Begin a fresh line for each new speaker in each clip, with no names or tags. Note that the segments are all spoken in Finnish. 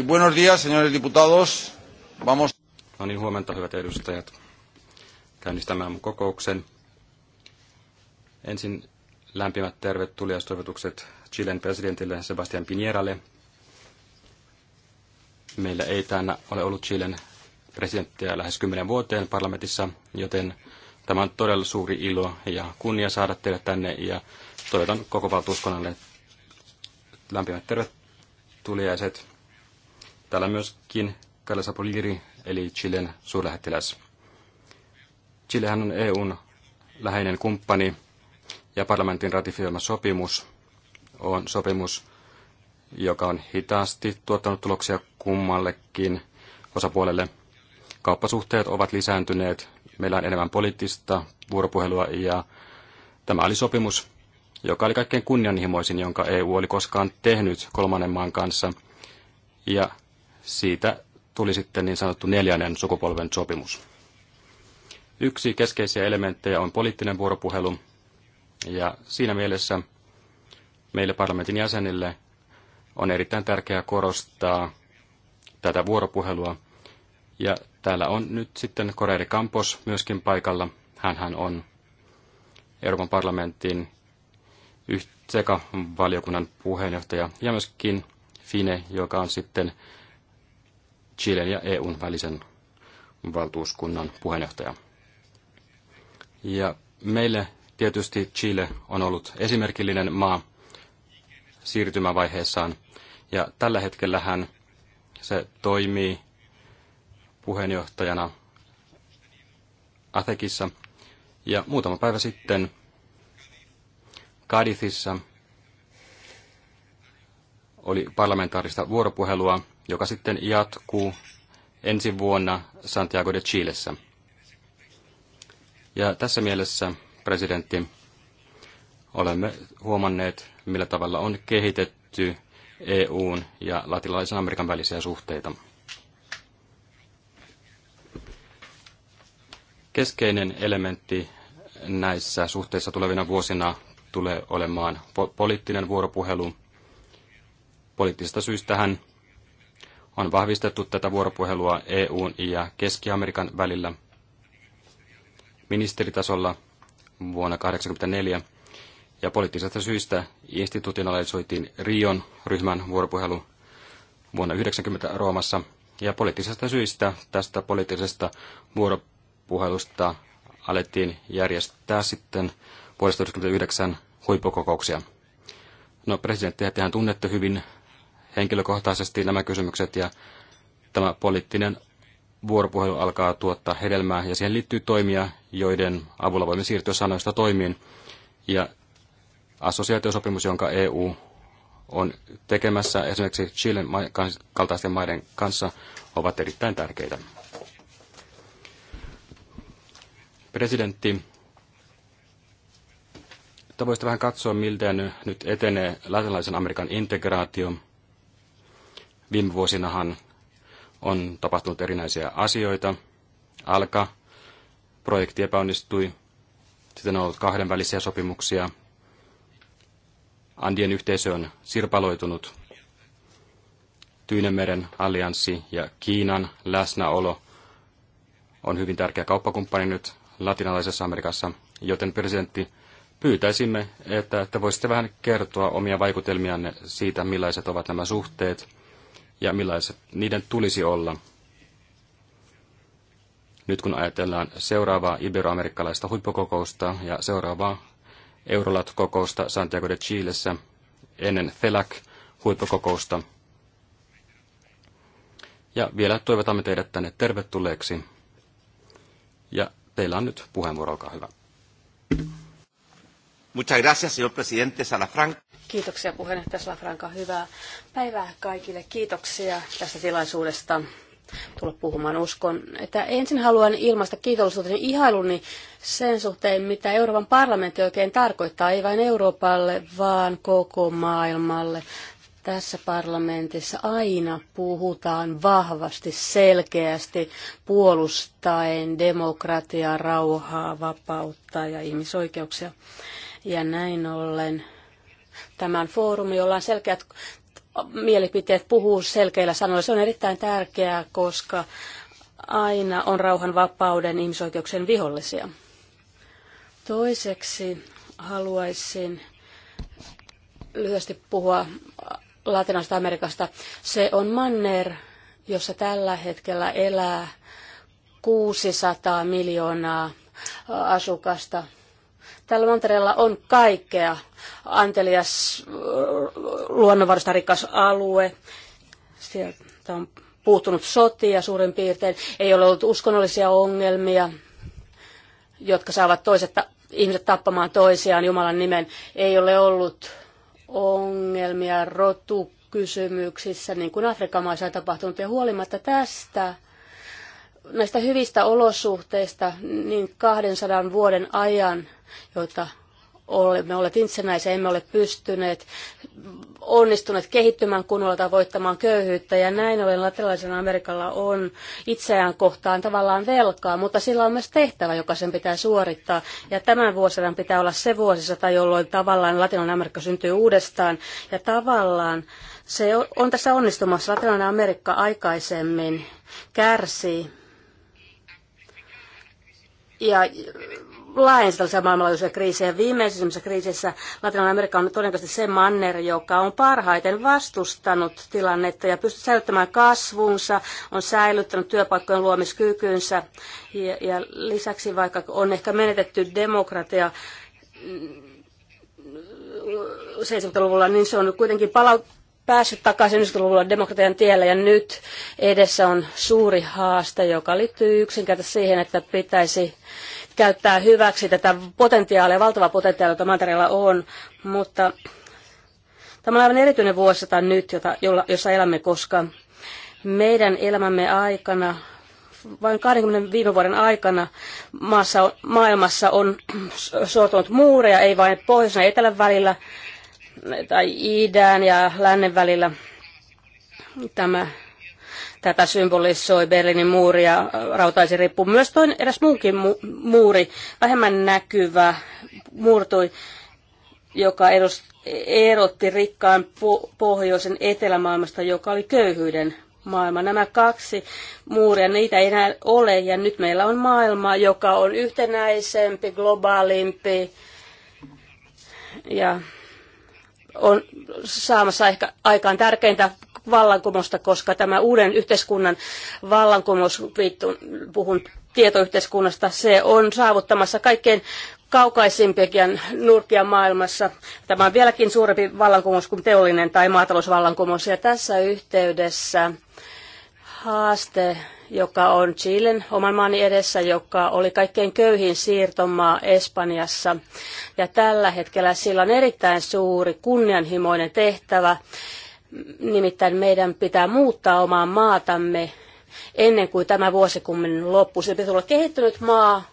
buenos días, señores diputados. Vamos. No niin, huomenta, hyvät edustajat. Käynnistämään kokouksen. Ensin lämpimät tervetuliaistoivotukset Chilen presidentille Sebastian Pinieralle. Meillä ei tänä ole ollut Chilen presidenttiä lähes kymmenen vuoteen parlamentissa, joten tämä on todella suuri ilo ja kunnia saada teidät tänne ja toivotan koko valtuuskunnalle lämpimät tervetuliaiset. Täällä myöskin Carles Apoliri, eli Chilen suurlähettiläs. Chilehän on EUn läheinen kumppani ja parlamentin ratifioima sopimus on sopimus, joka on hitaasti tuottanut tuloksia kummallekin osapuolelle. Kauppasuhteet ovat lisääntyneet, meillä on enemmän poliittista vuoropuhelua ja tämä oli sopimus, joka oli kaikkein kunnianhimoisin, jonka EU oli koskaan tehnyt kolmannen maan kanssa. Ja siitä tuli sitten niin sanottu neljännen sukupolven sopimus. Yksi keskeisiä elementtejä on poliittinen vuoropuhelu, ja siinä mielessä meille parlamentin jäsenille on erittäin tärkeää korostaa tätä vuoropuhelua. Ja täällä on nyt sitten Koreeri Kampos myöskin paikalla. hän on Euroopan parlamentin sekä valiokunnan puheenjohtaja ja myöskin Fine, joka on sitten Chilen ja EUn välisen valtuuskunnan puheenjohtaja. Ja meille tietysti Chile on ollut esimerkillinen maa siirtymävaiheessaan, ja tällä hetkellähän se toimii puheenjohtajana Atekissa, ja muutama päivä sitten Kadithissa oli parlamentaarista vuoropuhelua joka sitten jatkuu ensi vuonna Santiago de Chilessä. Ja tässä mielessä, presidentti, olemme huomanneet, millä tavalla on kehitetty EUn ja latinalaisen Amerikan välisiä suhteita. Keskeinen elementti näissä suhteissa tulevina vuosina tulee olemaan po- poliittinen vuoropuhelu. Poliittisista syistähän on vahvistettu tätä vuoropuhelua EUn ja Keski-Amerikan välillä ministeritasolla vuonna 1984, ja poliittisista syistä institutionalisoitiin Rion ryhmän vuoropuhelu vuonna 90 Roomassa, ja poliittisista syistä tästä poliittisesta vuoropuhelusta alettiin järjestää sitten vuodesta 1999 huippukokouksia. No presidenttejä tehän tunnette hyvin, henkilökohtaisesti nämä kysymykset ja tämä poliittinen vuoropuhelu alkaa tuottaa hedelmää ja siihen liittyy toimia, joiden avulla voimme siirtyä sanoista toimiin. Ja assosiaatiosopimus, jonka EU on tekemässä esimerkiksi Chilen kaltaisten maiden kanssa, ovat erittäin tärkeitä. Presidentti, tavoista vähän katsoa, miltä nyt etenee latinalaisen Amerikan integraatio – Viime vuosinahan on tapahtunut erinäisiä asioita. Alka, projekti epäonnistui, sitten on ollut kahdenvälisiä sopimuksia. Andien yhteisö on sirpaloitunut. Tyynemeren allianssi ja Kiinan läsnäolo on hyvin tärkeä kauppakumppani nyt latinalaisessa Amerikassa, joten presidentti pyytäisimme, että että voisitte vähän kertoa omia vaikutelmianne siitä, millaiset ovat nämä suhteet – ja millaiset niiden tulisi olla. Nyt kun ajatellaan seuraavaa iberoamerikkalaista huippukokousta ja seuraavaa Eurolat-kokousta Santiago de Chilessä ennen FELAC-huippukokousta. Ja vielä toivotamme teidät tänne tervetulleeksi. Ja teillä on nyt puheenvuoro, olkaa hyvä. Muchas gracias, señor presidente Salafranca.
Kiitoksia puheenjohtaja Slafranka. Hyvää päivää kaikille. Kiitoksia tästä tilaisuudesta tulla puhumaan. Uskon, että ensin haluan ilmaista kiitollisuuteni ihailuni sen suhteen, mitä Euroopan parlamentti oikein tarkoittaa, ei vain Euroopalle, vaan koko maailmalle. Tässä parlamentissa aina puhutaan vahvasti, selkeästi, puolustaen demokratiaa, rauhaa, vapautta ja ihmisoikeuksia. Ja näin ollen Tämän foorumin, jolla on selkeät mielipiteet, puhuu selkeillä sanoilla. Se on erittäin tärkeää, koska aina on rauhan, vapauden, ihmisoikeuksien vihollisia. Toiseksi haluaisin lyhyesti puhua Latinalaisesta Amerikasta. Se on manner, jossa tällä hetkellä elää 600 miljoonaa asukasta. Tällä mantereella on kaikkea antelias luonnonvaroista rikas alue. Sieltä on puuttunut sotia suurin piirtein. Ei ole ollut uskonnollisia ongelmia, jotka saavat toiset ihmiset tappamaan toisiaan Jumalan nimen. Ei ole ollut ongelmia rotukysymyksissä, niin kuin Afrikan maissa on tapahtunut. Ja huolimatta tästä, näistä hyvistä olosuhteista, niin 200 vuoden ajan, joita olemme olleet itsenäisiä, emme ole pystyneet onnistuneet kehittymään kunnolla tai voittamaan köyhyyttä. Ja näin ollen latinalaisella Amerikalla on itseään kohtaan tavallaan velkaa, mutta sillä on myös tehtävä, joka sen pitää suorittaa. Ja tämän vuosisadan pitää olla se vuosisata, jolloin tavallaan latinalainen Amerikka syntyy uudestaan. Ja tavallaan se on tässä onnistumassa. Latinalainen Amerikka aikaisemmin kärsii ja laajensi tällaisia maailmanlaajuisia kriisejä. Viimeisimmässä kriisissä Latinan Amerikka on todennäköisesti se manner, joka on parhaiten vastustanut tilannetta ja pystyy säilyttämään kasvuunsa, on säilyttänyt työpaikkojen luomiskykynsä ja, ja lisäksi vaikka on ehkä menetetty demokratia, 70-luvulla, mm, niin se on kuitenkin palau- päässyt takaisin 90-luvulla demokratian tiellä ja nyt edessä on suuri haaste, joka liittyy yksinkertaisesti siihen, että pitäisi käyttää hyväksi tätä potentiaalia, valtavaa potentiaalia, jota mantereella on, mutta tämä on aivan erityinen vuosisata nyt, jota, jolla, jossa elämme, koska meidän elämämme aikana vain 20 viime vuoden aikana maassa on, maailmassa on sortunut muureja, ei vain pohjoisen ja etelän välillä, tai idän ja lännen välillä. Tämä Tätä symbolisoi Berliinin muuri ja rippu. Myös toinen eräs muunkin mu- muuri, vähemmän näkyvä, murtui, joka edust, erotti rikkaan po- pohjoisen etelämaailmasta, joka oli köyhyyden maailma. Nämä kaksi muuria, niitä ei enää ole, ja nyt meillä on maailma, joka on yhtenäisempi, globaalimpi, ja on saamassa ehkä aikaan tärkeintä vallankumousta, koska tämä uuden yhteiskunnan vallankumous, puhun tietoyhteiskunnasta, se on saavuttamassa kaikkein kaukaisimpiakin nurkia maailmassa. Tämä on vieläkin suurempi vallankumous kuin teollinen tai maatalousvallankumous. Ja tässä yhteydessä haaste, joka on Chilen oman maani edessä, joka oli kaikkein köyhin siirtomaa Espanjassa. Ja tällä hetkellä sillä on erittäin suuri kunnianhimoinen tehtävä Nimittäin meidän pitää muuttaa omaa maatamme ennen kuin tämä vuosikymmen loppu. Se pitää olla kehittynyt maa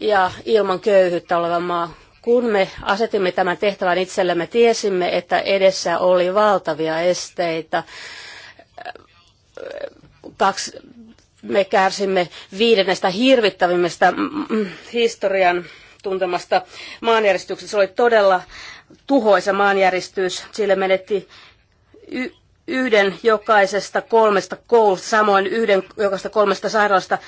ja ilman köyhyyttä oleva maa. Kun me asetimme tämän tehtävän itsellemme, tiesimme, että edessä oli valtavia esteitä. Kaksi, me kärsimme viidennestä hirvittävimmästä mm, mm, historian tuntemasta maanjäristyksestä. Se oli todella tuhoisa maanjäristys. Sille menetti y- yhden jokaisesta kolmesta koulusta, samoin yhden jokaisesta kolmesta sairaalasta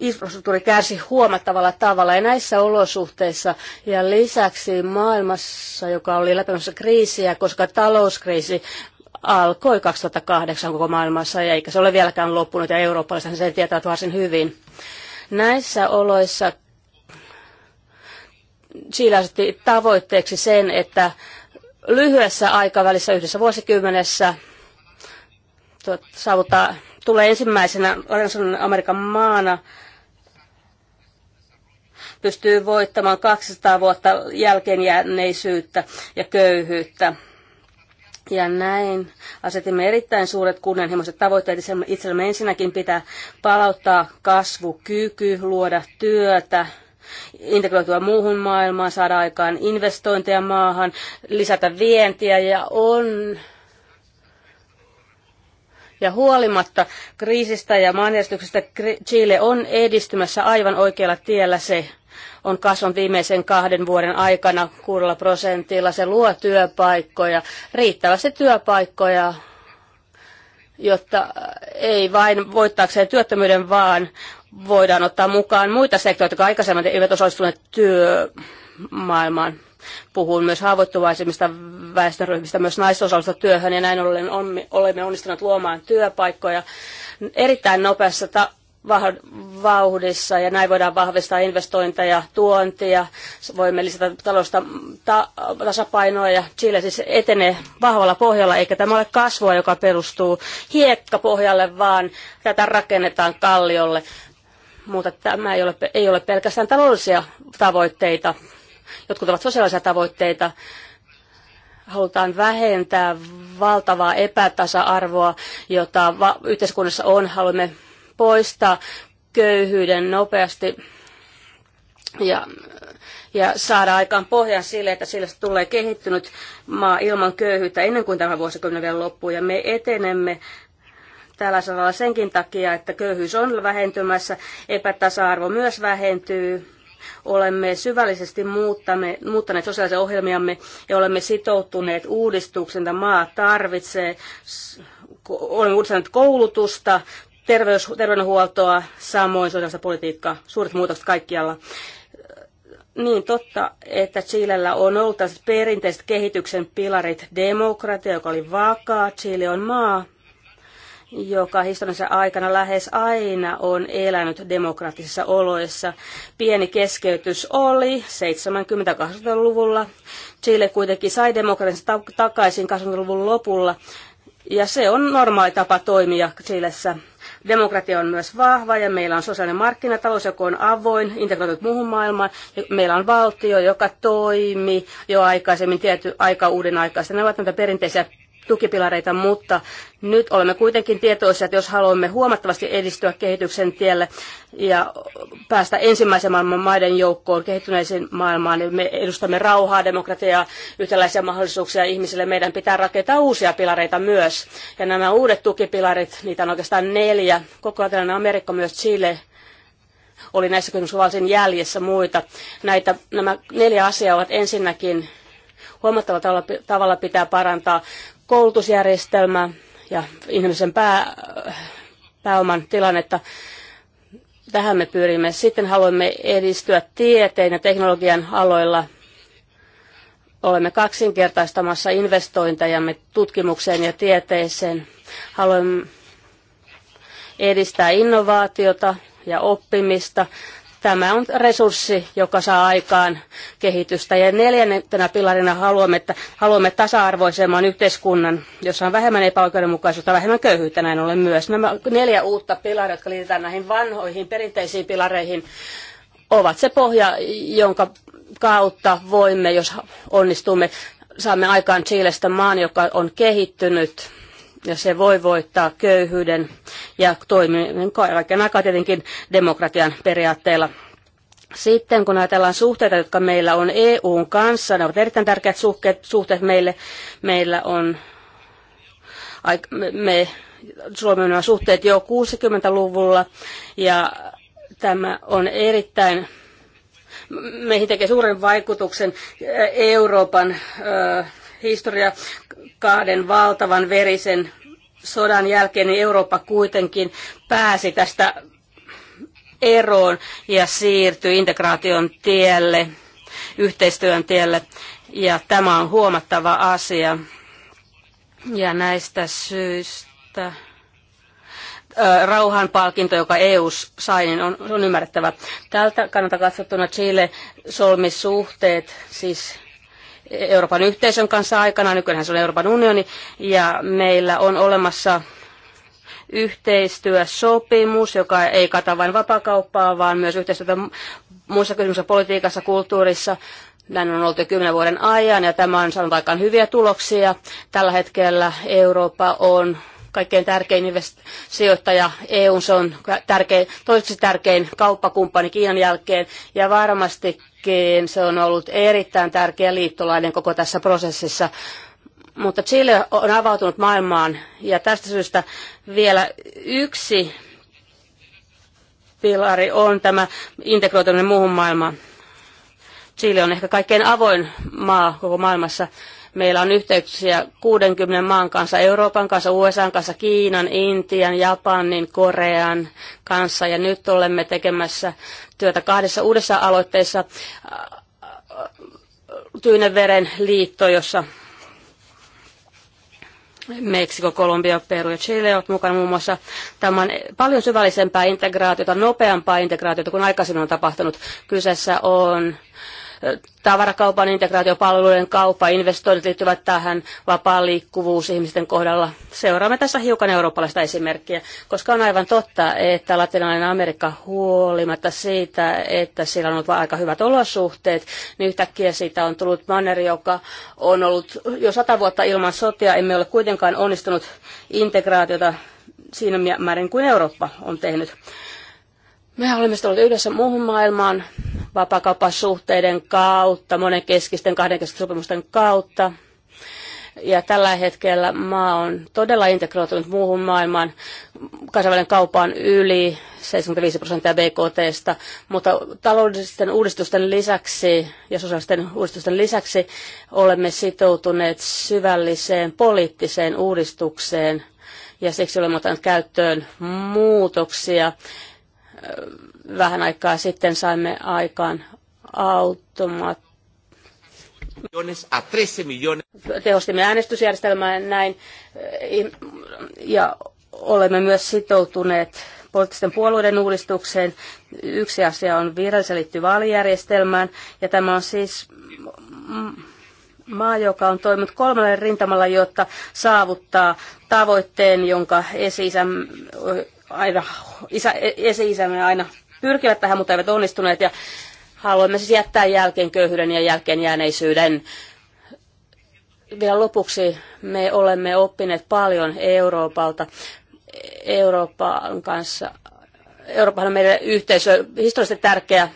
infrastruktuuri kärsi huomattavalla tavalla. Ja näissä olosuhteissa ja lisäksi maailmassa, joka oli läpimässä kriisiä, koska talouskriisi alkoi 2008 koko maailmassa, ja eikä se ole vieläkään loppunut, ja eurooppalaisethan sen tietävät varsin hyvin. Näissä oloissa Chile tavoitteeksi sen, että lyhyessä aikavälissä yhdessä vuosikymmenessä saavuttaa, tulee ensimmäisenä Latinalaisen Amerikan maana pystyy voittamaan 200 vuotta jälkeenjääneisyyttä ja köyhyyttä. Ja näin asetimme erittäin suuret kunnianhimoiset tavoitteet. Itsellemme ensinnäkin pitää palauttaa kasvukyky, luoda työtä, integroitua muuhun maailmaan, saada aikaan investointeja maahan, lisätä vientiä ja on ja huolimatta kriisistä ja maanjärjestyksestä Chile on edistymässä aivan oikealla tiellä se on kasvanut viimeisen kahden vuoden aikana kuudella prosentilla. Se luo työpaikkoja, riittävästi työpaikkoja, jotta ei vain voittaakseen työttömyyden, vaan voidaan ottaa mukaan muita sektoreita, jotka aikaisemmin eivät osallistuneet työmaailmaan. Puhun myös haavoittuvaisimmista väestöryhmistä, myös naisosallista työhön ja näin ollen on, olemme onnistuneet luomaan työpaikkoja erittäin nopeassa ta- vauhdissa ja näin voidaan vahvistaa investointeja, tuontia, voimme lisätä talousta ta- tasapainoa ja Chile siis etenee vahvalla pohjalla, eikä tämä ole kasvua, joka perustuu hiekkapohjalle, vaan tätä rakennetaan kalliolle mutta tämä ei ole, ei ole pelkästään taloudellisia tavoitteita. Jotkut ovat sosiaalisia tavoitteita. Halutaan vähentää valtavaa epätasa-arvoa, jota yhteiskunnassa on. Haluamme poistaa köyhyyden nopeasti ja, ja saada aikaan pohjan sille, että sillä tulee kehittynyt maa ilman köyhyyttä ennen kuin tämä vuosikymmenen vielä loppuu. Ja me etenemme tällä saralla senkin takia, että köyhyys on vähentymässä, epätasa-arvo myös vähentyy. Olemme syvällisesti muuttaneet sosiaalisia ohjelmiamme ja olemme sitoutuneet uudistuksen, että maa tarvitsee. Olemme uudistaneet koulutusta, terveys, terveydenhuoltoa, samoin sosiaalista politiikkaa, suuret muutokset kaikkialla niin totta, että Chilellä on ollut tällaiset perinteiset kehityksen pilarit demokratia, joka oli vakaa. Chile on maa, joka historiansa aikana lähes aina on elänyt demokraattisissa oloissa. Pieni keskeytys oli 70-80-luvulla. Chile kuitenkin sai demokratiansa takaisin 80-luvun lopulla. Ja se on normaali tapa toimia Chilessä. Demokratia on myös vahva ja meillä on sosiaalinen markkinatalous, joka on avoin, integroitunut muuhun maailmaan. Ja meillä on valtio, joka toimi jo aikaisemmin tietty aika uuden aikaista. Ne ovat näitä perinteisiä tukipilareita, mutta nyt olemme kuitenkin tietoisia, että jos haluamme huomattavasti edistyä kehityksen tielle ja päästä ensimmäisen maailman maiden joukkoon kehittyneisiin maailmaan, niin me edustamme rauhaa, demokratiaa, yhtäläisiä mahdollisuuksia ihmisille. Meidän pitää rakentaa uusia pilareita myös. Ja nämä uudet tukipilarit, niitä on oikeastaan neljä. Koko ajan Amerikka, myös Chile, oli näissä kysymyksissä jäljessä muita. Näitä, nämä neljä asiaa ovat ensinnäkin huomattavalla tavalla pitää parantaa koulutusjärjestelmää ja ihmisen pää, pääoman tilannetta. Tähän me pyrimme. Sitten haluamme edistyä tieteen ja teknologian aloilla. Olemme kaksinkertaistamassa investointejamme tutkimukseen ja tieteeseen. Haluamme edistää innovaatiota ja oppimista. Tämä on resurssi, joka saa aikaan kehitystä. Ja neljäntenä pilarina haluamme, että haluamme tasa-arvoisemman yhteiskunnan, jossa on vähemmän epäoikeudenmukaisuutta, vähemmän köyhyyttä näin ollen myös. Nämä neljä uutta pilaria, jotka liitetään näihin vanhoihin perinteisiin pilareihin, ovat se pohja, jonka kautta voimme, jos onnistumme, saamme aikaan Chilestä maan, joka on kehittynyt ja se voi voittaa köyhyyden ja toimii kaiken aikaa tietenkin demokratian periaatteella. Sitten kun ajatellaan suhteita, jotka meillä on EUn kanssa, ne ovat erittäin tärkeät suhteet, suhteet meille. Meillä on, me, Suomen on suhteet jo 60-luvulla ja tämä on erittäin meihin tekee suuren vaikutuksen Euroopan historia kahden valtavan verisen sodan jälkeen niin Eurooppa kuitenkin pääsi tästä eroon ja siirtyi integraation tielle, yhteistyön tielle. Ja tämä on huomattava asia. Ja näistä syistä rauhanpalkinto, joka EU sai, niin on, on ymmärrettävä. Tältä kannalta katsottuna Chile solmi suhteet, siis Euroopan yhteisön kanssa aikana, nykyään se on Euroopan unioni, ja meillä on olemassa yhteistyösopimus, joka ei kata vain vapakauppaa, vaan myös yhteistyötä muissa kysymyksissä, politiikassa, kulttuurissa. Näin on jo kymmenen vuoden ajan ja tämä on saanut aikaan hyviä tuloksia. Tällä hetkellä Eurooppa on kaikkein tärkein sijoittaja EU, se on tärkein, toiseksi tärkein kauppakumppani Kiinan jälkeen ja varmasti Chilekin Se on ollut erittäin tärkeä liittolainen koko tässä prosessissa. Mutta Chile on avautunut maailmaan ja tästä syystä vielä yksi pilari on tämä integroituminen muuhun maailmaan. Chile on ehkä kaikkein avoin maa koko maailmassa. Meillä on yhteyksiä 60 maan kanssa, Euroopan kanssa, USA kanssa, Kiinan, Intian, Japanin, Korean kanssa. Ja nyt olemme tekemässä työtä kahdessa uudessa aloitteessa äh, äh, Tyyneveren liitto, jossa Meksiko, Kolumbia, Peru ja Chile ovat mukana muun muassa. Tämä on paljon syvällisempää integraatiota, nopeampaa integraatiota kuin aikaisemmin on tapahtunut. Kyseessä on tavarakaupan integraatiopalveluiden kauppa, investoinnit liittyvät tähän, vapaa liikkuvuus ihmisten kohdalla. Seuraamme tässä hiukan eurooppalaista esimerkkiä, koska on aivan totta, että latinalainen Amerikka huolimatta siitä, että sillä on ollut aika hyvät olosuhteet, niin yhtäkkiä siitä on tullut manneri, joka on ollut jo sata vuotta ilman sotia. Emme ole kuitenkaan onnistunut integraatiota siinä määrin kuin Eurooppa on tehnyt. Me olemme olleet yhdessä muuhun maailmaan vapaakauppasuhteiden kautta, monenkeskisten kahdenkeskisten sopimusten kautta. Ja tällä hetkellä maa on todella integroitunut muuhun maailmaan. Kansainvälinen kauppa on yli 75 prosenttia BKTstä, mutta taloudellisten uudistusten lisäksi ja sosiaalisten uudistusten lisäksi olemme sitoutuneet syvälliseen poliittiseen uudistukseen ja siksi olemme ottaneet käyttöön muutoksia vähän aikaa sitten saimme aikaan automaat. Tehostimme äänestysjärjestelmää näin ja olemme myös sitoutuneet poliittisten puolueiden uudistukseen. Yksi asia on virallisen liittyy vaalijärjestelmään ja tämä on siis maa, joka on toiminut kolmelle rintamalla, jotta saavuttaa tavoitteen, jonka esi aina, isä, esi-isämme aina pyrkivät tähän, mutta eivät onnistuneet. Ja haluamme siis jättää jälkeen köyhyyden ja jälkeen jääneisyyden. Vielä lopuksi me olemme oppineet paljon Euroopalta. Euroopan kanssa, Euroopan on meidän yhteisö historiallisesti tärkeä,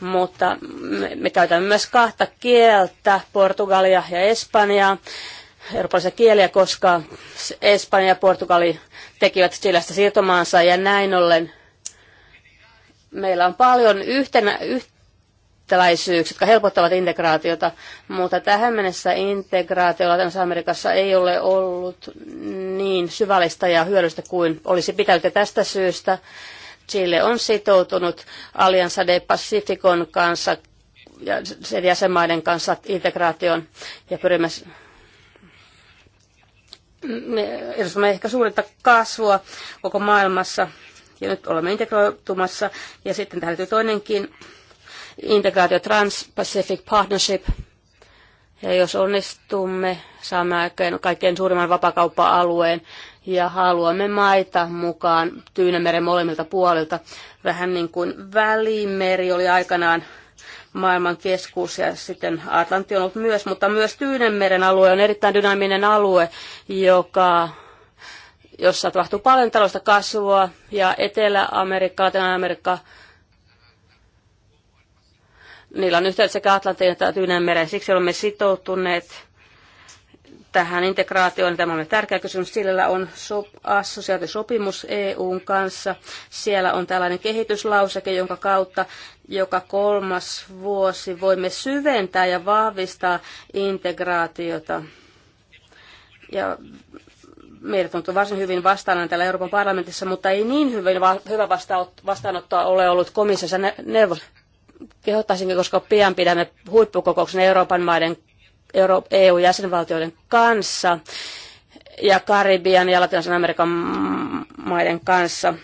mutta me, me käytämme myös kahta kieltä, Portugalia ja Espanjaa, eurooppalaisia kieliä, koska Espanja ja Portugali tekivät Chilestä siirtomaansa ja näin ollen meillä on paljon yhtenä, yhtäläisyyksiä, jotka helpottavat integraatiota, mutta tähän mennessä integraatio Latinalais-Amerikassa ei ole ollut niin syvällistä ja hyödyllistä kuin olisi pitänyt. Ja tästä syystä Chile on sitoutunut Alianza de Pacificon kanssa ja sen jäsenmaiden kanssa integraation ja pyrimme me edustamme ehkä suurinta kasvua koko maailmassa ja nyt olemme integroitumassa. Ja sitten tähän toinenkin integraatio Trans-Pacific Partnership. Ja jos onnistumme, saamme aikaan kaikkein suurimman vapakauppa-alueen ja haluamme maita mukaan Tyynemeren molemmilta puolilta. Vähän niin kuin Välimeri oli aikanaan maailman keskus ja sitten Atlantti on ollut myös, mutta myös Tyynenmeren alue on erittäin dynaaminen alue, joka jossa tapahtuu paljon taloudellista kasvua ja Etelä-Amerikka, Latina-Amerikka, niillä on yhteydet sekä Atlantin että Tyynenmeren. Siksi olemme sitoutuneet tähän integraatioon. Tämä on tärkeä kysymys. Sillä on sop- assosiaatiosopimus EUn kanssa. Siellä on tällainen kehityslauseke, jonka kautta joka kolmas vuosi voimme syventää ja vahvistaa integraatiota. Ja meidät on varsin hyvin vastaan täällä Euroopan parlamentissa, mutta ei niin hyvin va- hyvä vastaanottoa ole ollut komissiossa neuvostossa kehottaisinkin, koska pian pidämme huippukokouksen Euroopan maiden EU-jäsenvaltioiden e kanssa ja Karibian ja Latinalaisen Amerikan maiden kanssa.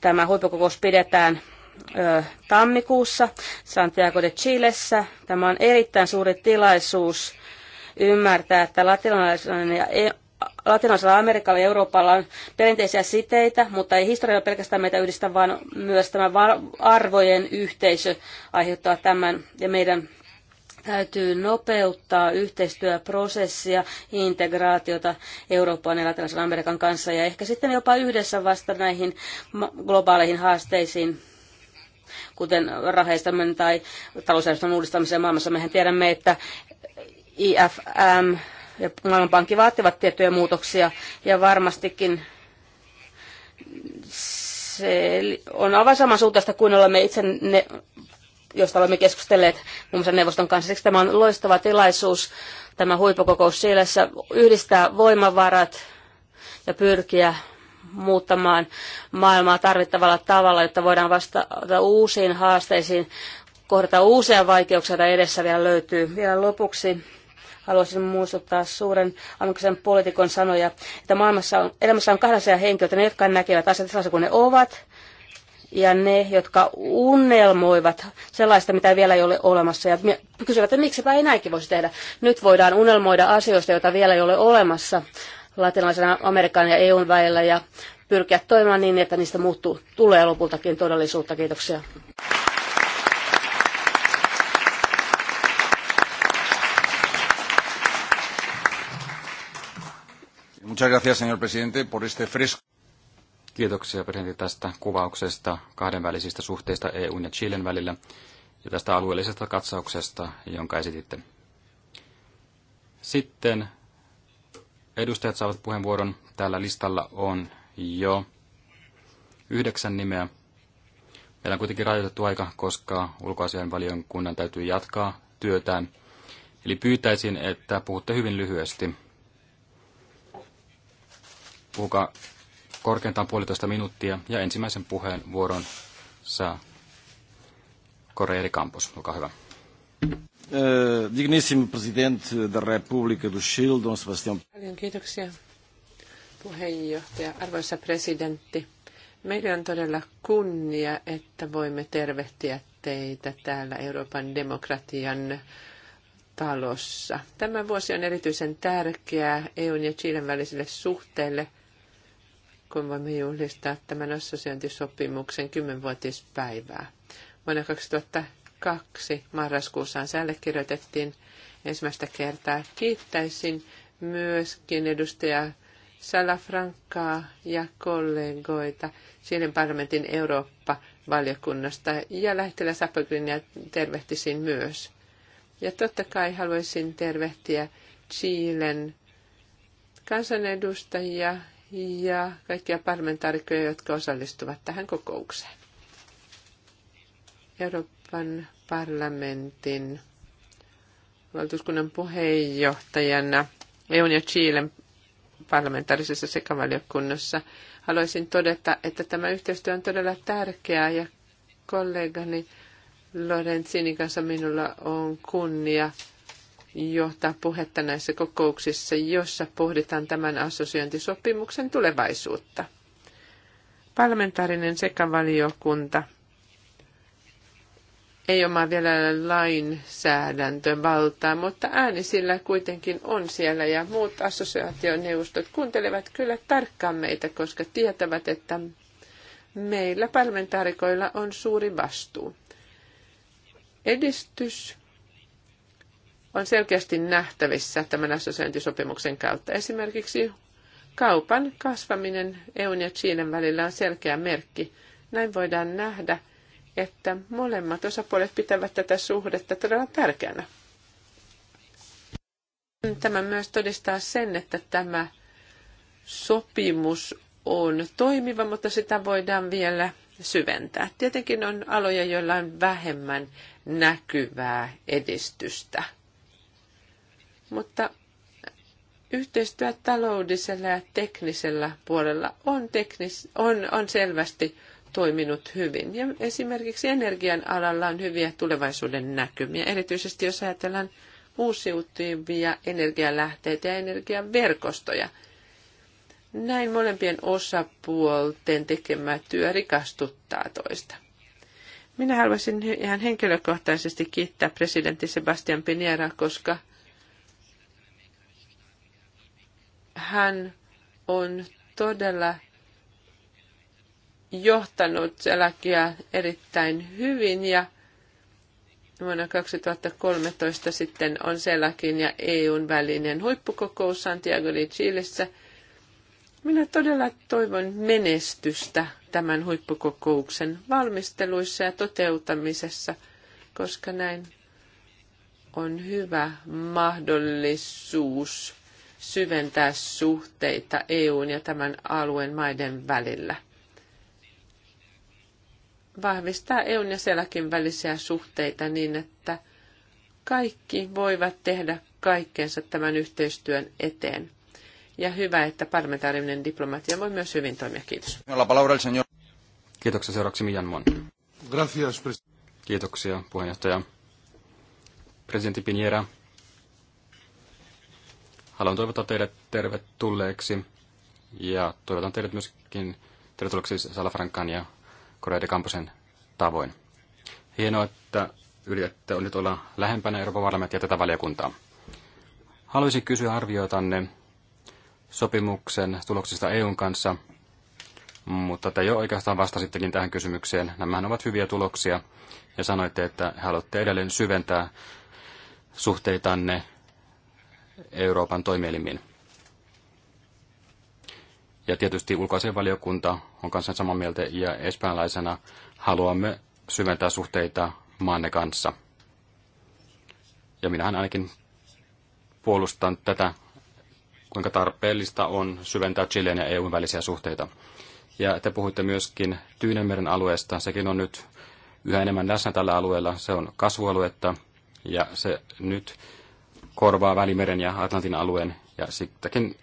Tämä huippukokous pidetään tammikuussa Santiago de Chilessä. Tämä on erittäin suuri tilaisuus ymmärtää, että latinalaisen ja e- Latinalaisella Amerikalla ja Euroopalla on perinteisiä siteitä, mutta ei historia pelkästään meitä yhdistä, vaan myös tämä arvojen yhteisö aiheuttaa tämän ja meidän Täytyy nopeuttaa yhteistyöprosessia, integraatiota Euroopan ja Latinalaisen Amerikan kanssa ja ehkä sitten jopa yhdessä vasta näihin globaaleihin haasteisiin kuten raheistamme tai talousjärjestön uudistamiseen maailmassa. Mehän tiedämme, että IFM ja Maailmanpankki vaativat tiettyjä muutoksia ja varmastikin se on aivan samansuuntaista kuin olemme itse ne josta olemme keskustelleet muun muassa neuvoston kanssa. Siksi tämä on loistava tilaisuus, tämä huippukokous Siilessä, yhdistää voimavarat ja pyrkiä muuttamaan maailmaa tarvittavalla tavalla, jotta voidaan vastata uusiin haasteisiin, kohdata uusia vaikeuksia, joita edessä vielä löytyy. Vielä lopuksi haluaisin muistuttaa suuren annoksen poliitikon sanoja, että maailmassa on, elämässä on kahdenlaisia henkilöitä, ne jotka näkevät asiat sellaisia kuin ne ovat, ja ne, jotka unelmoivat sellaista, mitä vielä ei ole olemassa, ja kysyvät, että miksipä ei näinkin voisi tehdä. Nyt voidaan unelmoida asioista, joita vielä ei ole olemassa latinalaisena Amerikan ja EUn välillä, ja pyrkiä toimimaan niin, että niistä muuttuu, tulee lopultakin todellisuutta. Kiitoksia.
Muchas gracias, señor presidente, por este fresco. Kiitoksia presidentti tästä kuvauksesta kahdenvälisistä suhteista EUn ja Chilen välillä ja tästä alueellisesta katsauksesta, jonka esititte. Sitten edustajat saavat puheenvuoron. Täällä listalla on jo yhdeksän nimeä. Meillä on kuitenkin rajoitettu aika, koska ulkoasianvaliokunnan täytyy jatkaa työtään. Eli pyytäisin, että puhutte hyvin lyhyesti. Puhukaa korkeintaan puolitoista minuuttia ja ensimmäisen puheenvuoron saa Koreeri Kampos. Olkaa hyvä.
Eh, presidente da República do Chile, Don Sebastián.
Paljon kiitoksia puheenjohtaja. Arvoisa presidentti, meillä on todella kunnia, että voimme tervehtiä teitä täällä Euroopan demokratian talossa. Tämä vuosi on erityisen tärkeää EUn ja Chilen välisille suhteille – kun voimme juhlistaa tämän assosiointisopimuksen kymmenvuotispäivää. Vuonna 2002 Marraskuussa se allekirjoitettiin ensimmäistä kertaa. Kiittäisin myöskin edustaja Salafrankkaa ja kollegoita Chilen parlamentin Eurooppa-valiokunnasta ja lähettilä Sapogrinia tervehtisin myös. Ja totta kai haluaisin tervehtiä Chilen kansanedustajia ja kaikkia parlamentaarikkoja, jotka osallistuvat tähän kokoukseen. Euroopan parlamentin valtuuskunnan puheenjohtajana EUn ja Chilen parlamentaarisessa sekavaliokunnassa haluaisin todeta, että tämä yhteistyö on todella tärkeää ja kollegani Lorenzini kanssa minulla on kunnia johtaa puhetta näissä kokouksissa, jossa pohditaan tämän assosiointisopimuksen tulevaisuutta. Parlamentaarinen sekavaliokunta ei omaa vielä lainsäädäntövaltaa, mutta ääni sillä kuitenkin on siellä ja muut assosiaationeuvostot kuuntelevat kyllä tarkkaan meitä, koska tietävät, että meillä parlamentaarikoilla on suuri vastuu. Edistys on selkeästi nähtävissä tämän assosiointisopimuksen kautta. Esimerkiksi kaupan kasvaminen EUn ja Chiinan välillä on selkeä merkki. Näin voidaan nähdä, että molemmat osapuolet pitävät tätä suhdetta todella tärkeänä. Tämä myös todistaa sen, että tämä sopimus on toimiva, mutta sitä voidaan vielä syventää. Tietenkin on aloja, joilla on vähemmän näkyvää edistystä. Mutta yhteistyö taloudisella ja teknisellä puolella on, teknis, on, on selvästi toiminut hyvin. Ja esimerkiksi energian alalla on hyviä tulevaisuuden näkymiä, erityisesti jos ajatellaan uusiutuvia energialähteitä ja energiaverkostoja. Näin molempien osapuolten tekemä työ rikastuttaa toista. Minä haluaisin ihan henkilökohtaisesti kiittää presidentti Sebastian Pinera, koska – hän on todella johtanut eläkiä erittäin hyvin ja vuonna 2013 sitten on Selakin ja EUn välinen huippukokous Santiago de Chilessä. Minä todella toivon menestystä tämän huippukokouksen valmisteluissa ja toteutamisessa, koska näin on hyvä mahdollisuus syventää suhteita EUn ja tämän alueen maiden välillä. Vahvistaa EUn ja Selakin välisiä suhteita niin, että kaikki voivat tehdä kaikkensa tämän yhteistyön eteen. Ja hyvä, että parlamentaarinen diplomatia voi myös hyvin toimia. Kiitos.
Kiitoksia seuraavaksi Mian Mon. Gracias, Kiitoksia puheenjohtaja. Presidentti Piniera. Haluan toivottaa teidät tervetulleeksi ja toivotan teidät myöskin tervetulleeksi Salafrankan ja Korea de Camposen tavoin. Hienoa, että yritätte nyt olla lähempänä Euroopan parlamenttia tätä valiokuntaa. Haluaisin kysyä arvioitanne sopimuksen tuloksista EUn kanssa, mutta te jo oikeastaan vastasittekin tähän kysymykseen. Nämähän ovat hyviä tuloksia ja sanoitte, että haluatte edelleen syventää suhteitanne Euroopan toimielimiin. Ja tietysti ulkoasianvaliokunta on kanssa samaa mieltä ja espanjalaisena haluamme syventää suhteita maanne kanssa. Ja minähän ainakin puolustan tätä, kuinka tarpeellista on syventää Chilen ja EUn välisiä suhteita. Ja te puhuitte myöskin Tyynemeren alueesta. Sekin on nyt yhä enemmän läsnä tällä alueella. Se on kasvualuetta ja se nyt korvaa Välimeren ja Atlantin alueen, ja sittenkin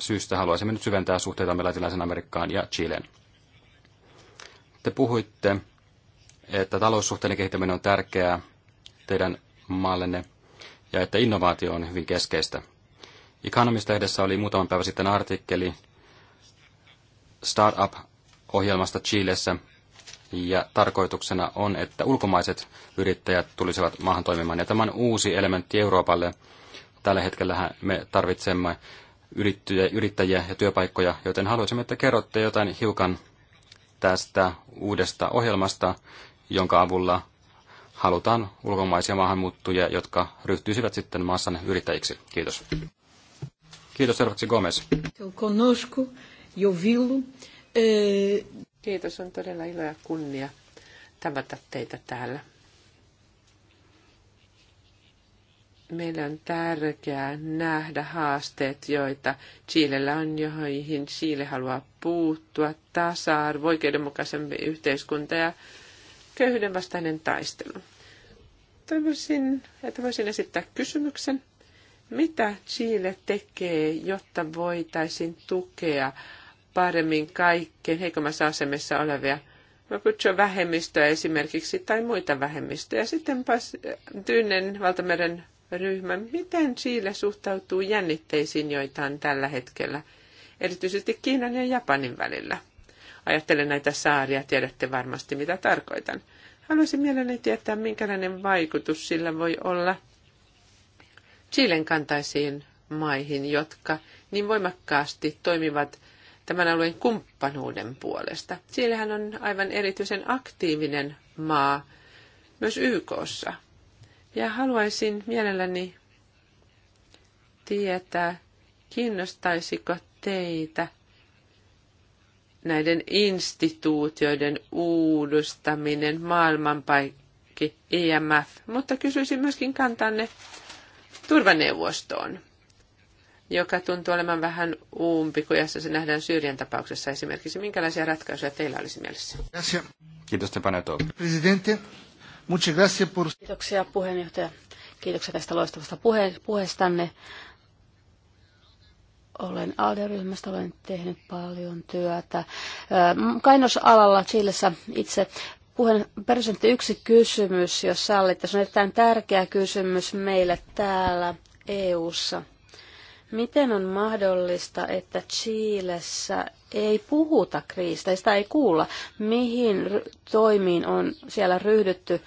syystä haluaisimme nyt syventää suhteita Latinalaisen Amerikkaan ja Chileen. Te puhuitte, että taloussuhteiden kehittäminen on tärkeää teidän maallenne ja että innovaatio on hyvin keskeistä. Economist-lehdessä oli muutama päivä sitten artikkeli Startup-ohjelmasta Chilessä, ja tarkoituksena on, että ulkomaiset yrittäjät tulisivat maahan toimimaan. Ja tämä on uusi elementti Euroopalle. Tällä hetkellä me tarvitsemme yrittäjiä ja työpaikkoja, joten haluaisimme, että kerrotte jotain hiukan tästä uudesta ohjelmasta, jonka avulla halutaan ulkomaisia maahanmuuttujia, jotka ryhtyisivät sitten maassanne yrittäjiksi. Kiitos. Kiitos seuraavaksi Gomez.
conosco e Kiitos, on todella ilo ja kunnia tavata teitä täällä. Meillä on tärkeää nähdä haasteet, joita Chiilellä on, joihin Chile haluaa puuttua, tasa-arvo, oikeudenmukaisempi yhteiskunta ja köyhyyden vastainen taistelu. Toivoisin, että voisin esittää kysymyksen. Mitä Chile tekee, jotta voitaisiin tukea paremmin kaikkein heikommassa asemassa olevia Mä kutsun vähemmistöä esimerkiksi tai muita vähemmistöjä. Sitten Tyynen valtameren ryhmä, miten Chile suhtautuu jännitteisiin, joita on tällä hetkellä, erityisesti Kiinan ja Japanin välillä? Ajattelen näitä saaria, tiedätte varmasti mitä tarkoitan. Haluaisin mielelläni tietää, minkälainen vaikutus sillä voi olla Chilen kantaisiin maihin, jotka niin voimakkaasti toimivat tämän alueen kumppanuuden puolesta. Siellähän on aivan erityisen aktiivinen maa myös YKssa. Ja haluaisin mielelläni tietää, kiinnostaisiko teitä näiden instituutioiden uudistaminen, maailmanpaikki, IMF, mutta kysyisin myöskin kantanne turvaneuvostoon joka tuntuu olevan vähän umpikujassa. Se nähdään Syyrian tapauksessa esimerkiksi. Minkälaisia ratkaisuja teillä olisi mielessä?
Kiitos Stefano
Presidente, muchas gracias por...
Kiitoksia puheenjohtaja. Kiitoksia tästä loistavasta puhe- puheestanne. Olen ALDE-ryhmästä, olen tehnyt paljon työtä. Kainosalalla Chilessä itse puheen presidentti yksi kysymys, jos sallitte. Se on erittäin tärkeä kysymys meille täällä EU:ssa. ssa Miten on mahdollista, että Chiilessä ei puhuta kriisistä, sitä ei kuulla? Mihin toimiin on siellä ryhdytty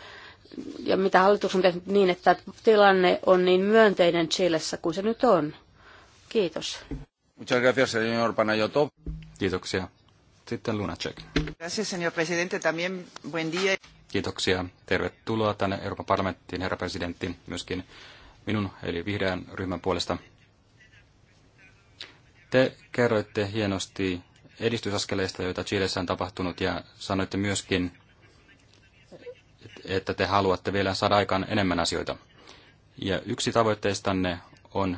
ja mitä hallitus on tehnyt niin, että tilanne on niin myönteinen Chiilessä kuin se nyt on?
Kiitos.
Muchas gracias, señor Panayotov. Kiitoksia. Sitten Lunacek.
Gracias, señor presidente. También buen día.
Kiitoksia. Tervetuloa tänne Euroopan parlamenttiin, herra presidentti, myöskin minun eli vihreän ryhmän puolesta. Te kerroitte hienosti edistysaskeleista, joita Chilessä on tapahtunut, ja sanoitte myöskin, että te haluatte vielä saada aikaan enemmän asioita. Ja yksi tavoitteistanne on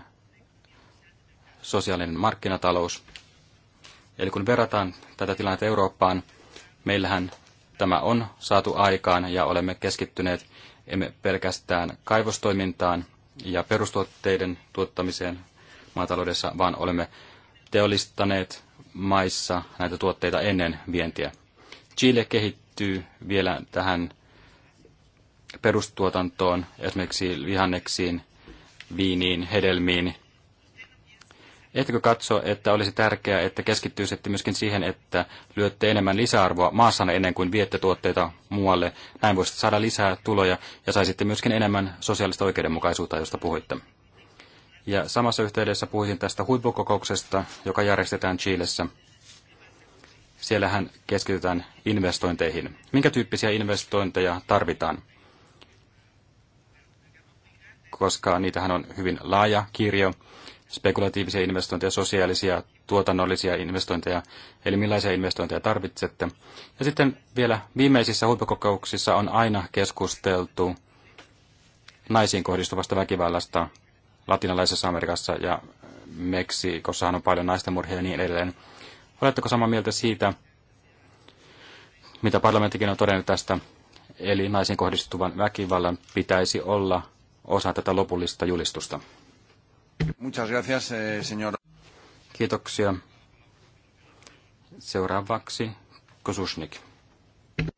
sosiaalinen markkinatalous. Eli kun verrataan tätä tilannetta Eurooppaan, meillähän tämä on saatu aikaan ja olemme keskittyneet emme pelkästään kaivostoimintaan ja perustuotteiden tuottamiseen maataloudessa, vaan olemme teollistaneet maissa näitä tuotteita ennen vientiä. Chile kehittyy vielä tähän perustuotantoon, esimerkiksi vihanneksiin, viiniin, hedelmiin. Ehtikö katso, että olisi tärkeää, että keskittyisitte myöskin siihen, että lyötte enemmän lisäarvoa maassanne ennen kuin viette tuotteita muualle. Näin voisitte saada lisää tuloja ja saisitte myöskin enemmän sosiaalista oikeudenmukaisuutta, josta puhuitte. Ja samassa yhteydessä puhuisin tästä huippukokouksesta, joka järjestetään Chiilessä. Siellähän keskitytään investointeihin. Minkä tyyppisiä investointeja tarvitaan? Koska niitähän on hyvin laaja kirjo, spekulatiivisia investointeja, sosiaalisia, tuotannollisia investointeja, eli millaisia investointeja tarvitsette. Ja sitten vielä viimeisissä huippukokouksissa on aina keskusteltu naisiin kohdistuvasta väkivallasta latinalaisessa Amerikassa ja Meksikossa on paljon naisten murhia ja niin edelleen. Oletteko samaa mieltä siitä, mitä parlamenttikin on todennut tästä, eli naisiin kohdistuvan väkivallan pitäisi olla osa tätä lopullista julistusta? Muchas gracias, eh, señor. Kiitoksia. Seuraavaksi Kosusnik. Eh, eh,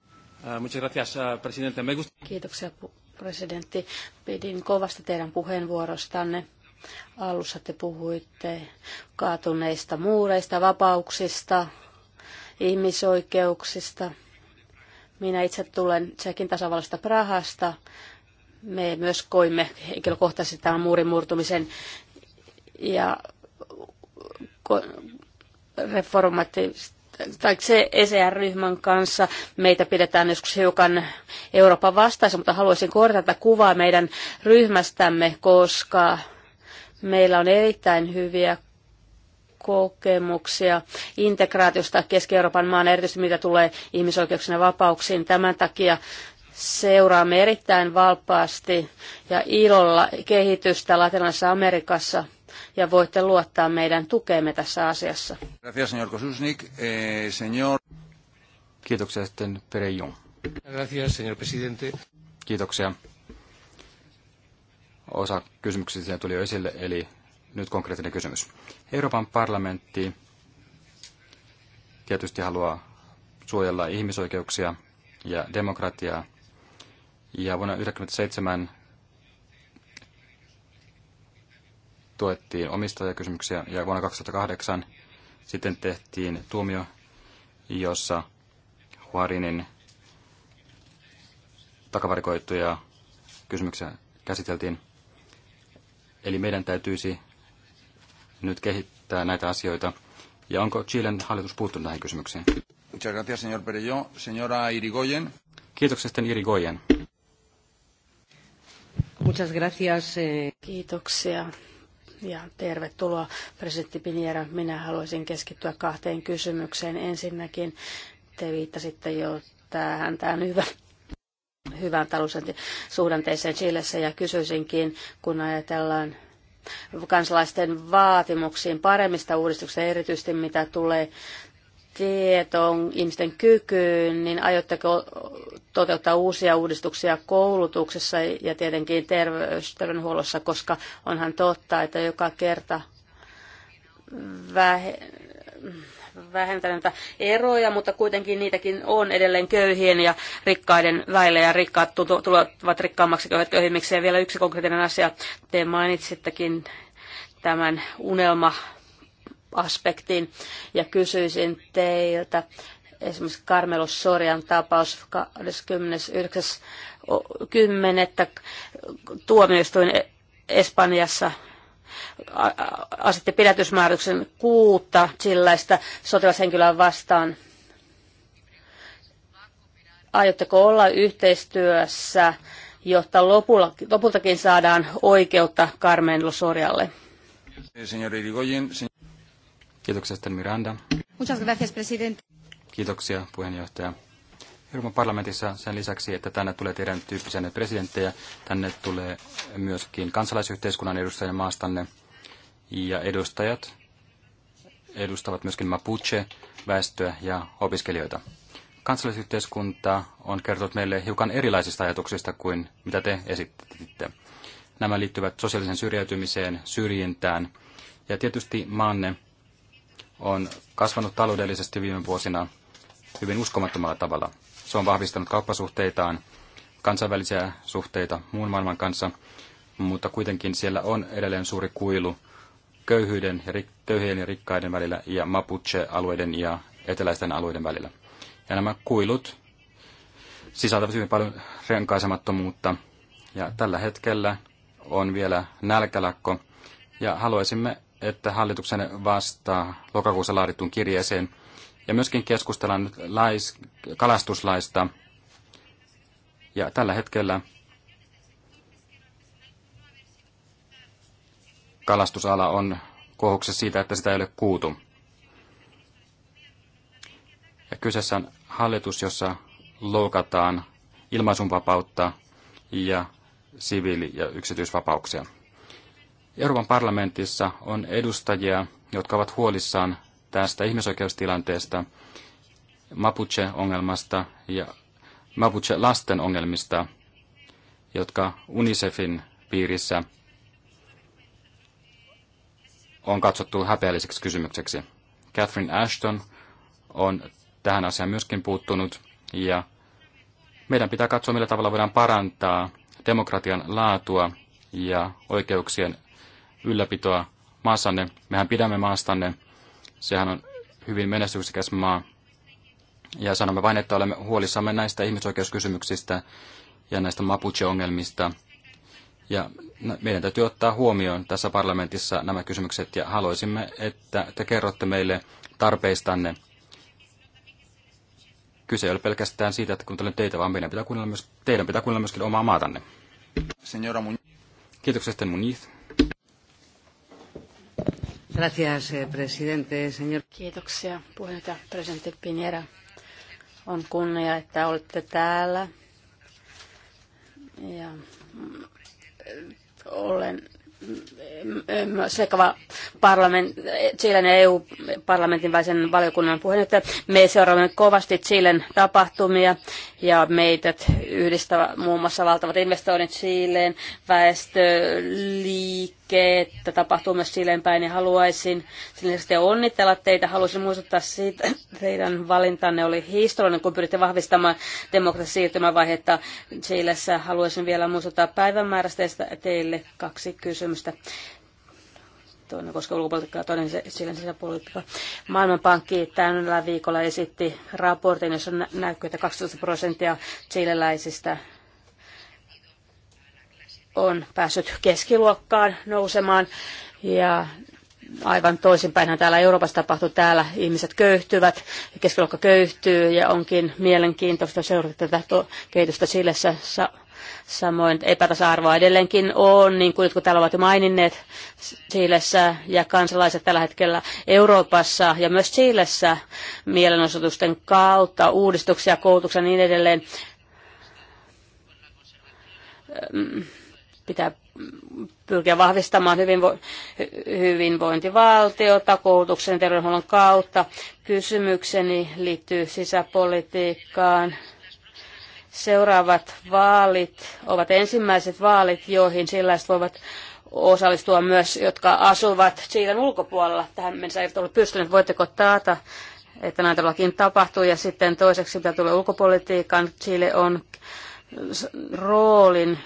Kiitoksia
presidentti. Pidin kovasti teidän puheenvuorostanne. Alussa te puhuitte kaatuneista muureista, vapauksista, ihmisoikeuksista. Minä itse tulen Tsekin tasavallasta Prahasta. Me myös koimme henkilökohtaisesti tämän muurin murtumisen ja reformatiiviset tai se ECR-ryhmän kanssa. Meitä pidetään joskus hiukan Euroopan vastaisen, mutta haluaisin korjata tätä kuvaa meidän ryhmästämme, koska meillä on erittäin hyviä kokemuksia integraatiosta Keski-Euroopan maana, erityisesti mitä tulee ihmisoikeuksien ja vapauksiin. Tämän takia seuraamme erittäin valpaasti ja ilolla kehitystä Latinalaisessa Amerikassa ja voitte luottaa meidän tukeemme tässä asiassa.
Gracias, señor Kosusnik. Eh, señor... Kiitoksia sitten Perejon.
Gracias, señor presidente.
Kiitoksia. Osa kysymyksistä tuli jo esille, eli nyt konkreettinen kysymys. Euroopan parlamentti tietysti haluaa suojella ihmisoikeuksia ja demokratiaa. Ja vuonna 1997 tuettiin omistajakysymyksiä ja vuonna 2008 sitten tehtiin tuomio, jossa Huarinin takavarikoituja kysymyksiä käsiteltiin. Eli meidän täytyisi nyt kehittää näitä asioita. Ja onko Chilen hallitus puuttunut näihin kysymyksiin? Muchas gracias, señor Perelló. Señora Irigoyen. Kiitoksia sitten Irigoyen.
Muchas gracias. Eh. Kiitoksia ja tervetuloa presidentti Piniera. Minä haluaisin keskittyä kahteen kysymykseen. Ensinnäkin te viittasitte jo tähän, tähän hyvä, hyvään taloussuhdanteeseen Chilessä ja kysyisinkin, kun ajatellaan kansalaisten vaatimuksiin paremmista uudistuksista, erityisesti mitä tulee tietoon, ihmisten kykyyn, niin aiotteko toteuttaa uusia uudistuksia koulutuksessa ja tietenkin terveys, terveydenhuollossa, koska onhan totta, että joka kerta vähe, vähentänyt eroja, mutta kuitenkin niitäkin on edelleen köyhien ja rikkaiden väillä ja rikkaat tulevat rikkaammaksi köyhät köyhimmiksi. Ja vielä yksi konkreettinen asia, te mainitsittekin tämän unelma aspektiin ja kysyisin teiltä esimerkiksi Carmelo Sorian tapaus 29.10. tuomioistuin Espanjassa asetti pidätysmääräyksen kuutta sillaista sotilashenkilöä vastaan. Aiotteko olla yhteistyössä, jotta lopulta lopultakin saadaan oikeutta Carmen Losorialle?
Eh, Kiitoksia sitten Miranda.
Muchas gracias, presidente.
Kiitoksia puheenjohtaja. Euroopan parlamentissa sen lisäksi, että tänne tulee teidän tyyppisenne presidenttejä, tänne tulee myöskin kansalaisyhteiskunnan edustajia maastanne ja edustajat edustavat myöskin Mapuche-väestöä ja opiskelijoita. Kansalaisyhteiskunta on kertonut meille hiukan erilaisista ajatuksista kuin mitä te esititte. Nämä liittyvät sosiaalisen syrjäytymiseen, syrjintään ja tietysti maanne on kasvanut taloudellisesti viime vuosina hyvin uskomattomalla tavalla. Se on vahvistanut kauppasuhteitaan, kansainvälisiä suhteita muun maailman kanssa, mutta kuitenkin siellä on edelleen suuri kuilu köyhyyden ja rik- köyhien ja rikkaiden välillä ja Mapuche-alueiden ja eteläisten alueiden välillä. Ja nämä kuilut sisältävät hyvin paljon renkaisemattomuutta ja tällä hetkellä on vielä nälkälakko ja haluaisimme että hallituksen vastaa lokakuussa laadittuun kirjeeseen. Ja myöskin keskustellaan nyt lais, kalastuslaista. Ja tällä hetkellä kalastusala on kohuksessa siitä, että sitä ei ole kuutu. Ja kyseessä on hallitus, jossa loukataan ilmaisunvapautta ja siviili- ja yksityisvapauksia. Euroopan parlamentissa on edustajia, jotka ovat huolissaan tästä ihmisoikeustilanteesta, Mapuche-ongelmasta ja Mapuche-lasten ongelmista, jotka UNICEFin piirissä on katsottu häpeälliseksi kysymykseksi. Catherine Ashton on tähän asiaan myöskin puuttunut ja meidän pitää katsoa, millä tavalla voidaan parantaa demokratian laatua ja oikeuksien ylläpitoa maassanne. Mehän pidämme maastanne. Sehän on hyvin menestyksekäs maa. Ja sanomme vain, että olemme huolissamme näistä ihmisoikeuskysymyksistä ja näistä mapuche-ongelmista. Ja meidän täytyy ottaa huomioon tässä parlamentissa nämä kysymykset ja haluaisimme, että te kerrotte meille tarpeistanne. Kyse ei ole pelkästään siitä, että kun olen teitä, vaan meidän pitää kuunnella myös, teidän pitää kuunnella myöskin omaa maatanne. Kiitoksia sitten Muniz.
Gracias, eh, presidente, señor. Kiitoksia, puheenjohtaja presidentti Pinera. On kunnia, että olette täällä. Ja mm, olen sekava parlament, Chilen ja EU-parlamentin välisen valiokunnan puheenjohtaja. Me seuraamme kovasti Chilen tapahtumia ja meitä yhdistävät muun muassa valtavat investoinnit Chileen, väestöliikkeet, tapahtuu myös Chileen päin ja haluaisin sinne onnitella teitä. Haluaisin muistuttaa siitä, että teidän valintanne oli historiallinen, kun pyritte vahvistamaan demokratian siirtymävaihetta Chilessä. Haluaisin vielä muistuttaa päivämäärästä teille kaksi kysymystä tämmöistä Toinen koskee ulkopolitiikkaa, toinen sillä sisäpolitiikka. Maailmanpankki tällä viikolla esitti raportin, jossa näkyy, että 12 prosenttia chileläisistä on päässyt keskiluokkaan nousemaan. Ja aivan toisinpäinhän täällä Euroopassa tapahtuu. Täällä ihmiset köyhtyvät, keskiluokka köyhtyy ja onkin mielenkiintoista seurata tätä kehitystä Chilessä Samoin epätasa-arvoa edelleenkin on, niin kuin jotkut täällä ovat jo maininneet, Chiilessä ja kansalaiset tällä hetkellä Euroopassa ja myös Chiilessä mielenosoitusten kautta, uudistuksia, koulutuksia ja niin edelleen. Pitää pyrkiä vahvistamaan hyvinvo- hyvinvointivaltiota koulutuksen ja terveydenhuollon kautta. Kysymykseni liittyy sisäpolitiikkaan Seuraavat vaalit ovat ensimmäiset vaalit, joihin sellaiset voivat osallistua myös, jotka asuvat Chilen ulkopuolella. Tähän mennessä ei ole pystynyt. Voitteko taata, että näitä todellakin tapahtuu? Ja sitten toiseksi, mitä tulee ulkopolitiikan, Chile on roolin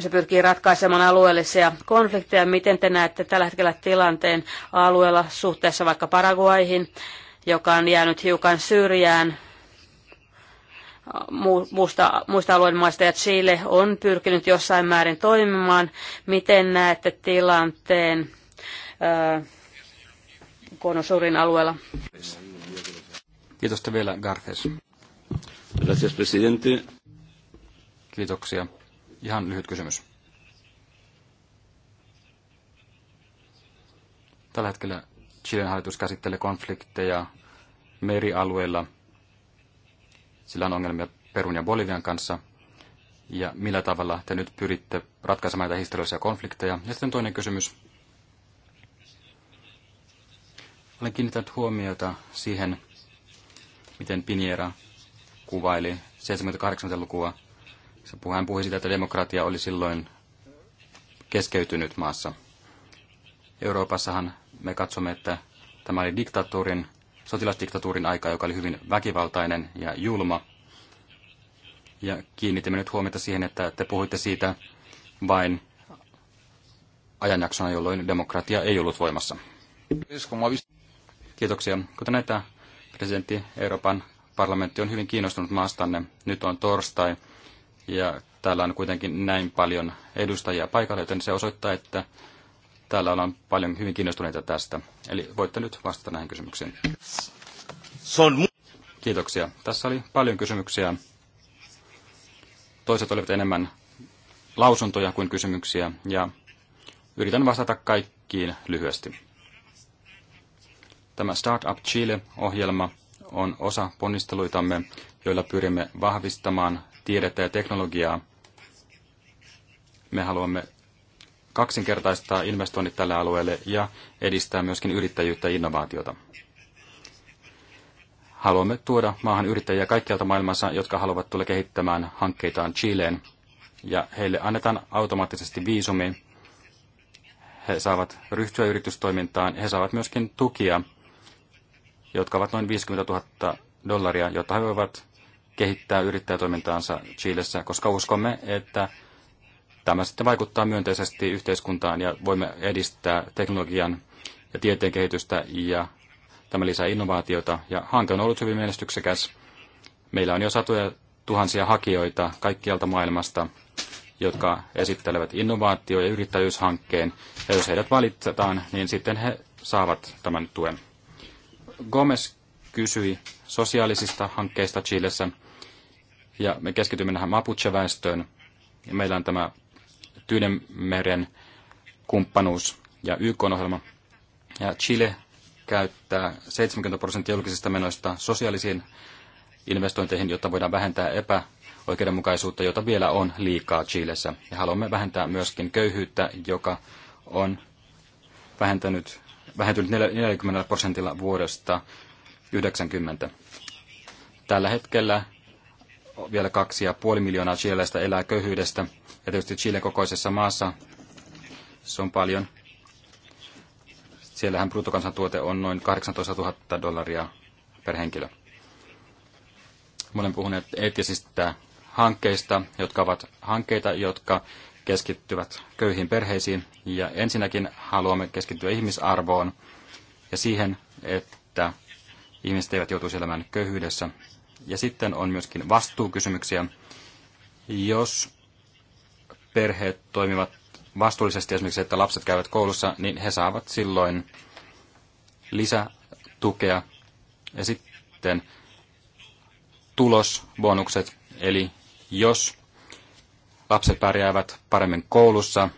se pyrkii ratkaisemaan alueellisia konflikteja. Miten te näette tällä hetkellä tilanteen alueella suhteessa vaikka Paraguaihin, joka on jäänyt hiukan syrjään muusta, muista alueiden maista ja Chile on pyrkinyt jossain määrin toimimaan. Miten näette tilanteen Konosurin alueella?
Kiitos vielä, Garfes. Gracias, presidente. Kiitoksia. Ihan lyhyt kysymys. Tällä hetkellä Chilen hallitus käsittelee konflikteja merialueilla – sillä on ongelmia Perun ja Bolivian kanssa. Ja millä tavalla te nyt pyritte ratkaisemaan näitä historiallisia konflikteja? Ja sitten toinen kysymys. Olen kiinnittänyt huomiota siihen, miten Piniera kuvaili 70-80-lukua. Hän puhui siitä, että demokratia oli silloin keskeytynyt maassa. Euroopassahan me katsomme, että tämä oli diktatuurin sotilasdiktatuurin aika joka oli hyvin väkivaltainen ja julma. Ja kiinnitimme nyt huomiota siihen, että te puhuitte siitä vain ajanjaksona, jolloin demokratia ei ollut voimassa. Kiitoksia. Kuten näitä presidentti Euroopan parlamentti on hyvin kiinnostunut maastanne. Nyt on torstai ja täällä on kuitenkin näin paljon edustajia paikalla, joten se osoittaa, että täällä ollaan paljon hyvin kiinnostuneita tästä. Eli voitte nyt vastata näihin kysymyksiin. Kiitoksia. Tässä oli paljon kysymyksiä. Toiset olivat enemmän lausuntoja kuin kysymyksiä, ja yritän vastata kaikkiin lyhyesti. Tämä Startup Chile-ohjelma on osa ponnisteluitamme, joilla pyrimme vahvistamaan tiedettä ja teknologiaa. Me haluamme kaksinkertaistaa investoinnit tälle alueelle ja edistää myöskin yrittäjyyttä ja innovaatiota. Haluamme tuoda maahan yrittäjiä kaikkialta maailmassa, jotka haluavat tulla kehittämään hankkeitaan Chileen, ja heille annetaan automaattisesti viisumi. He saavat ryhtyä yritystoimintaan, he saavat myöskin tukia, jotka ovat noin 50 000 dollaria, jotta he voivat kehittää yrittäjätoimintaansa Chiilessä, koska uskomme, että tämä sitten vaikuttaa myönteisesti yhteiskuntaan ja voimme edistää teknologian ja tieteen kehitystä ja tämä lisää innovaatiota. Ja hanke on ollut hyvin menestyksekäs. Meillä on jo satoja tuhansia hakijoita kaikkialta maailmasta, jotka esittelevät innovaatio- ja yrittäjyyshankkeen. Ja jos heidät valitetaan, niin sitten he saavat tämän tuen. Gomez kysyi sosiaalisista hankkeista Chilessä, ja me keskitymme tähän Mapuche-väestöön. Ja meillä on tämä Tyynenmeren kumppanuus ja YK-ohjelma. Ja Chile käyttää 70 prosenttia julkisista menoista sosiaalisiin investointeihin, jotta voidaan vähentää epäoikeudenmukaisuutta, jota vielä on liikaa Chilessä. Ja haluamme vähentää myöskin köyhyyttä, joka on vähentänyt, vähentynyt 40 prosentilla vuodesta 90. Tällä hetkellä vielä kaksi ja puoli miljoonaa chileläistä elää köyhyydestä. Ja tietysti Chilen kokoisessa maassa se on paljon. Siellähän bruttokansantuote on noin 18 000 dollaria per henkilö. Me olemme puhuneet eettisistä hankkeista, jotka ovat hankkeita, jotka keskittyvät köyhiin perheisiin. Ja ensinnäkin haluamme keskittyä ihmisarvoon ja siihen, että ihmiset eivät joutuisi elämään köyhyydessä. Ja sitten on myöskin vastuukysymyksiä. Jos perheet toimivat vastuullisesti, esimerkiksi että lapset käyvät koulussa, niin he saavat silloin lisätukea ja sitten tulosbonukset. Eli jos lapset pärjäävät paremmin koulussa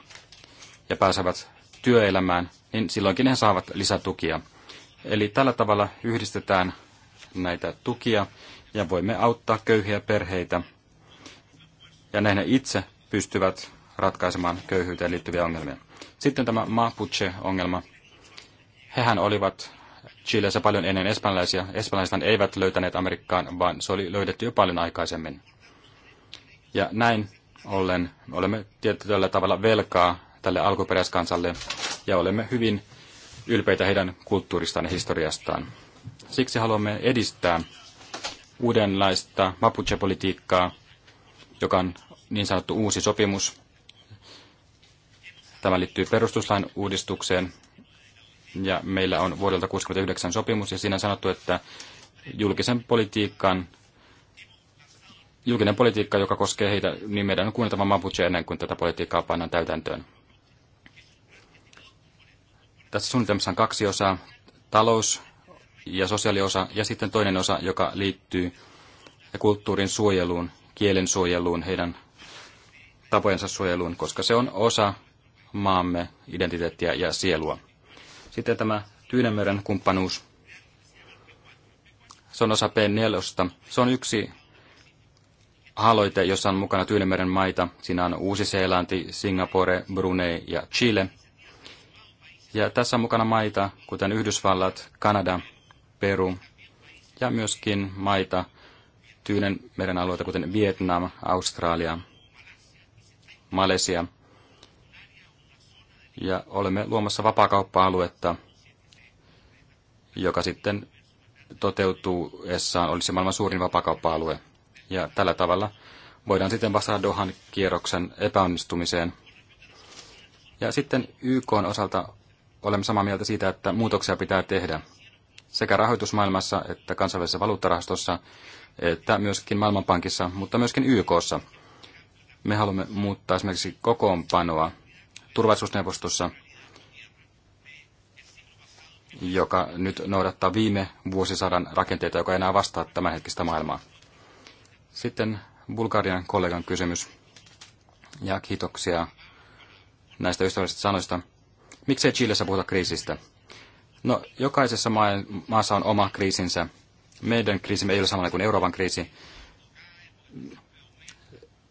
ja pääsevät työelämään, niin silloinkin he saavat lisätukia. Eli tällä tavalla yhdistetään näitä tukia ja voimme auttaa köyhiä perheitä. Ja näin ne itse pystyvät ratkaisemaan köyhyyteen liittyviä ongelmia. Sitten tämä Mapuche-ongelma. Hehän olivat Chileissä paljon ennen espanjalaisia. Espanjalaiset eivät löytäneet Amerikkaan, vaan se oli löydetty jo paljon aikaisemmin. Ja näin ollen olemme tietyllä tavalla velkaa tälle alkuperäiskansalle ja olemme hyvin ylpeitä heidän kulttuuristaan ja historiastaan. Siksi haluamme edistää uudenlaista mapuche-politiikkaa, joka on niin sanottu uusi sopimus. Tämä liittyy perustuslain uudistukseen ja meillä on vuodelta 1969 sopimus ja siinä on sanottu, että julkisen politiikan julkinen politiikka, joka koskee heitä, niin meidän on kuunneltava Mapuche ennen kuin tätä politiikkaa pannaan täytäntöön. Tässä suunnitelmassa on kaksi osaa, talous ja sosiaaliosa, ja sitten toinen osa, joka liittyy kulttuurin suojeluun, kielen suojeluun, heidän tapojensa suojeluun, koska se on osa maamme identiteettiä ja sielua. Sitten tämä Tyynemeren kumppanuus. Se on osa P4. Se on yksi haloite, jossa on mukana Tyynemeren maita. Siinä on Uusi-Seelanti, Singapore, Brunei ja Chile. Ja tässä on mukana maita, kuten Yhdysvallat, Kanada, Peru ja myöskin maita Tyynen meren alueita, kuten Vietnam, Australia, Malesia. Ja olemme luomassa vapaakauppa-aluetta, joka sitten toteutuessaan olisi maailman suurin vapaakauppa-alue. Ja tällä tavalla voidaan sitten vastata Dohan kierroksen epäonnistumiseen. Ja sitten YK osalta olemme samaa mieltä siitä, että muutoksia pitää tehdä sekä rahoitusmaailmassa että kansainvälisessä valuuttarahastossa, että myöskin Maailmanpankissa, mutta myöskin YKssa. Me haluamme muuttaa esimerkiksi kokoonpanoa turvallisuusneuvostossa, joka nyt noudattaa viime vuosisadan rakenteita, joka ei enää vastaa tämänhetkistä maailmaa. Sitten Bulgarian kollegan kysymys. Ja kiitoksia näistä ystävällisistä sanoista. Miksei Chilessä puhuta kriisistä? No, jokaisessa ma- maassa on oma kriisinsä. Meidän kriisimme ei ole samalla kuin Euroopan kriisi.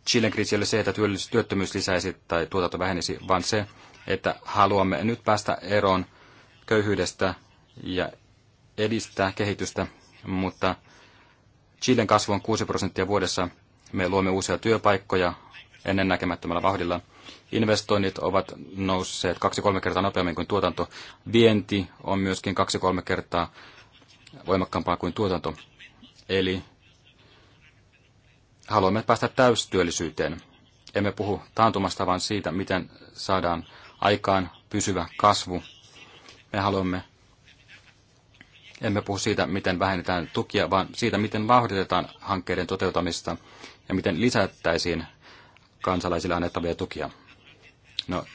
Chilen kriisi oli se, että työttömyys lisäisi tai tuotanto vähenisi, vaan se, että haluamme nyt päästä eroon köyhyydestä ja edistää kehitystä, mutta Chilen kasvu on 6 prosenttia vuodessa. Me luomme uusia työpaikkoja ennen näkemättömällä vauhdilla – investoinnit ovat nousseet kaksi-kolme kertaa nopeammin kuin tuotanto. Vienti on myöskin kaksi-kolme kertaa voimakkaampaa kuin tuotanto. Eli haluamme päästä täystyöllisyyteen. Emme puhu taantumasta, vaan siitä, miten saadaan aikaan pysyvä kasvu. Me haluamme, emme puhu siitä, miten vähennetään tukia, vaan siitä, miten vauhditetaan hankkeiden toteutamista ja miten lisättäisiin kansalaisille annettavia tukia. No,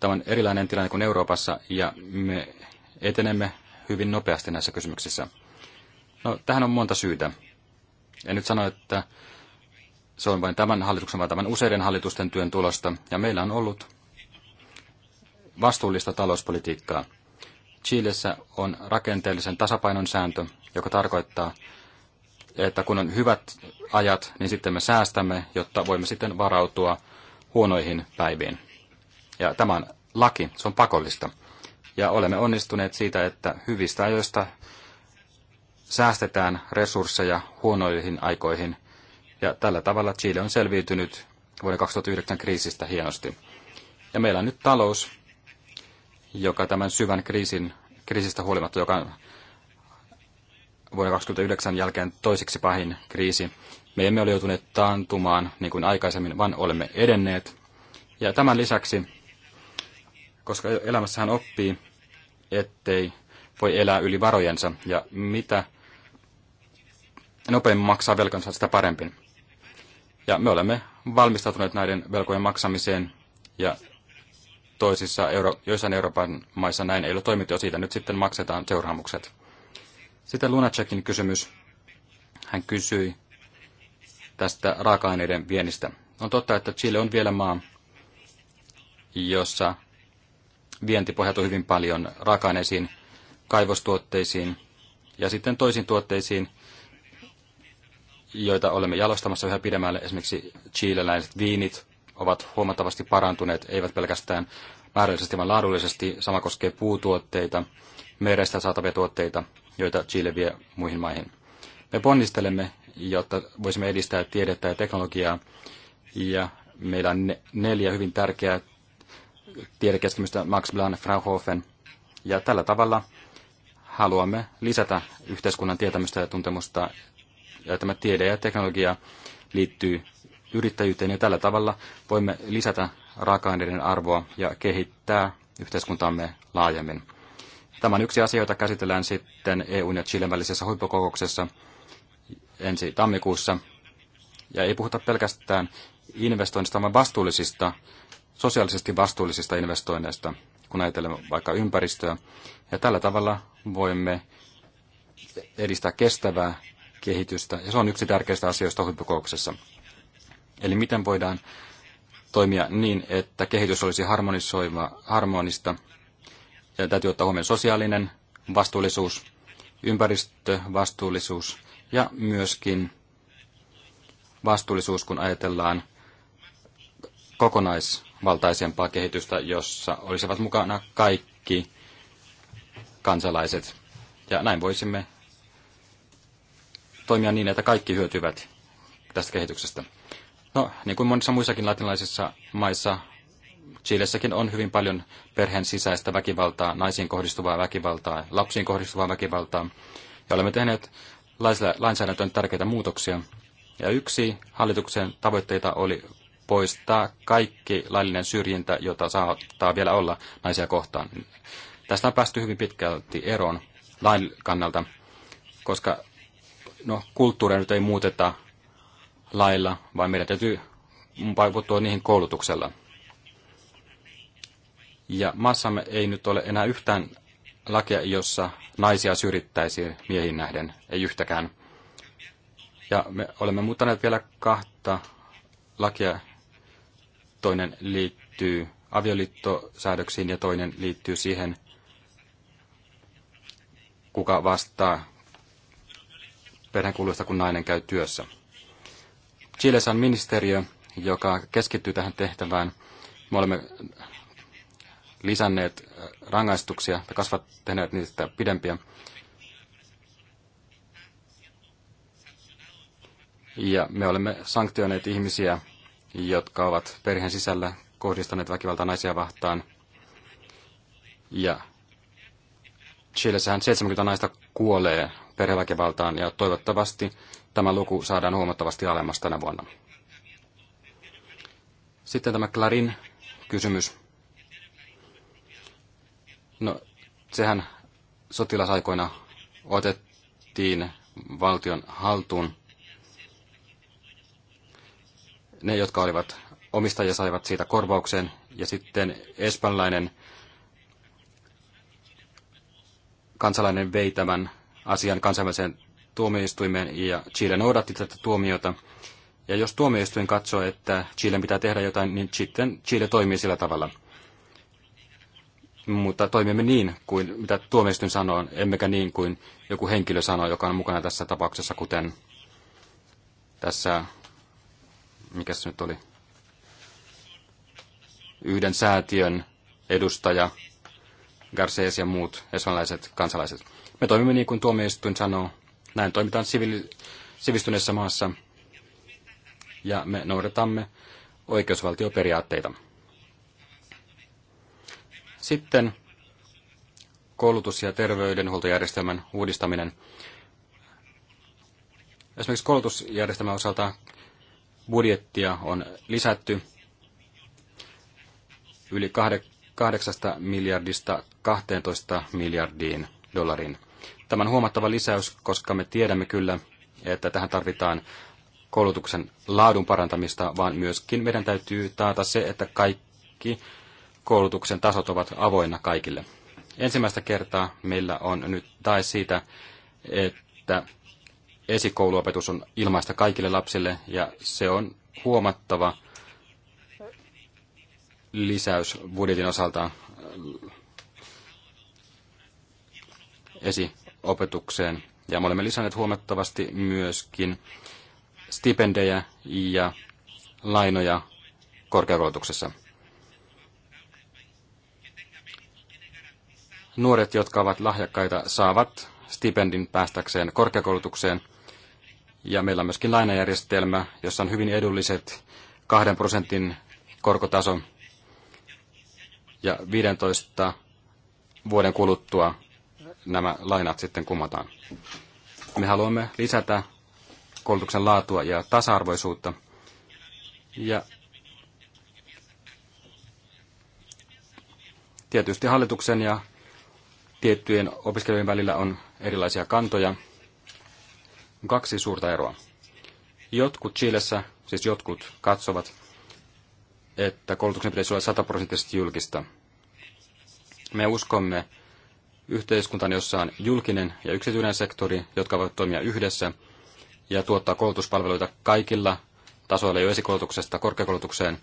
tämä on erilainen tilanne kuin Euroopassa ja me etenemme hyvin nopeasti näissä kysymyksissä. No, tähän on monta syytä. En nyt sano, että se on vain tämän hallituksen, vaan tämän useiden hallitusten työn tulosta. Ja meillä on ollut vastuullista talouspolitiikkaa. Chiilessä on rakenteellisen tasapainon sääntö, joka tarkoittaa, että kun on hyvät ajat, niin sitten me säästämme, jotta voimme sitten varautua huonoihin päiviin. Ja tämä on laki, se on pakollista. Ja olemme onnistuneet siitä, että hyvistä ajoista säästetään resursseja huonoihin aikoihin. Ja tällä tavalla Chile on selviytynyt vuoden 2009 kriisistä hienosti. Ja meillä on nyt talous, joka tämän syvän kriisin, kriisistä huolimatta, joka on vuoden 2009 jälkeen toiseksi pahin kriisi, me emme ole joutuneet taantumaan niin kuin aikaisemmin, vaan olemme edenneet. Ja tämän lisäksi, koska elämässähän oppii, ettei voi elää yli varojensa, ja mitä nopeammin maksaa velkansa, sitä parempi. Ja me olemme valmistautuneet näiden velkojen maksamiseen, ja toisissa Euro- joissain Euroopan maissa näin ei ole toimittu, ja siitä nyt sitten maksetaan seuraamukset. Sitten Lunacekin kysymys. Hän kysyi, tästä raaka-aineiden viennistä. On totta, että Chile on vielä maa, jossa vienti pohjautuu hyvin paljon raaka-aineisiin, kaivostuotteisiin ja sitten toisiin tuotteisiin, joita olemme jalostamassa yhä pidemmälle. Esimerkiksi chileläiset viinit ovat huomattavasti parantuneet, eivät pelkästään määrällisesti vaan laadullisesti. Sama koskee puutuotteita, merestä saatavia tuotteita, joita Chile vie muihin maihin. Me ponnistelemme jotta voisimme edistää tiedettä ja teknologiaa. Ja meillä on neljä hyvin tärkeää tiedekeskimystä Max Planck, Fraunhofen. Ja tällä tavalla haluamme lisätä yhteiskunnan tietämystä ja tuntemusta. Ja tämä tiede ja teknologia liittyy yrittäjyyteen ja tällä tavalla voimme lisätä raaka-aineiden arvoa ja kehittää yhteiskuntaamme laajemmin. Tämä on yksi asia, jota käsitellään sitten EUn ja Chilen välisessä huippukokouksessa, ensi tammikuussa. Ja ei puhuta pelkästään investoinnista, vaan vastuullisista, sosiaalisesti vastuullisista investoinneista, kun ajatellaan vaikka ympäristöä. Ja tällä tavalla voimme edistää kestävää kehitystä, ja se on yksi tärkeistä asioista huippukouksessa. Eli miten voidaan toimia niin, että kehitys olisi harmonisoiva, harmonista, ja täytyy ottaa huomioon sosiaalinen vastuullisuus, ympäristövastuullisuus ja myöskin vastuullisuus, kun ajatellaan kokonaisvaltaisempaa kehitystä, jossa olisivat mukana kaikki kansalaiset. Ja näin voisimme toimia niin, että kaikki hyötyvät tästä kehityksestä. No, niin kuin monissa muissakin latinalaisissa maissa, Chilessäkin on hyvin paljon perheen sisäistä väkivaltaa, naisiin kohdistuvaa väkivaltaa, lapsiin kohdistuvaa väkivaltaa. Ja olemme tehneet lainsäädäntöön tärkeitä muutoksia. Ja yksi hallituksen tavoitteita oli poistaa kaikki laillinen syrjintä, jota saattaa vielä olla naisia kohtaan. Tästä on päästy hyvin pitkälti eroon lain kannalta, koska no, kulttuuria nyt ei muuteta lailla, vaan meidän täytyy vaikuttua niihin koulutuksella. Ja maassamme ei nyt ole enää yhtään lakia, jossa naisia syrjittäisiin miehiin nähden, ei yhtäkään. Ja me olemme muuttaneet vielä kahta lakia. Toinen liittyy avioliittosäädöksiin ja toinen liittyy siihen, kuka vastaa perheenkuluista, kun nainen käy työssä. Chilesan on ministeriö, joka keskittyy tähän tehtävään. Me olemme lisänneet äh, rangaistuksia ja kasvattaneet niitä pidempiä. Ja me olemme sanktioineet ihmisiä, jotka ovat perheen sisällä kohdistaneet väkivaltaa naisia vahtaan. Ja Chilessähän 70 naista kuolee perheväkivaltaan ja toivottavasti tämä luku saadaan huomattavasti alemmas tänä vuonna. Sitten tämä Clarin kysymys. No, sehän sotilasaikoina otettiin valtion haltuun. Ne, jotka olivat omistajia, saivat siitä korvauksen. Ja sitten espanlainen kansalainen vei tämän asian kansainväliseen tuomioistuimeen ja Chile noudatti tätä tuomiota. Ja jos tuomioistuin katsoo, että Chile pitää tehdä jotain, niin sitten Chile toimii sillä tavalla – mutta toimimme niin kuin mitä tuomioistuin sanoo, emmekä niin kuin joku henkilö sanoo, joka on mukana tässä tapauksessa, kuten tässä, mikä se nyt oli, yhden säätiön edustaja, Garces ja muut espanjalaiset kansalaiset. Me toimimme niin kuin tuomioistuin sanoo. Näin toimitaan sivili- sivistyneessä maassa ja me noudatamme oikeusvaltioperiaatteita. Sitten koulutus- ja terveydenhuoltojärjestelmän uudistaminen. Esimerkiksi koulutusjärjestelmän osalta budjettia on lisätty yli 8 miljardista 12 miljardiin dollariin. Tämä on huomattava lisäys, koska me tiedämme kyllä, että tähän tarvitaan koulutuksen laadun parantamista, vaan myöskin meidän täytyy taata se, että kaikki koulutuksen tasot ovat avoinna kaikille. Ensimmäistä kertaa meillä on nyt tai siitä, että esikouluopetus on ilmaista kaikille lapsille ja se on huomattava lisäys budjetin osalta äh, esiopetukseen. Ja me olemme lisänneet huomattavasti myöskin stipendejä ja lainoja korkeakoulutuksessa. nuoret, jotka ovat lahjakkaita, saavat stipendin päästäkseen korkeakoulutukseen. Ja meillä on myöskin lainajärjestelmä, jossa on hyvin edulliset kahden prosentin korkotaso ja 15 vuoden kuluttua nämä lainat sitten kumataan. Me haluamme lisätä koulutuksen laatua ja tasa-arvoisuutta. Ja tietysti hallituksen ja tiettyjen opiskelijoiden välillä on erilaisia kantoja. On kaksi suurta eroa. Jotkut Chilessä, siis jotkut katsovat, että koulutuksen pitäisi olla sataprosenttisesti julkista. Me uskomme yhteiskuntaan, jossa on julkinen ja yksityinen sektori, jotka voivat toimia yhdessä ja tuottaa koulutuspalveluita kaikilla tasoilla jo esikoulutuksesta korkeakoulutukseen.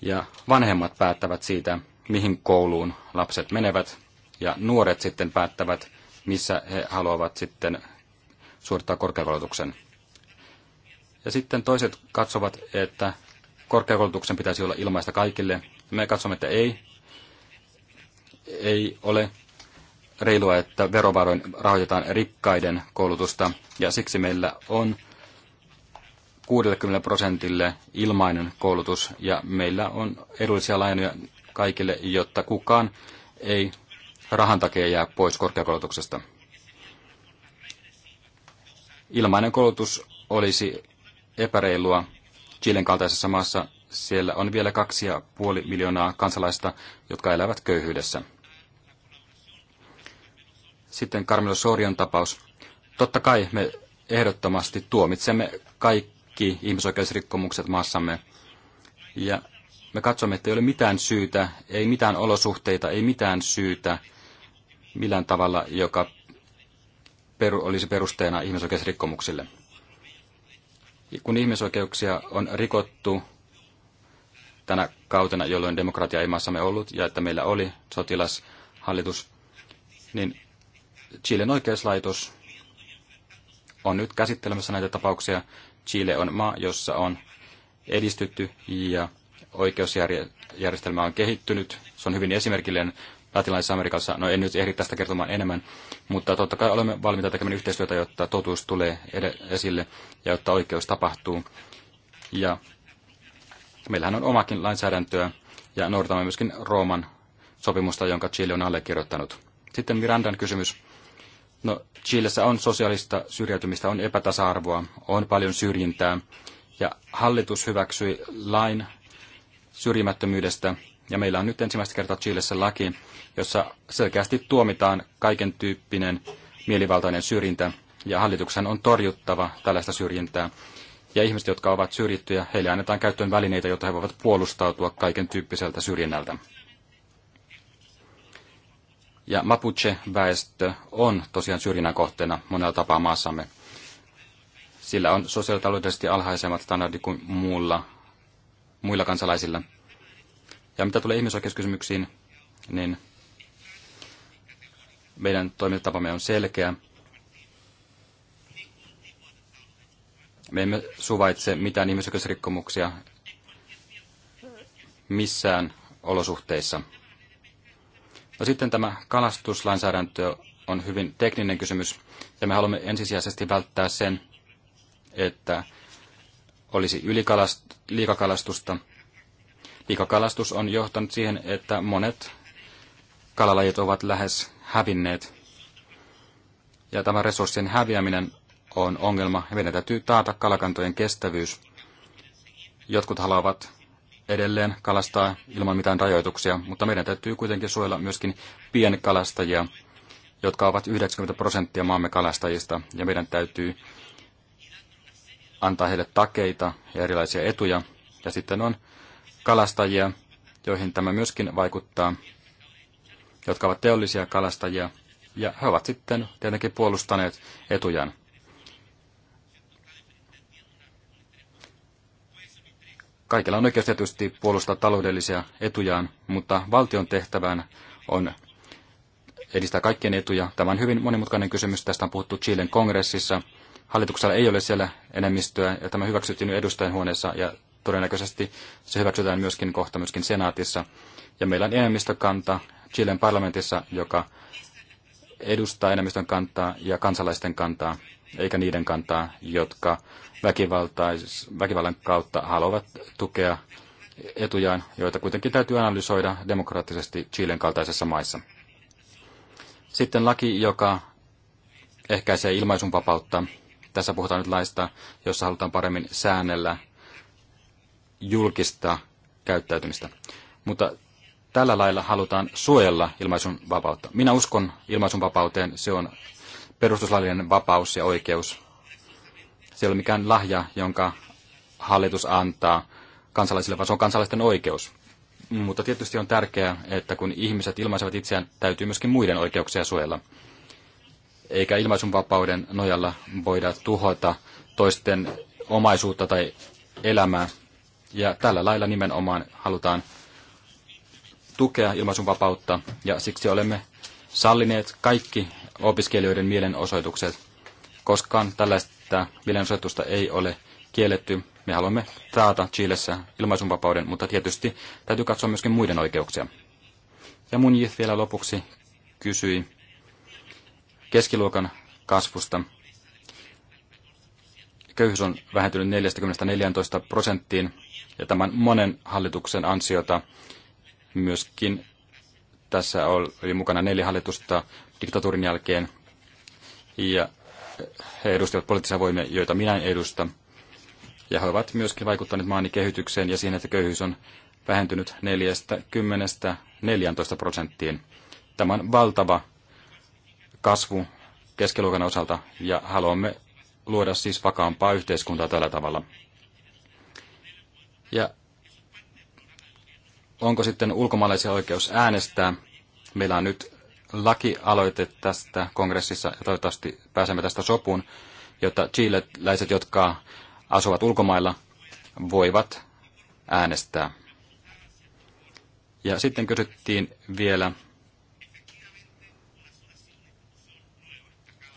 Ja vanhemmat päättävät siitä, mihin kouluun lapset menevät ja nuoret sitten päättävät, missä he haluavat sitten suorittaa korkeakoulutuksen. Ja sitten toiset katsovat, että korkeakoulutuksen pitäisi olla ilmaista kaikille. Me katsomme, että ei, ei ole reilua, että verovaroin rahoitetaan rikkaiden koulutusta, ja siksi meillä on 60 prosentille ilmainen koulutus, ja meillä on edullisia lainoja kaikille, jotta kukaan ei rahan takia jää pois korkeakoulutuksesta. Ilmainen koulutus olisi epäreilua Chilen kaltaisessa maassa. Siellä on vielä 2,5 miljoonaa kansalaista, jotka elävät köyhyydessä. Sitten Carmelo Sorion tapaus. Totta kai me ehdottomasti tuomitsemme kaikki ihmisoikeusrikkomukset maassamme. Ja me katsomme, että ei ole mitään syytä, ei mitään olosuhteita, ei mitään syytä millään tavalla, joka peru, olisi perusteena ihmisoikeusrikkomuksille. Kun ihmisoikeuksia on rikottu tänä kautena, jolloin demokratia ei maassamme ollut ja että meillä oli sotilashallitus, niin Chilen oikeuslaitos on nyt käsittelemässä näitä tapauksia. Chile on maa, jossa on edistytty ja oikeusjärjestelmä on kehittynyt. Se on hyvin esimerkillinen, Latinalaisessa Amerikassa. No en nyt ehdi tästä kertomaan enemmän, mutta totta kai olemme valmiita tekemään yhteistyötä, jotta totuus tulee esille ja jotta oikeus tapahtuu. Ja meillähän on omakin lainsäädäntöä ja noudatamme myöskin Rooman sopimusta, jonka Chile on allekirjoittanut. Sitten Mirandan kysymys. No, Chilessä on sosiaalista syrjäytymistä, on epätasa-arvoa, on paljon syrjintää, ja hallitus hyväksyi lain syrjimättömyydestä, ja meillä on nyt ensimmäistä kertaa Chilessä laki, jossa selkeästi tuomitaan kaiken tyyppinen mielivaltainen syrjintä, ja hallituksen on torjuttava tällaista syrjintää. Ja ihmiset, jotka ovat syrjittyjä, heille annetaan käyttöön välineitä, jotta he voivat puolustautua kaiken tyyppiseltä syrjinnältä. Ja Mapuche-väestö on tosiaan syrjinnän kohteena monella tapaa maassamme. Sillä on sosiaalitaloudellisesti alhaisemmat standardit kuin muulla, muilla kansalaisilla – ja mitä tulee ihmisoikeuskysymyksiin, niin meidän toimintatapamme on selkeä. Me emme suvaitse mitään ihmisoikeusrikkomuksia missään olosuhteissa. No sitten tämä kalastuslainsäädäntö on hyvin tekninen kysymys, ja me haluamme ensisijaisesti välttää sen, että olisi ylikalast- liikakalastusta – Pikakalastus on johtanut siihen, että monet kalalajit ovat lähes hävinneet. Ja tämä resurssien häviäminen on ongelma. Meidän täytyy taata kalakantojen kestävyys. Jotkut haluavat edelleen kalastaa ilman mitään rajoituksia, mutta meidän täytyy kuitenkin suojella myöskin pienkalastajia, jotka ovat 90 prosenttia maamme kalastajista, ja meidän täytyy antaa heille takeita ja erilaisia etuja. Ja sitten on kalastajia, joihin tämä myöskin vaikuttaa, jotka ovat teollisia kalastajia, ja he ovat sitten tietenkin puolustaneet etujaan. Kaikilla on oikeus tietysti puolustaa taloudellisia etujaan, mutta valtion tehtävään on edistää kaikkien etuja. Tämä on hyvin monimutkainen kysymys. Tästä on puhuttu Chilen kongressissa. Hallituksella ei ole siellä enemmistöä, ja tämä hyväksyttiin huoneessa, ja todennäköisesti se hyväksytään myöskin kohta myöskin senaatissa. Ja meillä on enemmistökanta Chilen parlamentissa, joka edustaa enemmistön kantaa ja kansalaisten kantaa, eikä niiden kantaa, jotka väkivallan kautta haluavat tukea etujaan, joita kuitenkin täytyy analysoida demokraattisesti Chilen kaltaisessa maissa. Sitten laki, joka ehkäisee ilmaisunvapautta. Tässä puhutaan nyt laista, jossa halutaan paremmin säännellä julkista käyttäytymistä. Mutta tällä lailla halutaan suojella ilmaisun vapautta. Minä uskon ilmaisun vapauteen, se on perustuslaillinen vapaus ja oikeus. Se ei ole mikään lahja, jonka hallitus antaa kansalaisille, vaan se on kansalaisten oikeus. Mutta tietysti on tärkeää, että kun ihmiset ilmaisevat itseään, täytyy myöskin muiden oikeuksia suojella. Eikä ilmaisunvapauden nojalla voida tuhota toisten omaisuutta tai elämää, ja tällä lailla nimenomaan halutaan tukea ilmaisunvapautta ja siksi olemme sallineet kaikki opiskelijoiden mielenosoitukset. Koskaan tällaista mielenosoitusta ei ole kielletty. Me haluamme taata Chilessä ilmaisunvapauden, mutta tietysti täytyy katsoa myöskin muiden oikeuksia. Ja mun vielä lopuksi kysyi keskiluokan kasvusta köyhyys on vähentynyt 40-14 prosenttiin, ja tämän monen hallituksen ansiota myöskin tässä oli mukana neljä hallitusta diktatuurin jälkeen, ja he edustivat poliittisia voimia, joita minä en edusta. Ja he ovat myöskin vaikuttaneet maani kehitykseen ja siihen, että köyhyys on vähentynyt 40-14 prosenttiin. Tämä on valtava kasvu keskiluokan osalta ja haluamme luoda siis vakaampaa yhteiskuntaa tällä tavalla. Ja onko sitten ulkomaalaisia oikeus äänestää? Meillä on nyt lakialoite tästä kongressissa ja toivottavasti pääsemme tästä sopuun, jotta chileläiset, jotka asuvat ulkomailla, voivat äänestää. Ja sitten kysyttiin vielä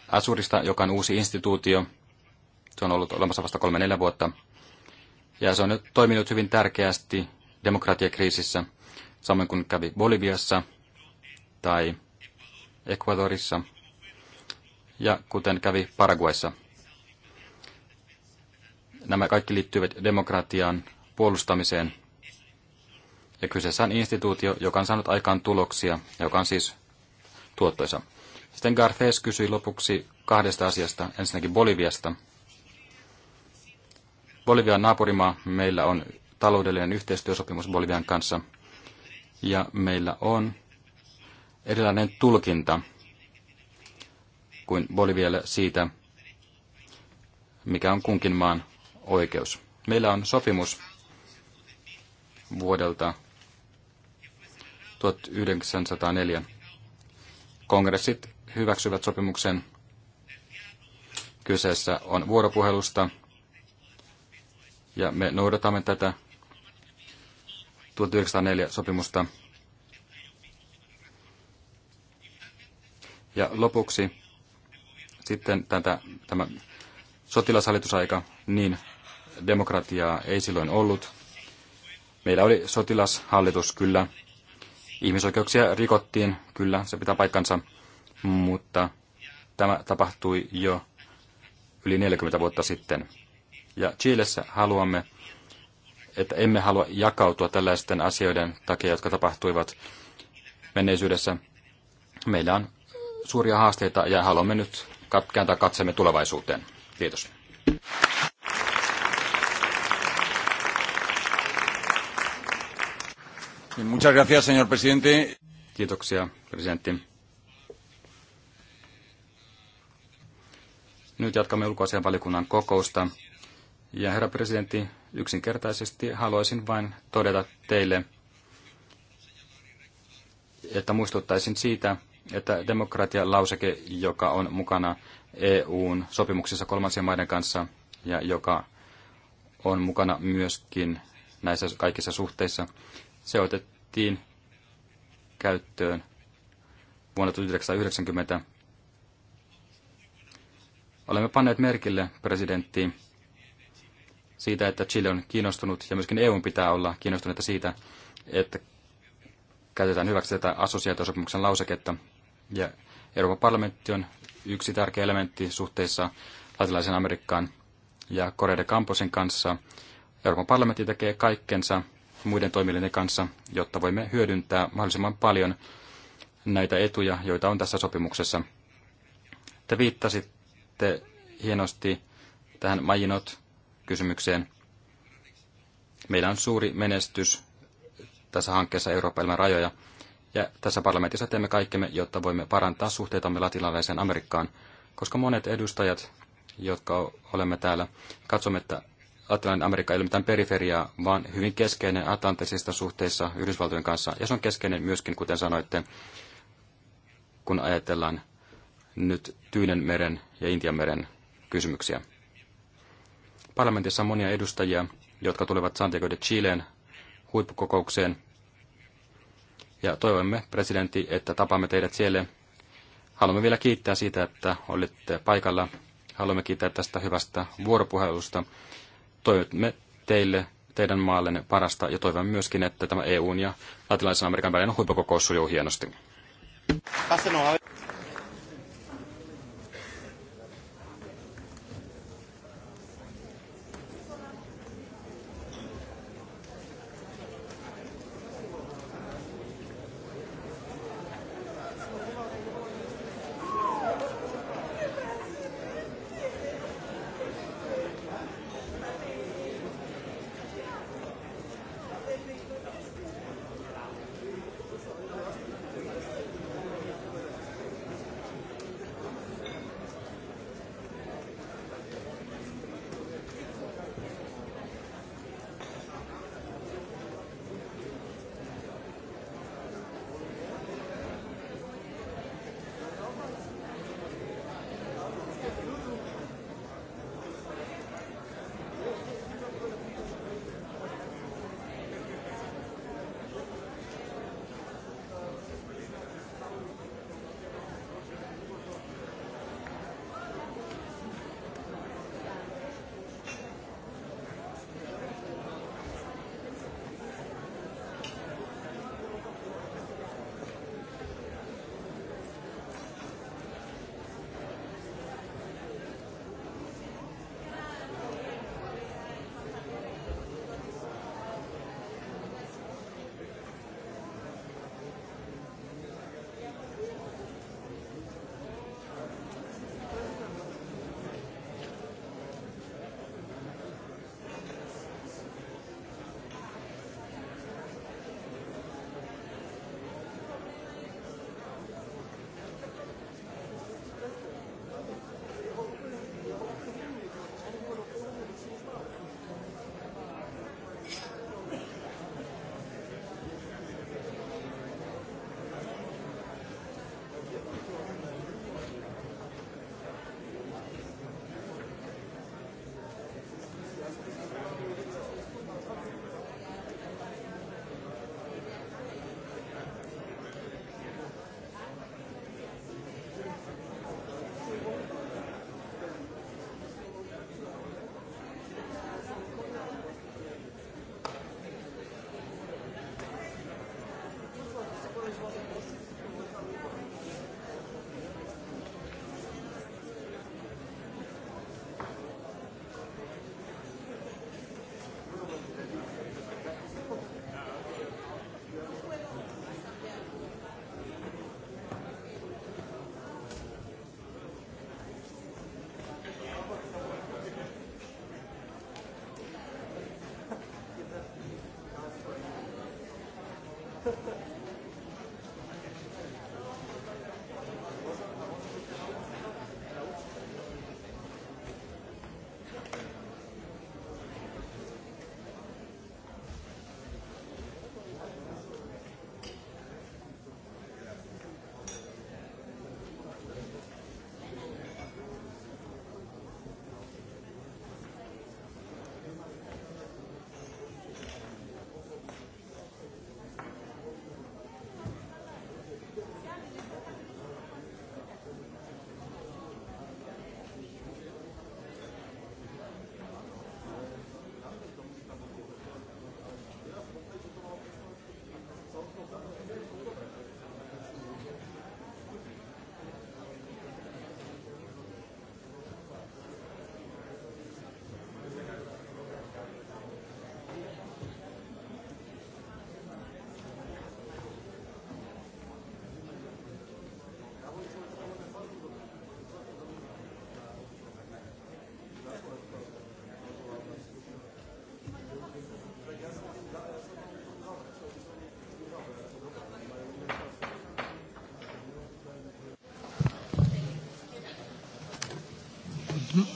Asurista, joka on uusi instituutio – se on ollut olemassa vasta kolme neljä vuotta. Ja se on nyt toiminut hyvin tärkeästi demokratiakriisissä, samoin kuin kävi Boliviassa tai Ecuadorissa ja kuten kävi Paraguayssa. Nämä kaikki liittyvät demokratian puolustamiseen. Ja kyseessä on instituutio, joka on saanut aikaan tuloksia, ja joka on siis tuottoisa. Sitten Garfes kysyi lopuksi kahdesta asiasta, ensinnäkin Boliviasta – Bolivian naapurimaa, meillä on taloudellinen yhteistyösopimus Bolivian kanssa ja meillä on erilainen tulkinta kuin Bolivialle siitä, mikä on kunkin maan oikeus. Meillä on sopimus vuodelta 1904. Kongressit hyväksyvät sopimuksen. Kyseessä on vuoropuhelusta ja me noudatamme tätä 1904 sopimusta. Ja lopuksi sitten tätä, tämä sotilashallitusaika, niin demokratiaa ei silloin ollut. Meillä oli sotilashallitus kyllä. Ihmisoikeuksia rikottiin, kyllä, se pitää paikkansa, mutta tämä tapahtui jo yli 40 vuotta sitten. Ja Chiilessä haluamme, että emme halua jakautua tällaisten asioiden takia, jotka tapahtuivat menneisyydessä. Meillä on suuria haasteita ja haluamme nyt kääntää katsemme tulevaisuuteen. Kiitos. Muchas gracias, señor presidente. Kiitoksia, presidentti. Nyt jatkamme ulkoasian valikunnan kokousta. Ja herra presidentti, yksinkertaisesti haluaisin vain todeta teille, että muistuttaisin siitä, että lauseke, joka on mukana EUn sopimuksissa kolmansien maiden kanssa ja joka on mukana myöskin näissä kaikissa suhteissa, se otettiin käyttöön vuonna 1990. Olemme panneet merkille presidentti siitä, että Chile on kiinnostunut ja myöskin EU pitää olla kiinnostuneita siitä, että käytetään hyväksi tätä assosiaatiosopimuksen lauseketta. Ja Euroopan parlamentti on yksi tärkeä elementti suhteessa latinalaisen Amerikkaan ja Korea de Camposin kanssa. Euroopan parlamentti tekee kaikkensa muiden toimijoiden kanssa, jotta voimme hyödyntää mahdollisimman paljon näitä etuja, joita on tässä sopimuksessa. Te viittasitte hienosti tähän Majinot kysymykseen. Meillä on suuri menestys tässä hankkeessa Euroopan ilman rajoja, ja tässä parlamentissa teemme kaikkemme, jotta voimme parantaa suhteitamme latinalaiseen Amerikkaan, koska monet edustajat, jotka olemme täällä, katsomme, että Atlantin Amerikka ei ole mitään periferiaa, vaan hyvin keskeinen atlantisista suhteissa Yhdysvaltojen kanssa. Ja se on keskeinen myöskin, kuten sanoitte, kun ajatellaan nyt Tyynenmeren ja Intianmeren kysymyksiä parlamentissa on monia edustajia, jotka tulevat Santiago de Chileen huippukokoukseen. Ja toivomme, presidentti, että tapaamme teidät siellä. Haluamme vielä kiittää siitä, että olitte paikalla. Haluamme kiittää tästä hyvästä vuoropuhelusta. Toivomme teille, teidän maallenne parasta ja toivomme myöskin, että tämä EUn ja latinalaisen Amerikan välinen huippukokous sujuu hienosti.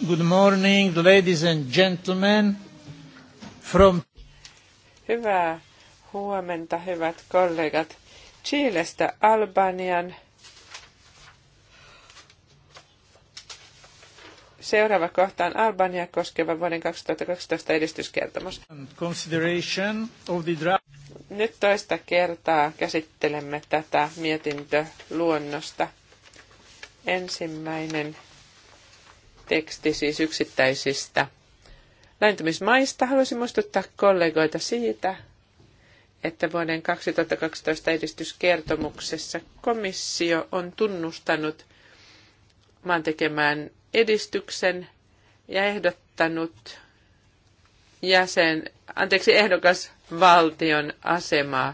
Good morning, ladies and gentlemen. From...
Hyvää huomenta, hyvät kollegat. Chilestä Albanian. Seuraava kohta on Albania koskeva vuoden 2012 edistyskertomus.
Consideration of
the draft. Nyt toista kertaa käsittelemme tätä mietintöluonnosta. Ensimmäinen teksti siis yksittäisistä lähentymismaista. Haluaisin muistuttaa kollegoita siitä, että vuoden 2012 edistyskertomuksessa komissio on tunnustanut maan tekemään edistyksen ja ehdottanut jäsen, anteeksi, valtion asemaa,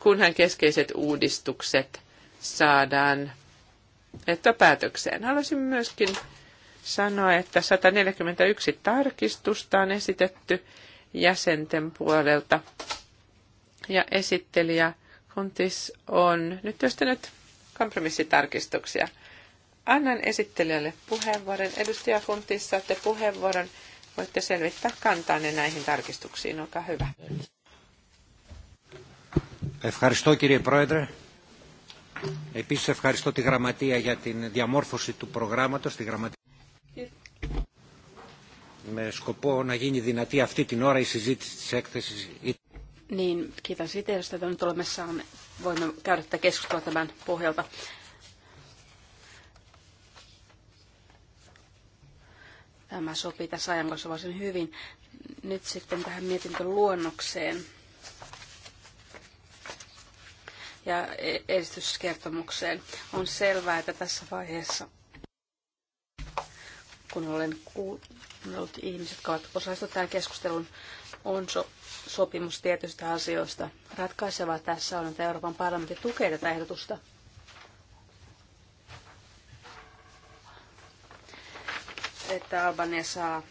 kunhan keskeiset uudistukset saadaan päätökseen. Haluaisin myöskin sanoa, että 141 tarkistusta on esitetty jäsenten puolelta. Ja esittelijä Kuntis on nyt työstänyt kompromissitarkistuksia. Annan esittelijälle puheenvuoron. Edustaja Kuntis, saatte puheenvuoron. Voitte selvittää kantaanne näihin tarkistuksiin. Olkaa hyvä.
Ευχαριστώ κύριε Πρόεδρε. Επίσης ευχαριστώ τη Γραμματεία για την διαμόρφωση του προγράμματος. Τη γραμματεία με σκοπό να γίνει δυνατή αυτή την ώρα η συζήτηση της έκθεσης.
Niin, kiitän siitä, jos tätä nyt olemme saaneet. Voimme käydä tätä keskustelua tämän pohjalta. Tämä sopii tässä ajankohdassa varsin hyvin. Nyt sitten tähän mietintöluonnokseen ja esityskertomukseen. On selvää, että tässä vaiheessa kun olen kuunnellut ihmiset, jotka ovat osallistuneet tämän keskustelun, on so- sopimus tietystä asioista. Ratkaisevaa tässä on, että Euroopan parlamentti tukee tätä ehdotusta. Että Albania saa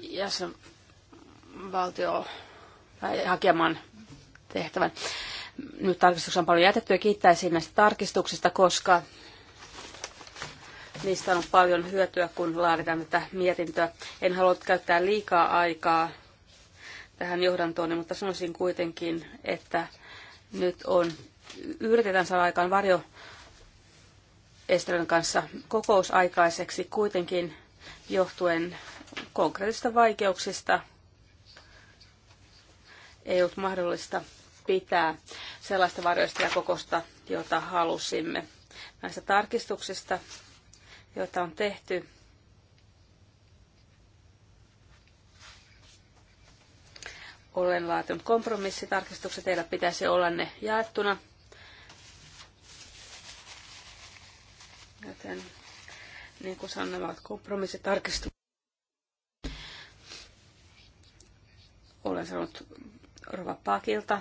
jäsenvaltio hakemaan tehtävän. Nyt tarkistuksia on paljon jätetty ja kiittäisin näistä tarkistuksista, koska Niistä on paljon hyötyä, kun laaditaan tätä mietintöä. En halua käyttää liikaa aikaa tähän johdantoon, mutta sanoisin kuitenkin, että nyt on, yritetään saada aikaan varjo Estelön kanssa kokousaikaiseksi kuitenkin johtuen konkreettisista vaikeuksista ei ollut mahdollista pitää sellaista varjoista ja kokosta, jota halusimme. Näistä tarkistuksista joita on tehty. Olen laatinut kompromissitarkistukset, teillä pitäisi olla ne jaettuna. Joten niin kuin sanoin, ovat kompromissitarkistukset.
Olen saanut
Rova Pakilta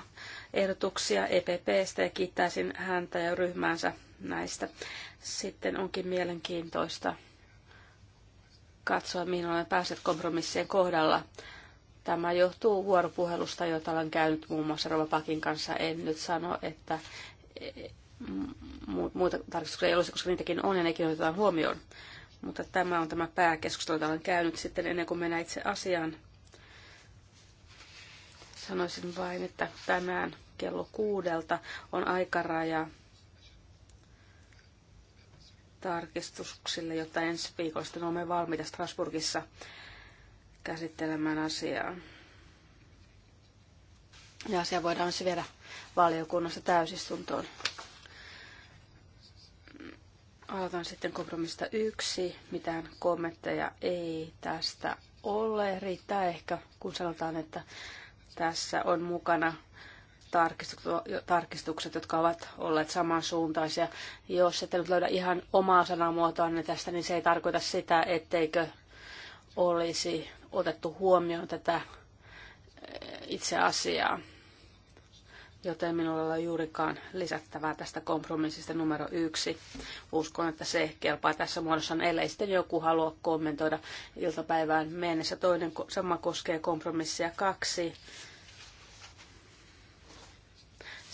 ehdotuksia EPPstä ja kiittäisin häntä ja ryhmäänsä näistä. Sitten onkin mielenkiintoista katsoa, mihin olen päässyt kompromissien kohdalla. Tämä johtuu vuoropuhelusta, jota olen käynyt muun muassa Rova Pakin kanssa. En nyt sano, että e, muita tarkistuksia ei olisi, koska niitäkin on ja nekin otetaan huomioon. Mutta tämä on tämä pääkeskustelu, jota olen käynyt sitten ennen kuin mennään itse asiaan. Sanoisin vain, että tänään kello kuudelta on aikaraja tarkistuksille, jotta ensi viikolla sitten olemme valmiita Strasburgissa käsittelemään asiaa. Ja asia voidaan myös siis viedä valiokunnassa täysistuntoon. Aloitan sitten kompromista yksi. Mitään kommentteja ei tästä ole. Riittää ehkä, kun sanotaan, että tässä on mukana tarkistukset, jotka ovat olleet samansuuntaisia. Jos ette nyt löydä ihan omaa sanamuotoanne niin tästä, niin se ei tarkoita sitä, etteikö olisi otettu huomioon tätä eh, itse asiaa. Joten minulla ei ole juurikaan lisättävää tästä kompromissista numero yksi. Uskon, että se kelpaa tässä muodossa, ellei sitten joku halua kommentoida iltapäivään mennessä. Toinen sama koskee kompromissia kaksi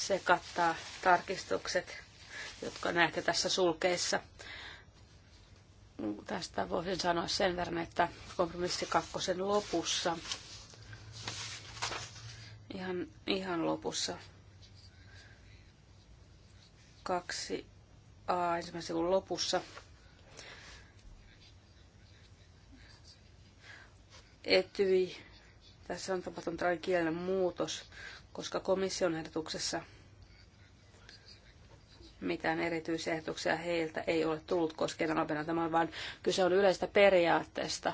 se kattaa tarkistukset, jotka näette tässä sulkeissa. Tästä voisin sanoa sen verran, että kompromissi kakkosen lopussa, ihan, ihan lopussa, kaksi A ensimmäisen sivun lopussa, Etyi. Tässä on tapahtunut kielen muutos koska komission ehdotuksessa mitään erityisiä ehdotuksia heiltä ei ole tullut koskien Albanian, vaan kyse on yleistä periaatteesta,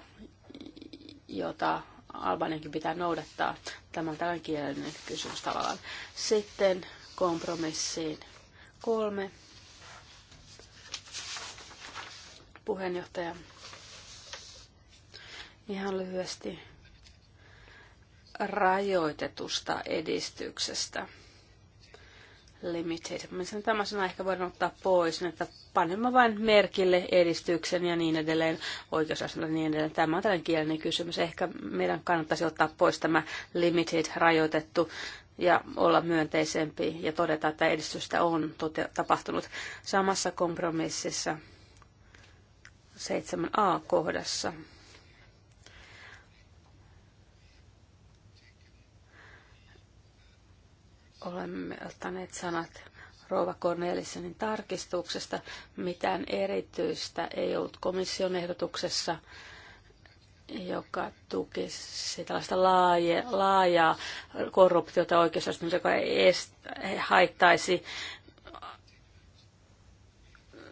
jota Albaniankin pitää noudattaa. Tämä on tällainen kielellinen kysymys tavallaan. Sitten kompromissiin kolme. Puheenjohtaja. Ihan lyhyesti rajoitetusta edistyksestä. Limited. sen tämä sana ehkä voidaan ottaa pois, että panemme vain merkille edistyksen ja niin edelleen, oikeusasioilla ja niin edelleen. Tämä on tällainen kielinen kysymys. Ehkä meidän kannattaisi ottaa pois tämä limited, rajoitettu, ja olla myönteisempi ja todeta, että edistystä on tapahtunut samassa kompromississa 7a-kohdassa. olemme ottaneet sanat Rova Cornelissenin tarkistuksesta. Mitään erityistä ei ollut komission ehdotuksessa, joka tukisi tällaista laaja, laajaa korruptiota oikeus, joka est, haittaisi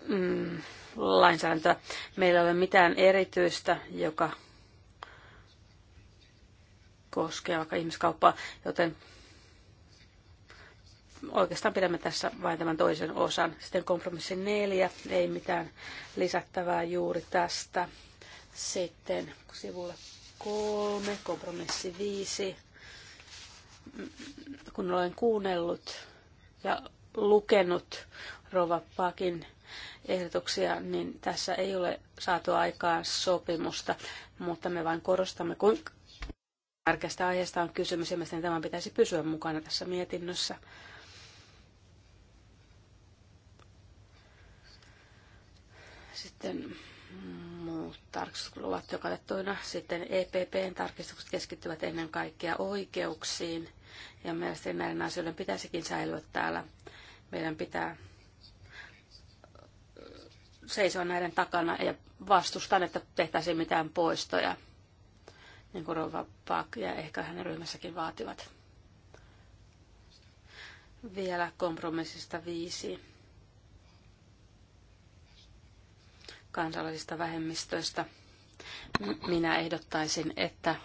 mm, lainsäädäntöä. Meillä ei ole mitään erityistä, joka koskee vaikka ihmiskauppaa, joten Oikeastaan pidämme tässä vain tämän toisen osan. Sitten kompromissi neljä, ei mitään lisättävää juuri tästä. Sitten sivulle kolme, kompromissi viisi. Kun olen kuunnellut ja lukenut Rova Pakin ehdotuksia, niin tässä ei ole saatu aikaan sopimusta, mutta me vain korostamme, kuinka tärkeästä aiheesta on kysymys ja tämän pitäisi pysyä mukana tässä mietinnössä. Sitten mm, muut tarkistukset ovat katettuina. Sitten EPPn tarkistukset keskittyvät ennen kaikkea oikeuksiin. Ja mielestäni näiden asioiden pitäisikin säilyä täällä. Meidän pitää seisoa näiden takana ja vastustan, että tehtäisiin mitään poistoja, niin kuin Rova Pak ja ehkä hänen ryhmässäkin vaativat. Vielä kompromissista viisi kansallisista vähemmistöistä. Minä ehdottaisin, että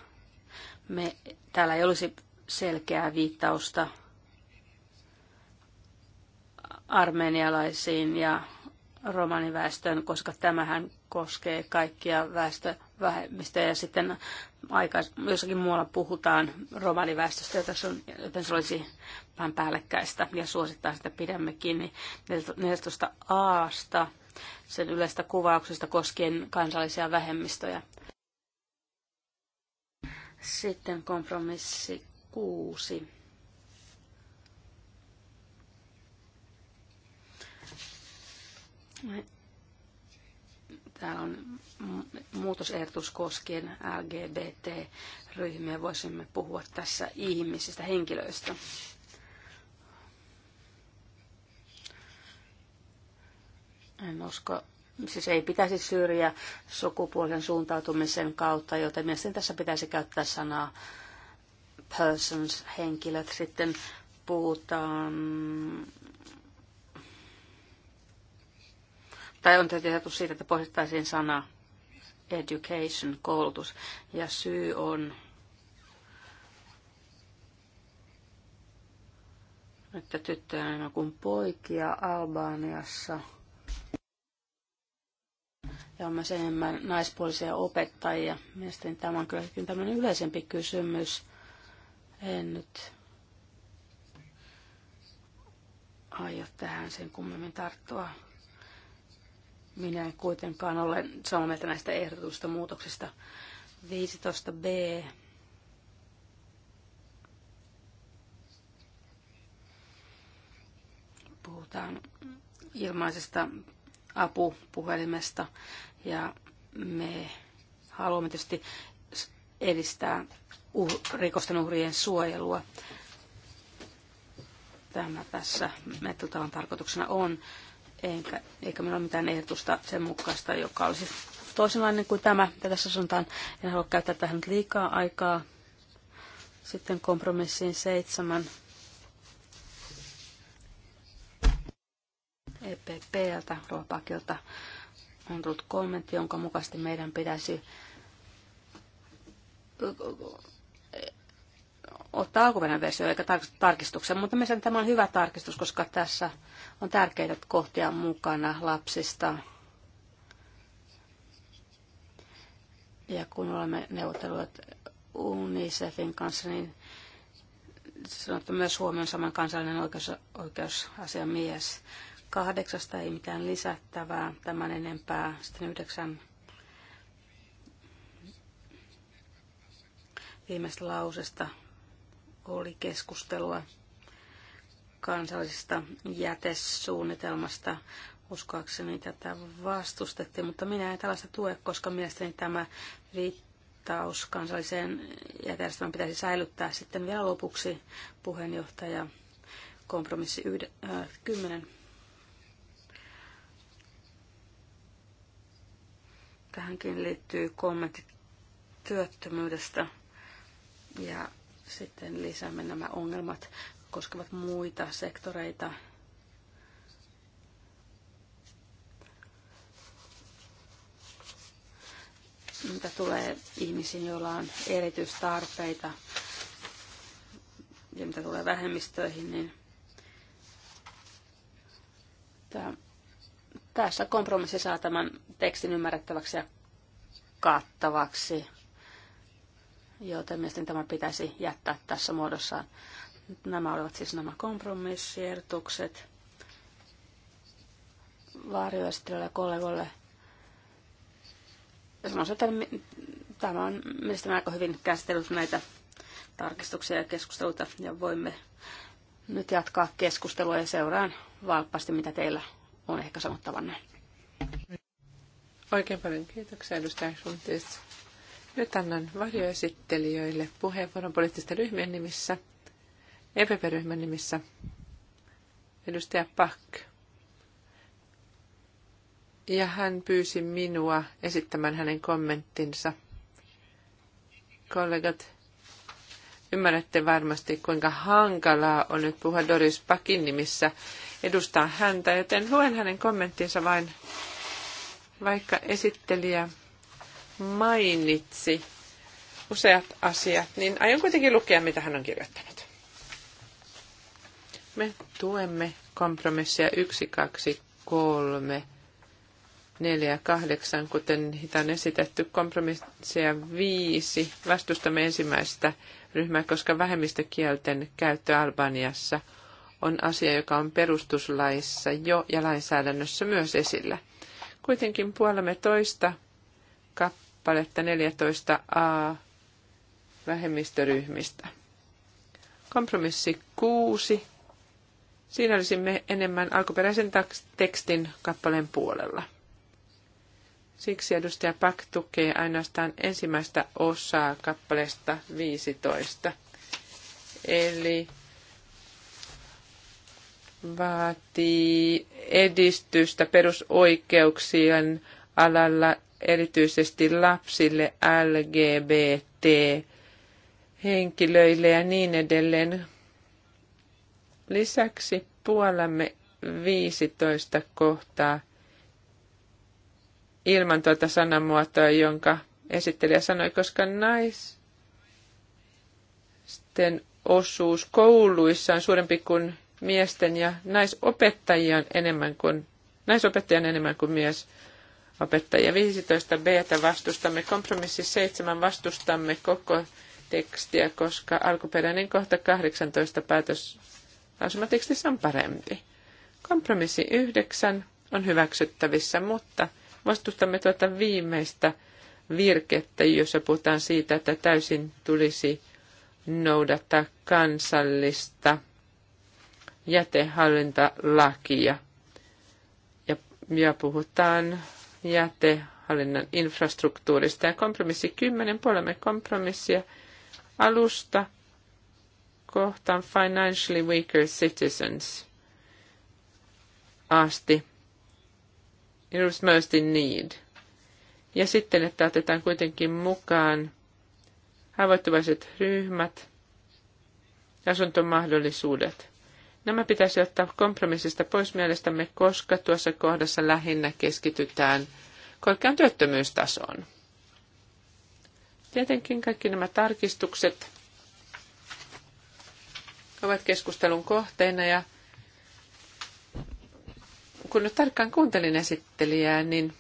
me, täällä ei olisi selkeää viittausta armenialaisiin ja romaniväestöön, koska tämähän koskee kaikkia väestövähemmistöjä. Ja sitten aika, jossakin muualla puhutaan romaniväestöstä, joten se, on, joten se olisi vähän päällekkäistä. Ja suosittaa sitä pidämme kiinni 14 aasta sen yleistä kuvauksesta koskien kansallisia vähemmistöjä. Sitten kompromissi kuusi. Täällä on muutosehdotus koskien LGBT-ryhmiä. Voisimme puhua tässä ihmisistä, henkilöistä. En usko, siis ei pitäisi syrjiä sukupuolen suuntautumisen kautta, joten mielestäni tässä pitäisi käyttää sanaa persons, henkilöt. Sitten puhutaan tai on tehty ajatus siitä, että poistettaisiin sana education, koulutus, ja syy on, että tyttöjä on kuin poikia Albaniassa – ja on myös enemmän naispuolisia opettajia. Mielestäni tämä on kylläkin tämmöinen yleisempi kysymys. En nyt aio tähän sen kummemmin tarttua. Minä en kuitenkaan ole samaa mieltä näistä ehdotusta muutoksista. 15b. Puhutaan ilmaisesta apupuhelimesta. Ja me haluamme tietysti edistää uh- rikosten uhrien suojelua. Tämä tässä metrotavan tarkoituksena on, eikä, eikä meillä ole mitään ehdotusta sen mukaista, joka olisi toisenlainen kuin tämä, mitä tässä sanotaan. En halua käyttää tähän nyt liikaa aikaa. Sitten kompromissiin seitsemän. EPPltä, Ruopakilta on tullut kommentti, jonka mukaisesti meidän pitäisi ottaa alkuperäinen versio eikä tarkistuksen, mutta mielestäni tämä on hyvä tarkistus, koska tässä on tärkeitä kohtia mukana lapsista. Ja kun olemme neuvotelleet UNICEFin kanssa, niin sanottu myös huomioon saman kansallinen oikeus, oikeusasiamies. Kahdeksasta ei mitään lisättävää tämän enempää. Sitten yhdeksän viimeistä lausesta oli keskustelua kansallisesta jätesuunnitelmasta. Uskoakseni tätä vastustettiin, mutta minä en tällaista tue, koska mielestäni tämä viittaus kansalliseen jätejärjestelmään pitäisi säilyttää. Sitten vielä lopuksi puheenjohtaja kompromissi 10. Äh, Tähänkin liittyy kommentti työttömyydestä ja sitten lisäämme nämä ongelmat koskevat muita sektoreita. Mitä tulee ihmisiin, joilla on erityistarpeita ja mitä tulee vähemmistöihin, niin tämä tässä kompromissi saa tämän tekstin ymmärrettäväksi ja kattavaksi, joten mielestäni tämä pitäisi jättää tässä muodossa. Nämä olivat siis nämä kompromissiertukset. vaarioistelijoille ja kollegoille. Sanoisin, että tämä on mielestäni aika hyvin käsitellyt näitä tarkistuksia ja keskusteluita ja voimme nyt jatkaa keskustelua ja seuraan
valppaasti, mitä teillä on ehkä näin. Oikein paljon kiitoksia edustaja Schultis. Nyt annan varjoesittelijöille puheenvuoron poliittisten ryhmien nimissä, EPP-ryhmän nimissä. Edustaja Pak. Ja hän pyysi minua esittämään hänen kommenttinsa. Kollegat, ymmärrätte varmasti, kuinka hankalaa on nyt puhua Doris Pakin nimissä edustaa häntä, joten luen hänen kommenttinsa vain, vaikka esittelijä mainitsi useat asiat, niin aion kuitenkin lukea, mitä hän on kirjoittanut. Me tuemme kompromissia 1, 2, 3, 4 8, kuten niitä on esitetty kompromissia 5. Vastustamme ensimmäistä ryhmää, koska vähemmistökielten käyttö Albaniassa – on asia, joka on perustuslaissa jo ja lainsäädännössä myös esillä. Kuitenkin puolemme toista kappaletta 14a vähemmistöryhmistä. Kompromissi 6. Siinä olisimme enemmän alkuperäisen tekstin kappaleen puolella. Siksi edustaja Pak tukee ainoastaan ensimmäistä osaa kappaleesta 15. Eli vaatii edistystä perusoikeuksien alalla erityisesti lapsille, LGBT, henkilöille ja niin edelleen. Lisäksi puolamme 15 kohtaa ilman tuota sanamuotoa, jonka esittelijä sanoi, koska naisten osuus kouluissa on suurempi kuin miesten ja naisopettajia on enemmän kuin, naisopettajia enemmän kuin mies opettajia. 15 b vastustamme, kompromissi 7 vastustamme koko tekstiä, koska alkuperäinen kohta 18 päätös lausumatekstissä on parempi. Kompromissi 9 on hyväksyttävissä, mutta vastustamme tuota viimeistä virkettä, jossa puhutaan siitä, että täysin tulisi noudattaa kansallista jätehallintalakia ja, ja puhutaan jätehallinnan infrastruktuurista. Ja kompromissi 10, puolemme kompromissia alusta kohtaan Financially Weaker Citizens asti. was Most in Need. Ja sitten, että otetaan kuitenkin mukaan haavoittuvaiset ryhmät, ja asuntomahdollisuudet. Nämä pitäisi ottaa kompromissista pois mielestämme, koska tuossa kohdassa lähinnä keskitytään korkean työttömyystasoon. Tietenkin kaikki nämä tarkistukset ovat keskustelun kohteena ja kun nyt tarkkaan kuuntelin esittelijää, niin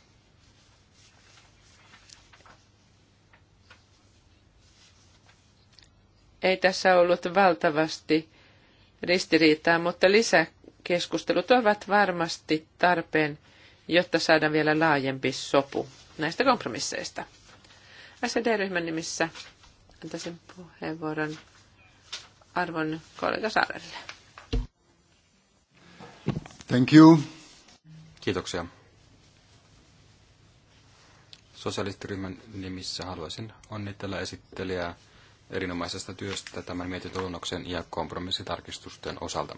ei tässä ollut valtavasti ristiriitaa, mutta lisäkeskustelut ovat varmasti tarpeen, jotta saadaan vielä laajempi sopu näistä kompromisseista. sd ryhmän nimissä antaisin puheenvuoron arvon kollega Saarelle.
Thank you. Kiitoksia. Sosialistiryhmän nimissä haluaisin onnitella esittelijää erinomaisesta työstä tämän mietintöluonnoksen ja kompromissitarkistusten osalta.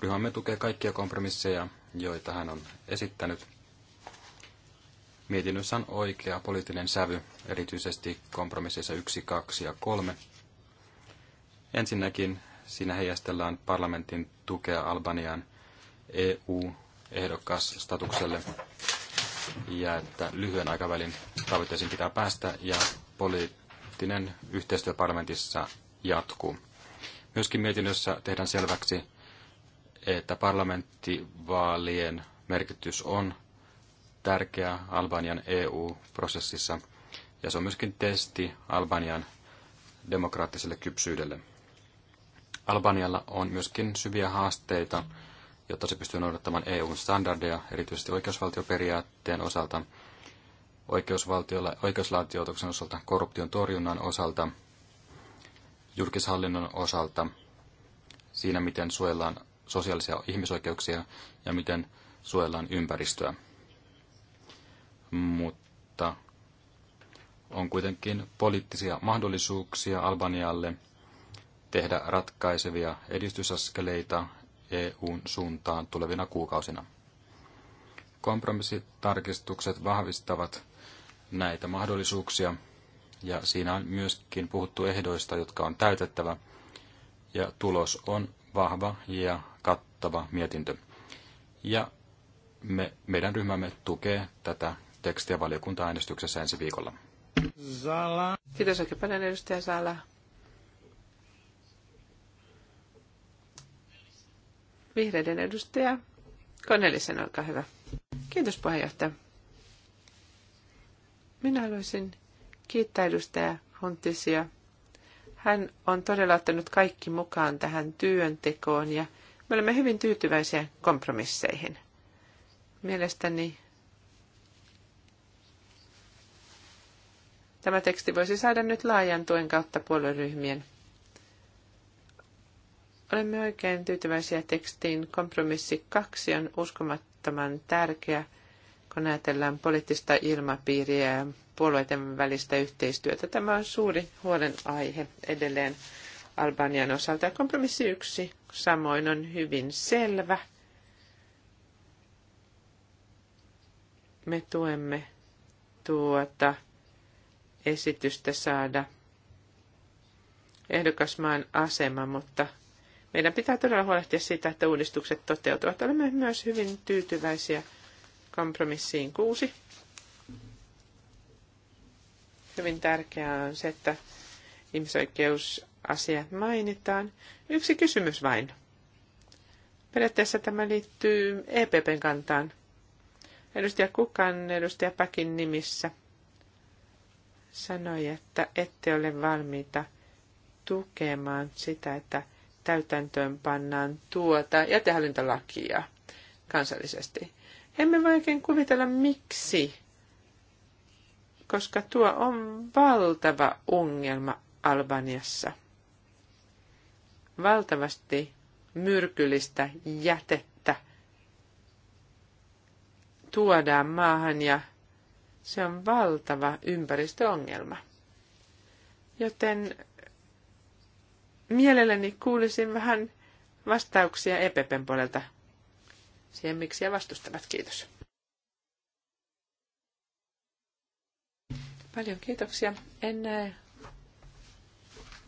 Ryhmämme tukee kaikkia kompromisseja, joita hän on esittänyt. Mietinnössä on oikea poliittinen sävy, erityisesti kompromisseissa 1, 2 ja 3. Ensinnäkin siinä heijastellaan parlamentin tukea Albanian EU-ehdokasstatukselle ja että lyhyen aikavälin tavoitteisiin pitää päästä ja poliittinen poliittinen yhteistyö parlamentissa jatkuu. Myöskin mietinnössä tehdään selväksi, että parlamenttivaalien merkitys on tärkeä Albanian EU-prosessissa ja se on myöskin testi Albanian demokraattiselle kypsyydelle. Albanialla on myöskin syviä haasteita, jotta se pystyy noudattamaan EUn standardeja, erityisesti oikeusvaltioperiaatteen osalta – oikeusvaltiolla, oikeuslaatioituksen osalta, korruption torjunnan osalta, julkishallinnon osalta, siinä miten suojellaan sosiaalisia ihmisoikeuksia ja miten suojellaan ympäristöä. Mutta on kuitenkin poliittisia mahdollisuuksia Albanialle tehdä ratkaisevia edistysaskeleita EUn suuntaan tulevina kuukausina. Kompromissitarkistukset vahvistavat näitä mahdollisuuksia. Ja siinä on myöskin puhuttu ehdoista, jotka on täytettävä. Ja tulos on vahva ja kattava mietintö. Ja me, meidän ryhmämme tukee tätä tekstiä valiokunta-äänestyksessä ensi viikolla.
Sala. Kiitos oikein paljon edustaja Sala. Vihreiden edustaja Konelisen, olkaa hyvä. Kiitos puheenjohtaja. Minä haluaisin kiittää edustaja Huntisia. Hän on todella ottanut kaikki mukaan tähän työntekoon ja me olemme hyvin tyytyväisiä kompromisseihin. Mielestäni tämä teksti voisi saada nyt laajan tuen kautta puolueryhmien. Olemme oikein tyytyväisiä tekstiin. Kompromissi 2 on uskomattoman tärkeä – kun ajatellaan poliittista ilmapiiriä ja puolueiden välistä yhteistyötä. Tämä on suuri huolenaihe edelleen Albanian osalta. Kompromissi yksi samoin on hyvin selvä. Me tuemme tuota esitystä saada ehdokasmaan asema, mutta meidän pitää todella huolehtia siitä, että uudistukset toteutuvat. Olemme myös hyvin tyytyväisiä – kompromissiin kuusi. Hyvin tärkeää on se, että ihmisoikeusasiat mainitaan. Yksi kysymys vain. Periaatteessa tämä liittyy EPPn kantaan. Edustaja Kukan, edustaja Päkin nimissä sanoi, että ette ole valmiita tukemaan sitä, että täytäntöön pannaan tuota jätehallintolakia kansallisesti. Emme voi oikein kuvitella miksi, koska tuo on valtava ongelma Albaniassa. Valtavasti myrkyllistä jätettä tuodaan maahan ja se on valtava ympäristöongelma. Joten mielelläni kuulisin vähän vastauksia EPPn puolelta siihen, miksi he vastustavat. Kiitos. Paljon kiitoksia. En näe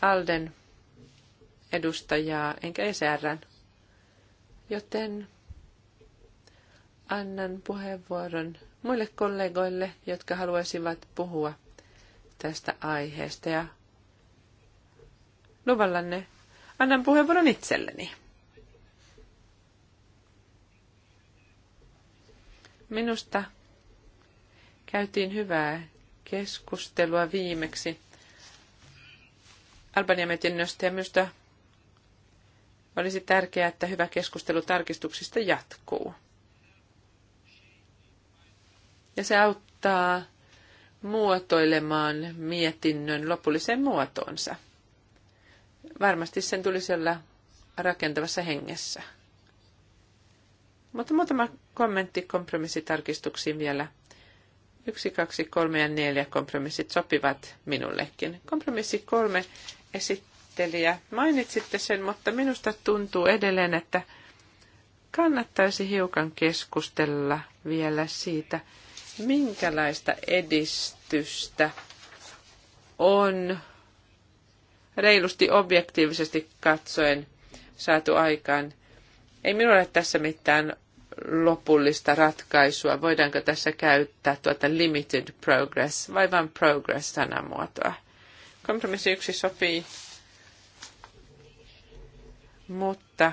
Alden edustajaa enkä ECRn, joten annan puheenvuoron muille kollegoille, jotka haluaisivat puhua tästä aiheesta. Ja luvallanne annan puheenvuoron itselleni. Minusta käytiin hyvää keskustelua viimeksi Albania mietinnöstä ja minusta olisi tärkeää, että hyvä keskustelu tarkistuksista jatkuu. Ja se auttaa muotoilemaan mietinnön lopulliseen muotoonsa. Varmasti sen tulisi olla rakentavassa hengessä. Mutta muutama kommentti kompromissitarkistuksiin vielä. Yksi, kaksi, kolme ja neljä kompromissit sopivat minullekin. Kompromissi kolme esittelijä. Mainitsitte sen, mutta minusta tuntuu edelleen, että kannattaisi hiukan keskustella vielä siitä, minkälaista edistystä on reilusti objektiivisesti katsoen saatu aikaan. Ei minulla ole tässä mitään lopullista ratkaisua. Voidaanko tässä käyttää tuota limited progress vai vain progress sanamuotoa? Kompromissi yksi sopii, mutta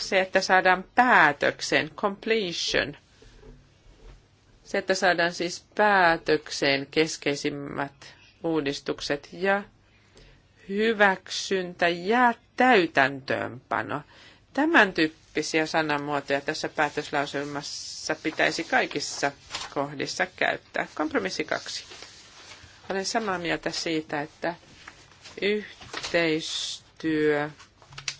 se, että saadaan päätöksen, completion, se, että saadaan siis päätökseen keskeisimmät uudistukset ja hyväksyntä ja täytäntöönpano. Tämän tyyppi tyyppisiä sanamuotoja tässä päätöslauselmassa pitäisi kaikissa kohdissa käyttää. Kompromissi kaksi. Olen samaa mieltä siitä, että yhteistyö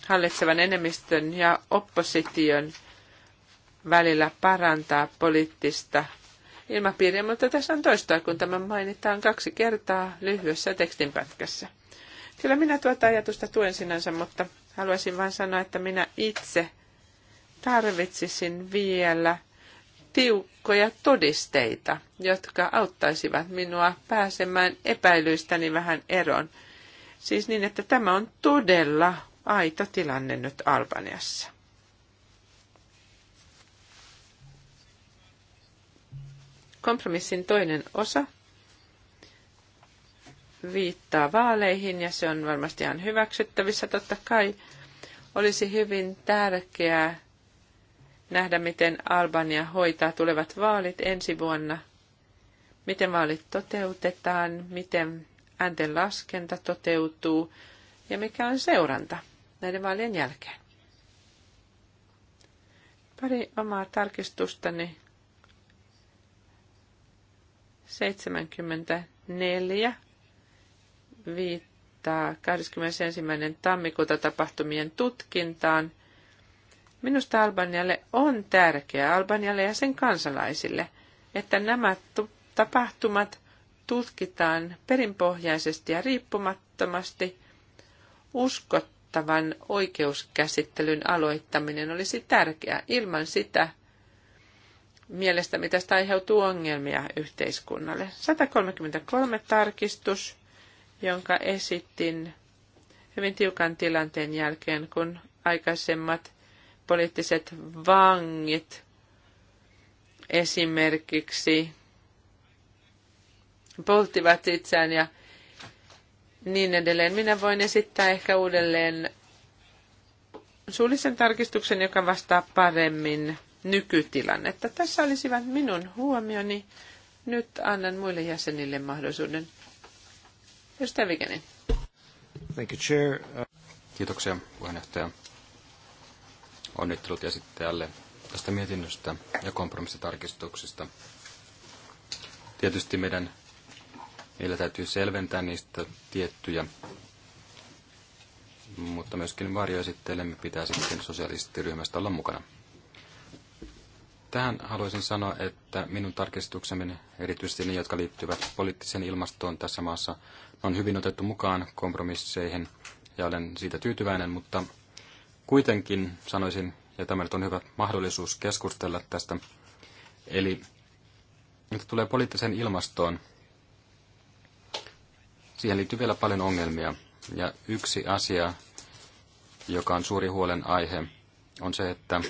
hallitsevan enemmistön ja opposition välillä parantaa poliittista ilmapiiriä, mutta tässä on toistoa, kun tämä mainitaan kaksi kertaa lyhyessä tekstinpätkässä. Kyllä minä tuota ajatusta tuen sinänsä, mutta haluaisin vain sanoa, että minä itse tarvitsisin vielä tiukkoja todisteita, jotka auttaisivat minua pääsemään epäilyistäni vähän eroon. Siis niin, että tämä on todella aito tilanne nyt Albaniassa. Kompromissin toinen osa viittaa vaaleihin ja se on varmasti ihan hyväksyttävissä. Totta kai olisi hyvin tärkeää nähdä, miten Albania hoitaa tulevat vaalit ensi vuonna, miten vaalit toteutetaan, miten äänten laskenta toteutuu ja mikä on seuranta näiden vaalien jälkeen. Pari omaa tarkistustani. 74 viittaa 21. tammikuuta tapahtumien tutkintaan Minusta Albanialle on tärkeää, Albanialle ja sen kansalaisille, että nämä tapahtumat tutkitaan perinpohjaisesti ja riippumattomasti. Uskottavan oikeuskäsittelyn aloittaminen olisi tärkeää. Ilman sitä mielestäni tästä aiheutuu ongelmia yhteiskunnalle. 133 tarkistus, jonka esittin hyvin tiukan tilanteen jälkeen, kun aikaisemmat poliittiset vangit esimerkiksi polttivat itseään ja niin edelleen. Minä voin esittää ehkä uudelleen suullisen tarkistuksen, joka vastaa paremmin nykytilannetta. Tässä olisivat minun huomioni. Nyt annan muille jäsenille mahdollisuuden. Edustaja
Thank you, Chair. Kiitoksia, puheenjohtaja. Onnittelut esittäjälle tästä mietinnöstä ja kompromissitarkistuksista. Tietysti meidän meillä täytyy selventää niistä tiettyjä, mutta myöskin varjoesittelemme pitää sitten sosialistiryhmästä olla mukana. Tähän haluaisin sanoa, että minun tarkistukseni erityisesti ne, jotka liittyvät poliittiseen ilmastoon tässä maassa, on hyvin otettu mukaan kompromisseihin ja olen siitä tyytyväinen, mutta Kuitenkin sanoisin, ja tämä nyt on hyvä mahdollisuus keskustella tästä, eli mitä tulee poliittiseen ilmastoon, siihen liittyy vielä paljon ongelmia. Ja yksi asia, joka on suuri huolen aihe, on se, että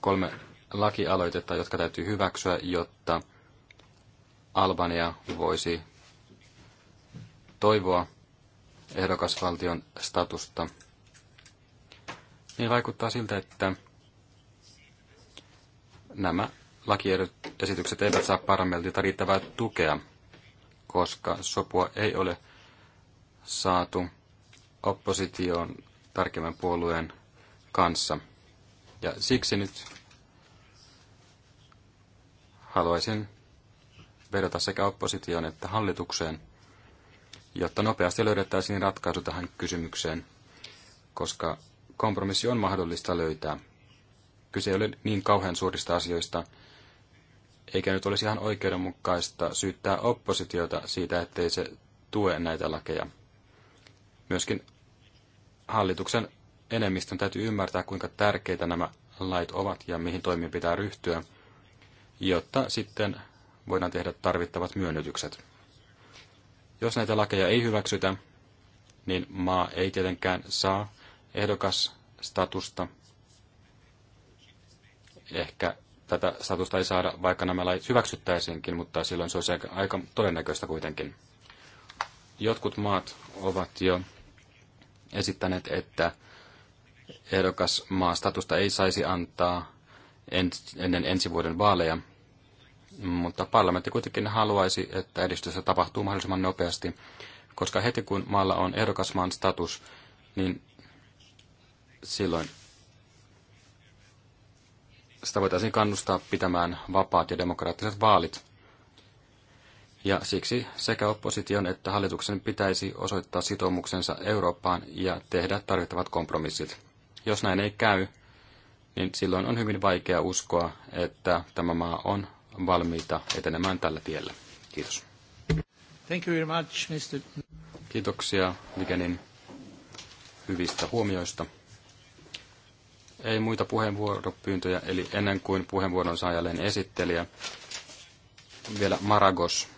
kolme lakialoitetta, jotka täytyy hyväksyä, jotta Albania voisi toivoa ehdokasvaltion statusta niin vaikuttaa siltä, että nämä lakiesitykset eivät saa parlamentilta riittävää tukea, koska sopua ei ole saatu opposition tarkemman puolueen kanssa. Ja siksi nyt haluaisin vedota sekä opposition että hallitukseen, jotta nopeasti löydettäisiin ratkaisu tähän kysymykseen, koska kompromissi on mahdollista löytää. Kyse ei ole niin kauhean suurista asioista, eikä nyt olisi ihan oikeudenmukaista syyttää oppositiota siitä, ettei se tue näitä lakeja. Myöskin hallituksen enemmistön täytyy ymmärtää, kuinka tärkeitä nämä lait ovat ja mihin toimiin pitää ryhtyä, jotta sitten voidaan tehdä tarvittavat myönnytykset. Jos näitä lakeja ei hyväksytä, niin maa ei tietenkään saa ehdokasstatusta. Ehkä tätä statusta ei saada, vaikka nämä lait hyväksyttäisiinkin, mutta silloin se olisi aika todennäköistä kuitenkin. Jotkut maat ovat jo esittäneet, että ehdokasmaa statusta ei saisi antaa ennen ensi vuoden vaaleja, mutta parlamentti kuitenkin haluaisi, että edistystä tapahtuu mahdollisimman nopeasti, koska heti kun maalla on ehdokasmaan status, niin silloin sitä voitaisiin kannustaa pitämään vapaat ja demokraattiset vaalit. Ja siksi sekä opposition että hallituksen pitäisi osoittaa sitoumuksensa Eurooppaan ja tehdä tarvittavat kompromissit. Jos näin ei käy, niin silloin on hyvin vaikea uskoa, että tämä maa on valmiita etenemään tällä tiellä. Kiitos.
Thank you very much, Mr.
Kiitoksia Vigenin hyvistä huomioista. Ei muita puheenvuoropyyntöjä, eli ennen kuin puheenvuoron saa jälleen esittelijä, vielä Maragos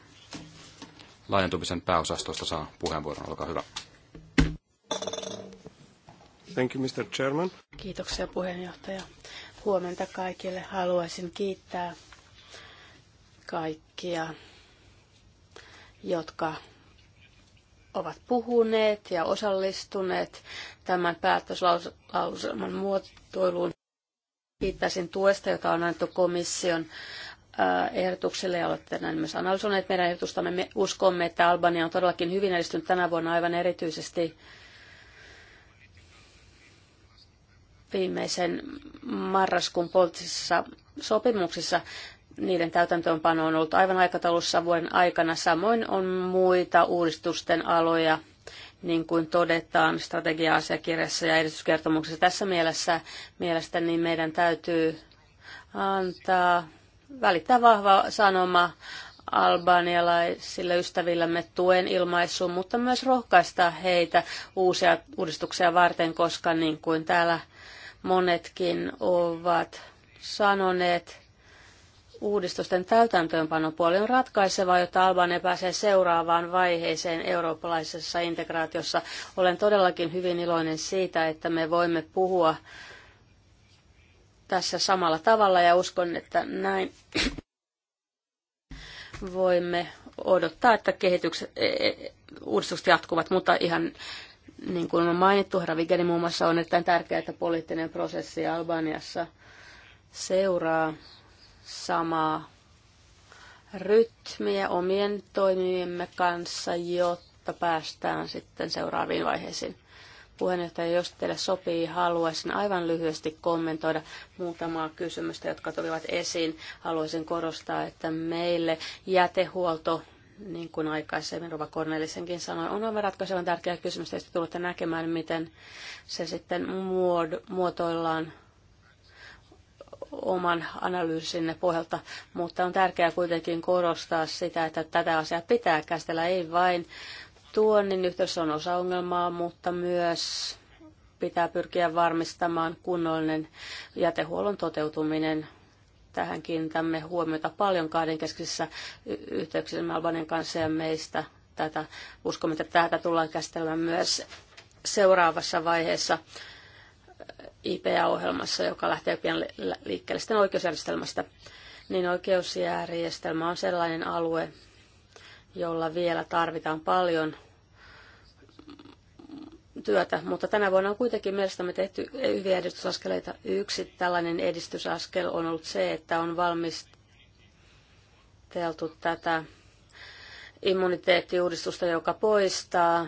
laajentumisen pääosastosta saa puheenvuoron. Olkaa hyvä.
Thank you, Mr. Chairman.
Kiitoksia puheenjohtaja. Huomenta kaikille. Haluaisin kiittää kaikkia, jotka ovat puhuneet ja osallistuneet tämän päätöslauselman muotoiluun. Kiittäisin tuesta, jota on annettu komission äh, ehdotukselle ja olette näin myös analysoineet meidän ehdotustamme. Me uskomme, että Albania on todellakin hyvin edistynyt tänä vuonna aivan erityisesti viimeisen marraskuun poliittisissa sopimuksissa niiden täytäntöönpano on ollut aivan aikataulussa vuoden aikana. Samoin on muita uudistusten aloja, niin kuin todetaan strategia-asiakirjassa ja edistyskertomuksessa. Tässä mielessä mielestäni niin meidän täytyy antaa välittää vahva sanoma albanialaisille ystävillämme tuen ilmaisuun, mutta myös rohkaista heitä uusia uudistuksia varten, koska niin kuin täällä monetkin ovat sanoneet, uudistusten täytäntöönpanopuoli on ratkaiseva, jotta Albania pääsee seuraavaan vaiheeseen eurooppalaisessa integraatiossa. Olen todellakin hyvin iloinen siitä, että me voimme puhua tässä samalla tavalla ja uskon, että näin voimme odottaa, että kehitykset, e, uudistukset jatkuvat, mutta ihan niin kuin on mainittu, herra Vigeni muun muassa on erittäin tärkeää, että poliittinen prosessi Albaniassa seuraa samaa rytmiä omien toimijamme kanssa, jotta päästään sitten seuraaviin vaiheisiin. Puheenjohtaja, jos teille sopii, haluaisin aivan lyhyesti kommentoida muutamaa kysymystä, jotka tulivat esiin. Haluaisin korostaa, että meille jätehuolto niin kuin aikaisemmin Rova Kornelisenkin sanoi, on aivan ratkaisevan tärkeä kysymys, ja tulette näkemään, miten se sitten muotoillaan oman analyysin pohjalta, mutta on tärkeää kuitenkin korostaa sitä, että tätä asiaa pitää käsitellä ei vain tuonnin yhteydessä on osa ongelmaa, mutta myös pitää pyrkiä varmistamaan kunnollinen jätehuollon toteutuminen. Tähän kiinnitämme huomiota paljon kahdenkeskisissä yhteyksissä Albanian kanssa ja meistä tätä. Uskomme, että tätä tullaan käsittelemään myös seuraavassa vaiheessa IPA-ohjelmassa, joka lähtee pian liikkeelle sitten oikeusjärjestelmästä, niin oikeusjärjestelmä on sellainen alue, jolla vielä tarvitaan paljon työtä, mutta tänä vuonna on kuitenkin mielestämme tehty hyviä edistysaskeleita. Yksi tällainen edistysaskel on ollut se, että on valmisteltu tätä immuniteettiuudistusta, joka poistaa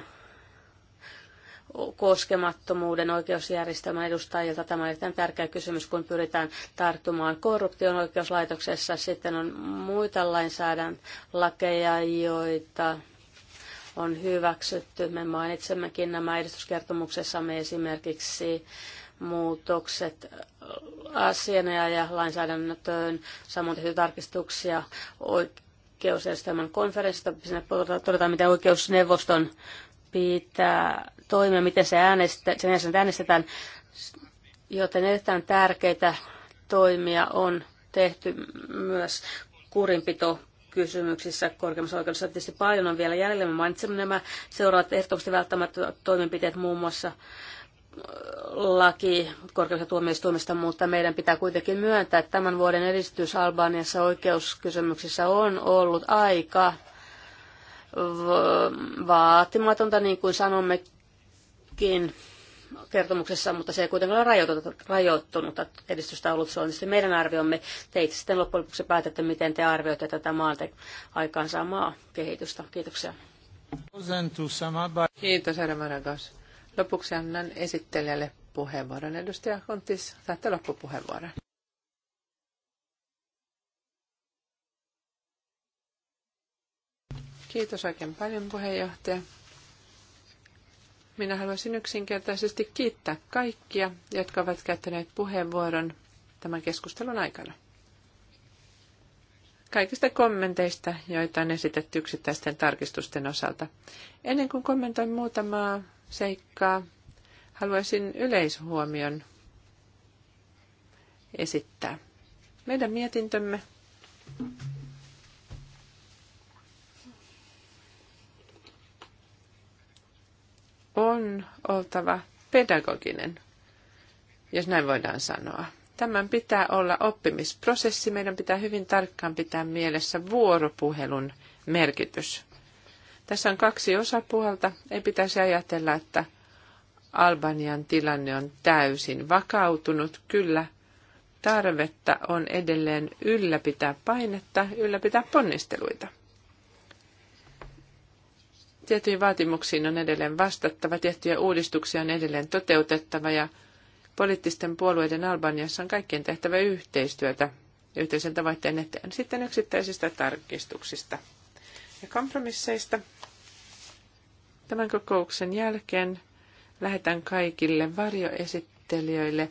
koskemattomuuden oikeusjärjestelmän edustajilta. Tämä on erittäin tärkeä kysymys, kun pyritään tarttumaan korruption oikeuslaitoksessa. Sitten on muita lainsäädäntölakeja, joita on hyväksytty. Me mainitsemmekin nämä edustuskertomuksessamme esimerkiksi muutokset asiana ja lainsäädännötöön, samoin tehty tarkistuksia oikeusjärjestelmän konferenssista. todetaan, mitä oikeusneuvoston pitää toimia, miten se äänestetään, sen äänestetään, joten erittäin tärkeitä toimia on tehty myös kurinpito kysymyksissä korkeimmassa oikeudessa. Tietysti paljon on vielä jäljellä. Mainitsen nämä seuraavat ehdottomasti välttämättömät toimenpiteet, muun muassa laki korkeimmassa tuomioistuimesta, mutta meidän pitää kuitenkin myöntää, että tämän vuoden edistys Albaniassa oikeuskysymyksissä on ollut aika vaatimatonta, niin kuin sanommekin kertomuksessa, mutta se ei kuitenkaan ole rajoittunut edistystä ollut. Se on tietysti meidän arviomme. Te itse sitten loppujen lopuksi päätätte, miten te arvioitte tätä maan aikaansaamaa
kehitystä. Kiitoksia. Kiitos, herra Maragas. Lopuksi annan esittelijälle puheenvuoron. Edustaja Kontis, saatte loppupuheenvuoron. Kiitos oikein paljon puheenjohtaja. Minä haluaisin yksinkertaisesti kiittää kaikkia, jotka ovat käyttäneet puheenvuoron tämän keskustelun aikana. Kaikista kommenteista, joita on esitetty yksittäisten tarkistusten osalta. Ennen kuin kommentoin muutamaa seikkaa, haluaisin yleishuomion esittää. Meidän mietintömme on oltava pedagoginen, jos näin voidaan sanoa. Tämän pitää olla oppimisprosessi. Meidän pitää hyvin tarkkaan pitää mielessä vuoropuhelun merkitys. Tässä on kaksi osapuolta. Ei pitäisi ajatella, että Albanian tilanne on täysin vakautunut. Kyllä, tarvetta on edelleen ylläpitää painetta, ylläpitää ponnisteluita. Tiettyihin vaatimuksiin on edelleen vastattava, tiettyjä uudistuksia on edelleen toteutettava ja poliittisten puolueiden Albaniassa on kaikkien tehtävä yhteistyötä yhteisen tavoitteen eteen. Sitten yksittäisistä tarkistuksista ja kompromisseista. Tämän kokouksen jälkeen lähetän kaikille varjoesittelijöille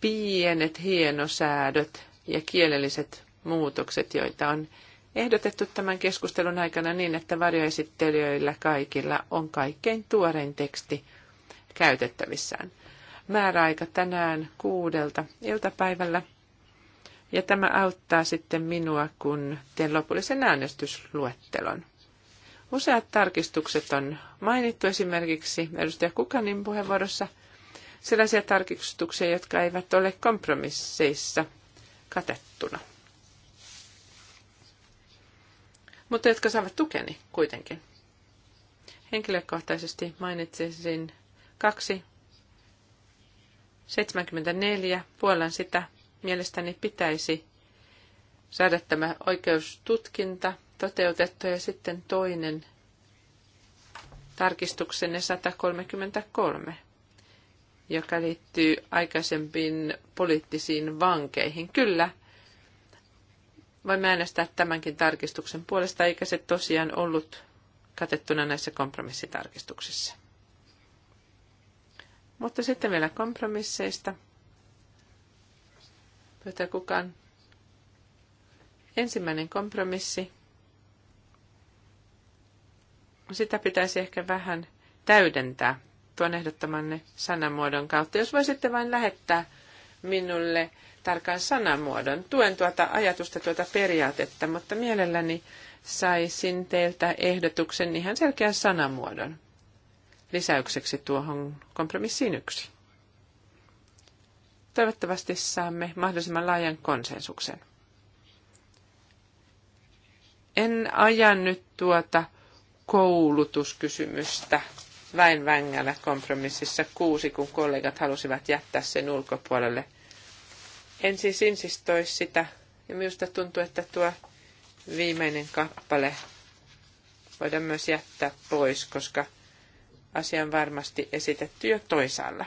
pienet hienosäädöt ja kielelliset muutokset, joita on ehdotettu tämän keskustelun aikana niin, että varjoesittelijöillä kaikilla on kaikkein tuorein teksti käytettävissään. Määräaika tänään kuudelta iltapäivällä. Ja tämä auttaa sitten minua, kun teen lopullisen äänestysluettelon. Useat tarkistukset on mainittu esimerkiksi edustaja Kukanin puheenvuorossa sellaisia tarkistuksia, jotka eivät ole kompromisseissa katettuna. mutta jotka saavat tukeni kuitenkin. Henkilökohtaisesti mainitsisin kaksi 74 puolen sitä mielestäni pitäisi saada tämä oikeustutkinta toteutettua ja sitten toinen tarkistuksenne 133, joka liittyy aikaisempiin poliittisiin vankeihin. Kyllä, Voimme äänestää tämänkin tarkistuksen puolesta, eikä se tosiaan ollut katettuna näissä kompromissitarkistuksissa. Mutta sitten vielä kompromisseista. Pyytää kukaan. Ensimmäinen kompromissi. Sitä pitäisi ehkä vähän täydentää tuon ehdottamanne sanamuodon kautta. Jos voisitte vain lähettää minulle tarkan sanamuodon. Tuen tuota ajatusta, tuota periaatetta, mutta mielelläni saisin teiltä ehdotuksen ihan selkeän sanamuodon lisäykseksi tuohon kompromissiin yksi. Toivottavasti saamme mahdollisimman laajan konsensuksen. En aja nyt tuota koulutuskysymystä vain vängällä kompromississa kuusi, kun kollegat halusivat jättää sen ulkopuolelle. En siis insistoi sitä, ja minusta tuntuu, että tuo viimeinen kappale voidaan myös jättää pois, koska asia on varmasti esitetty jo toisaalla.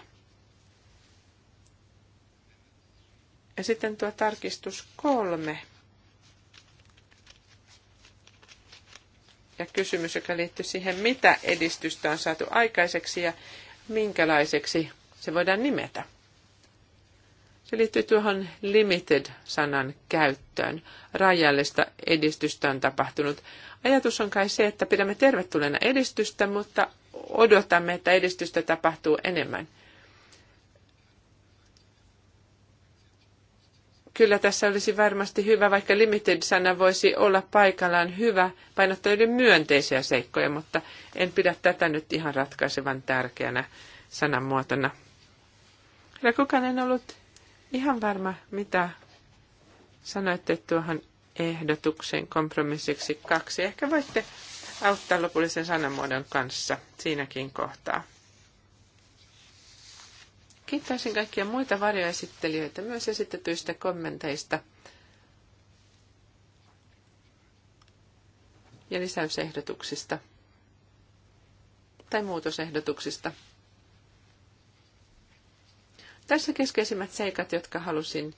Ja sitten tuo tarkistus kolme. ja kysymys, joka liittyy siihen, mitä edistystä on saatu aikaiseksi ja minkälaiseksi se voidaan nimetä. Se liittyy tuohon limited-sanan käyttöön. Rajallista edistystä on tapahtunut. Ajatus on kai se, että pidämme tervetulleena edistystä, mutta odotamme, että edistystä tapahtuu enemmän – kyllä tässä olisi varmasti hyvä, vaikka limited-sana voisi olla paikallaan hyvä painottaa yhden myönteisiä seikkoja, mutta en pidä tätä nyt ihan ratkaisevan tärkeänä sanamuotona. Ja kukaan en ollut ihan varma, mitä sanoitte tuohon ehdotuksen kompromissiksi kaksi. Ehkä voitte auttaa lopullisen sanamuodon kanssa siinäkin kohtaa. Kiittäisin kaikkia muita varjoesittelijöitä myös esitetyistä kommenteista ja lisäysehdotuksista tai muutosehdotuksista. Tässä keskeisimmät seikat, jotka halusin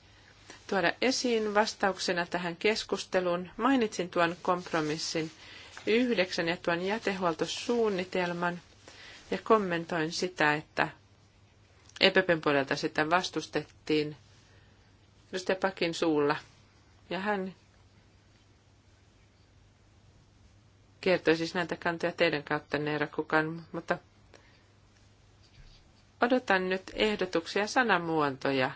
tuoda esiin vastauksena tähän keskusteluun. Mainitsin tuon kompromissin yhdeksän ja tuon jätehuoltosuunnitelman ja kommentoin sitä, että EPPn puolelta sitä vastustettiin edustaja Pakin suulla. Ja hän kertoi siis näitä kantoja teidän kautta, Neera Kukan, mutta odotan nyt ehdotuksia sanamuontoja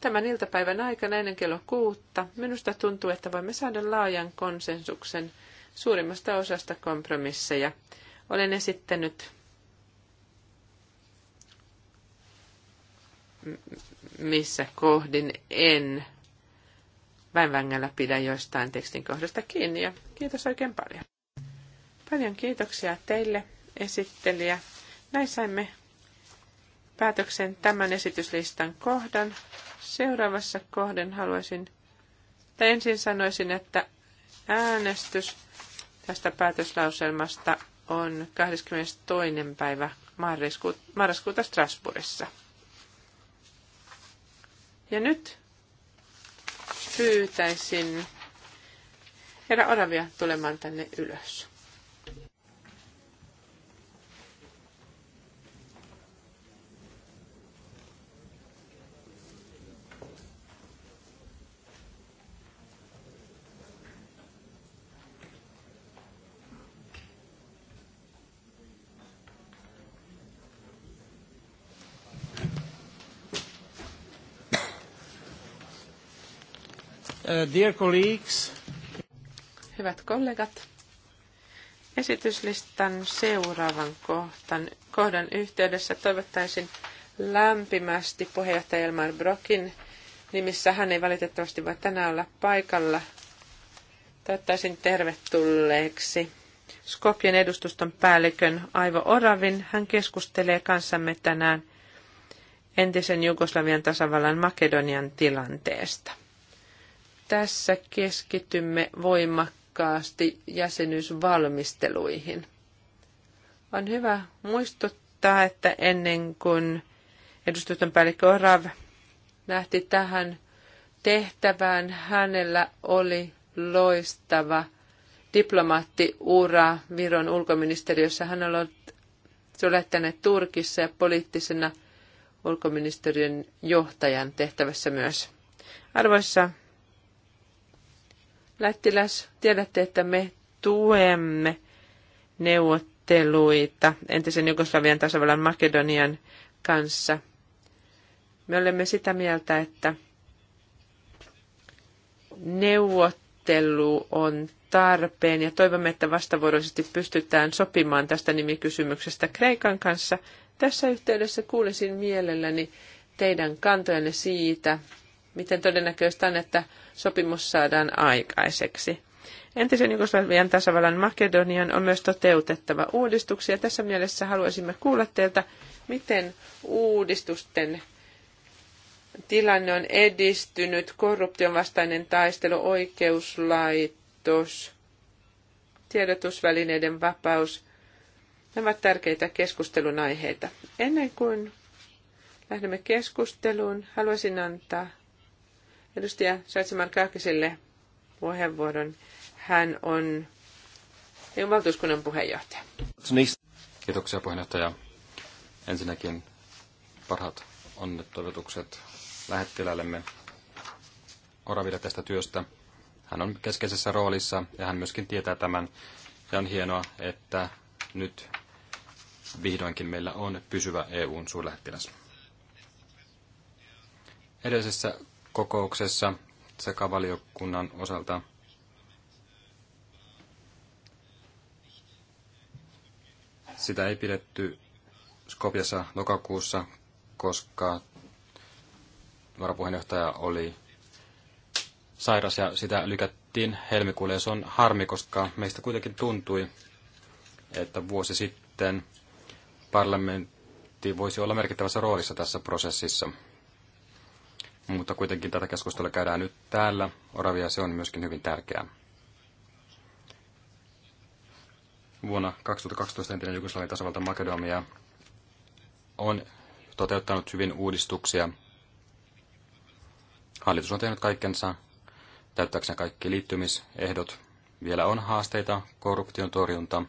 tämän iltapäivän aikana ennen kello kuutta. Minusta tuntuu, että voimme saada laajan konsensuksen suurimmasta osasta kompromisseja. Olen esittänyt missä kohdin en väinvängällä pidä joistain tekstin kohdasta kiinni. Ja kiitos oikein paljon. Paljon kiitoksia teille, esittelijä. Näin saimme päätöksen tämän esityslistan kohdan. Seuraavassa kohden haluaisin, tai ensin sanoisin, että äänestys tästä päätöslauselmasta on 22. päivä marraskuuta Strasbourgissa. Ja nyt pyytäisin herra Oravia tulemaan tänne ylös.
Uh, dear colleagues.
Hyvät kollegat, esityslistan seuraavan kohtan, kohdan yhteydessä toivottaisin lämpimästi puheenjohtaja Elmar Brokin nimissä. Hän ei valitettavasti voi tänään olla paikalla. Toivottaisin tervetulleeksi Skopjen edustuston päällikön Aivo Oravin. Hän keskustelee kanssamme tänään entisen Jugoslavian tasavallan Makedonian tilanteesta. Tässä keskitymme voimakkaasti jäsenyysvalmisteluihin. On hyvä muistuttaa, että ennen kuin edustuston päällikkö Orav lähti tähän tehtävään, hänellä oli loistava diplomaattiura Viron ulkoministeriössä. Hän on ollut sulettanut Turkissa ja poliittisena ulkoministeriön johtajan tehtävässä myös. Arvoisa Lättiläs, tiedätte, että me tuemme neuvotteluita entisen Jugoslavian tasavallan Makedonian kanssa. Me olemme sitä mieltä, että neuvottelu on tarpeen ja toivomme, että vastavuoroisesti pystytään sopimaan tästä nimikysymyksestä Kreikan kanssa. Tässä yhteydessä kuulisin mielelläni teidän kantojenne siitä, miten todennäköistä on, että sopimus saadaan aikaiseksi. Entisen Jugoslavian tasavallan Makedonian on myös toteutettava uudistuksia. Tässä mielessä haluaisimme kuulla teiltä, miten uudistusten tilanne on edistynyt, korruption vastainen taistelu, oikeuslaitos, tiedotusvälineiden vapaus. Nämä ovat tärkeitä keskustelun aiheita. Ennen kuin lähdemme keskusteluun, haluaisin antaa edustaja Saitseman Kahkiselle puheenvuoron. Hän on EUn valtuuskunnan puheenjohtaja.
Kiitoksia puheenjohtaja. Ensinnäkin parhaat onnettoivotukset lähettiläillemme Oraville tästä työstä. Hän on keskeisessä roolissa ja hän myöskin tietää tämän. Ja on hienoa, että nyt vihdoinkin meillä on pysyvä EUn suurlähettiläs. Edellisessä kokouksessa sekä valiokunnan osalta. Sitä ei pidetty Skopjassa lokakuussa, koska varapuheenjohtaja oli sairas ja sitä lykättiin helmikuulle. Ja se on harmi, koska meistä kuitenkin tuntui, että vuosi sitten parlamentti voisi olla merkittävässä roolissa tässä prosessissa. Mutta kuitenkin tätä keskustelua käydään nyt täällä. Oravia se on myöskin hyvin tärkeää. Vuonna 2012 entinen Jugoslavian tasavalta Makedonia on toteuttanut hyvin uudistuksia. Hallitus on tehnyt kaikkensa täyttääkseen kaikki liittymisehdot. Vielä on haasteita, korruption torjunta,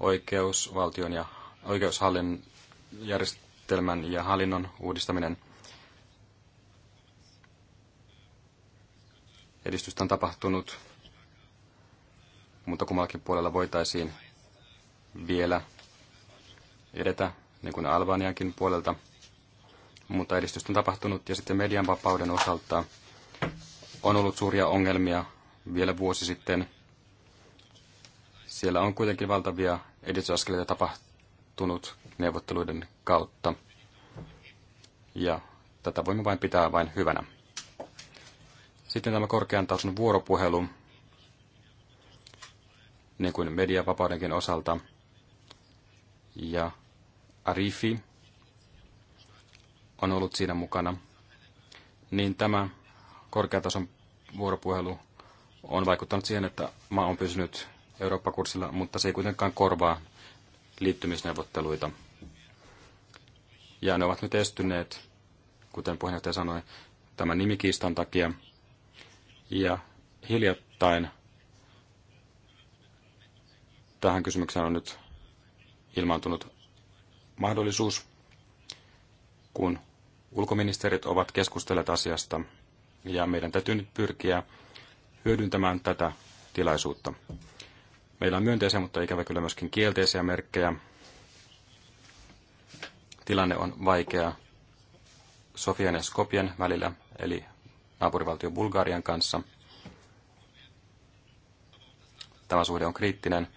oikeusvaltion ja oikeushallinnon järjestelmän ja hallinnon uudistaminen – edistystä on tapahtunut, mutta kummallakin puolella voitaisiin vielä edetä, niin kuin Albaniankin puolelta. Mutta edistystä on tapahtunut ja sitten median vapauden osalta on ollut suuria ongelmia vielä vuosi sitten. Siellä on kuitenkin valtavia edistysaskeleita tapahtunut neuvotteluiden kautta. Ja tätä voimme vain pitää vain hyvänä. Sitten tämä korkean tason vuoropuhelu, niin kuin mediavapaudenkin osalta, ja Arifi on ollut siinä mukana, niin tämä tason vuoropuhelu on vaikuttanut siihen, että maa on pysynyt Eurooppa-kurssilla, mutta se ei kuitenkaan korvaa liittymisneuvotteluita. Ja ne ovat nyt estyneet, kuten puheenjohtaja sanoi, tämän nimikiistan takia, ja hiljattain tähän kysymykseen on nyt ilmaantunut mahdollisuus, kun ulkoministerit ovat keskustelleet asiasta, ja meidän täytyy nyt pyrkiä hyödyntämään tätä tilaisuutta. Meillä on myönteisiä, mutta ikävä kyllä myöskin kielteisiä merkkejä. Tilanne on vaikea Sofian ja Skopien välillä, eli naapurivaltio Bulgarian kanssa. Tämä suhde on kriittinen,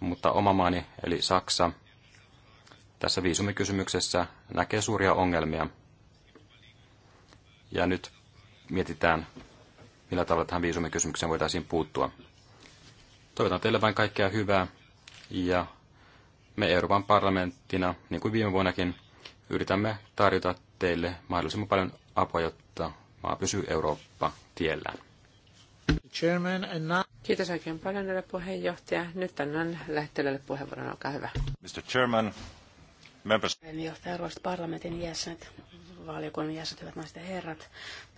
mutta oma maani eli Saksa tässä viisumikysymyksessä näkee suuria ongelmia. Ja nyt mietitään, millä tavalla tähän viisumikysymykseen voitaisiin puuttua. Toivotan teille vain kaikkea hyvää ja me Euroopan parlamenttina, niin kuin viime vuonnakin, yritämme tarjota teille mahdollisimman paljon apua, jotta vaan pysyy Eurooppa-tiellään.
Kiitos oikein paljon, herra puheenjohtaja. Nyt annan lähtelijälle puheenvuoron, olkaa hyvä.
Mr. Chairman, members.
Puheenjohtaja, arvoisat parlamentin jäsenet, valiokunnan jäsenet, hyvät naiset ja herrat.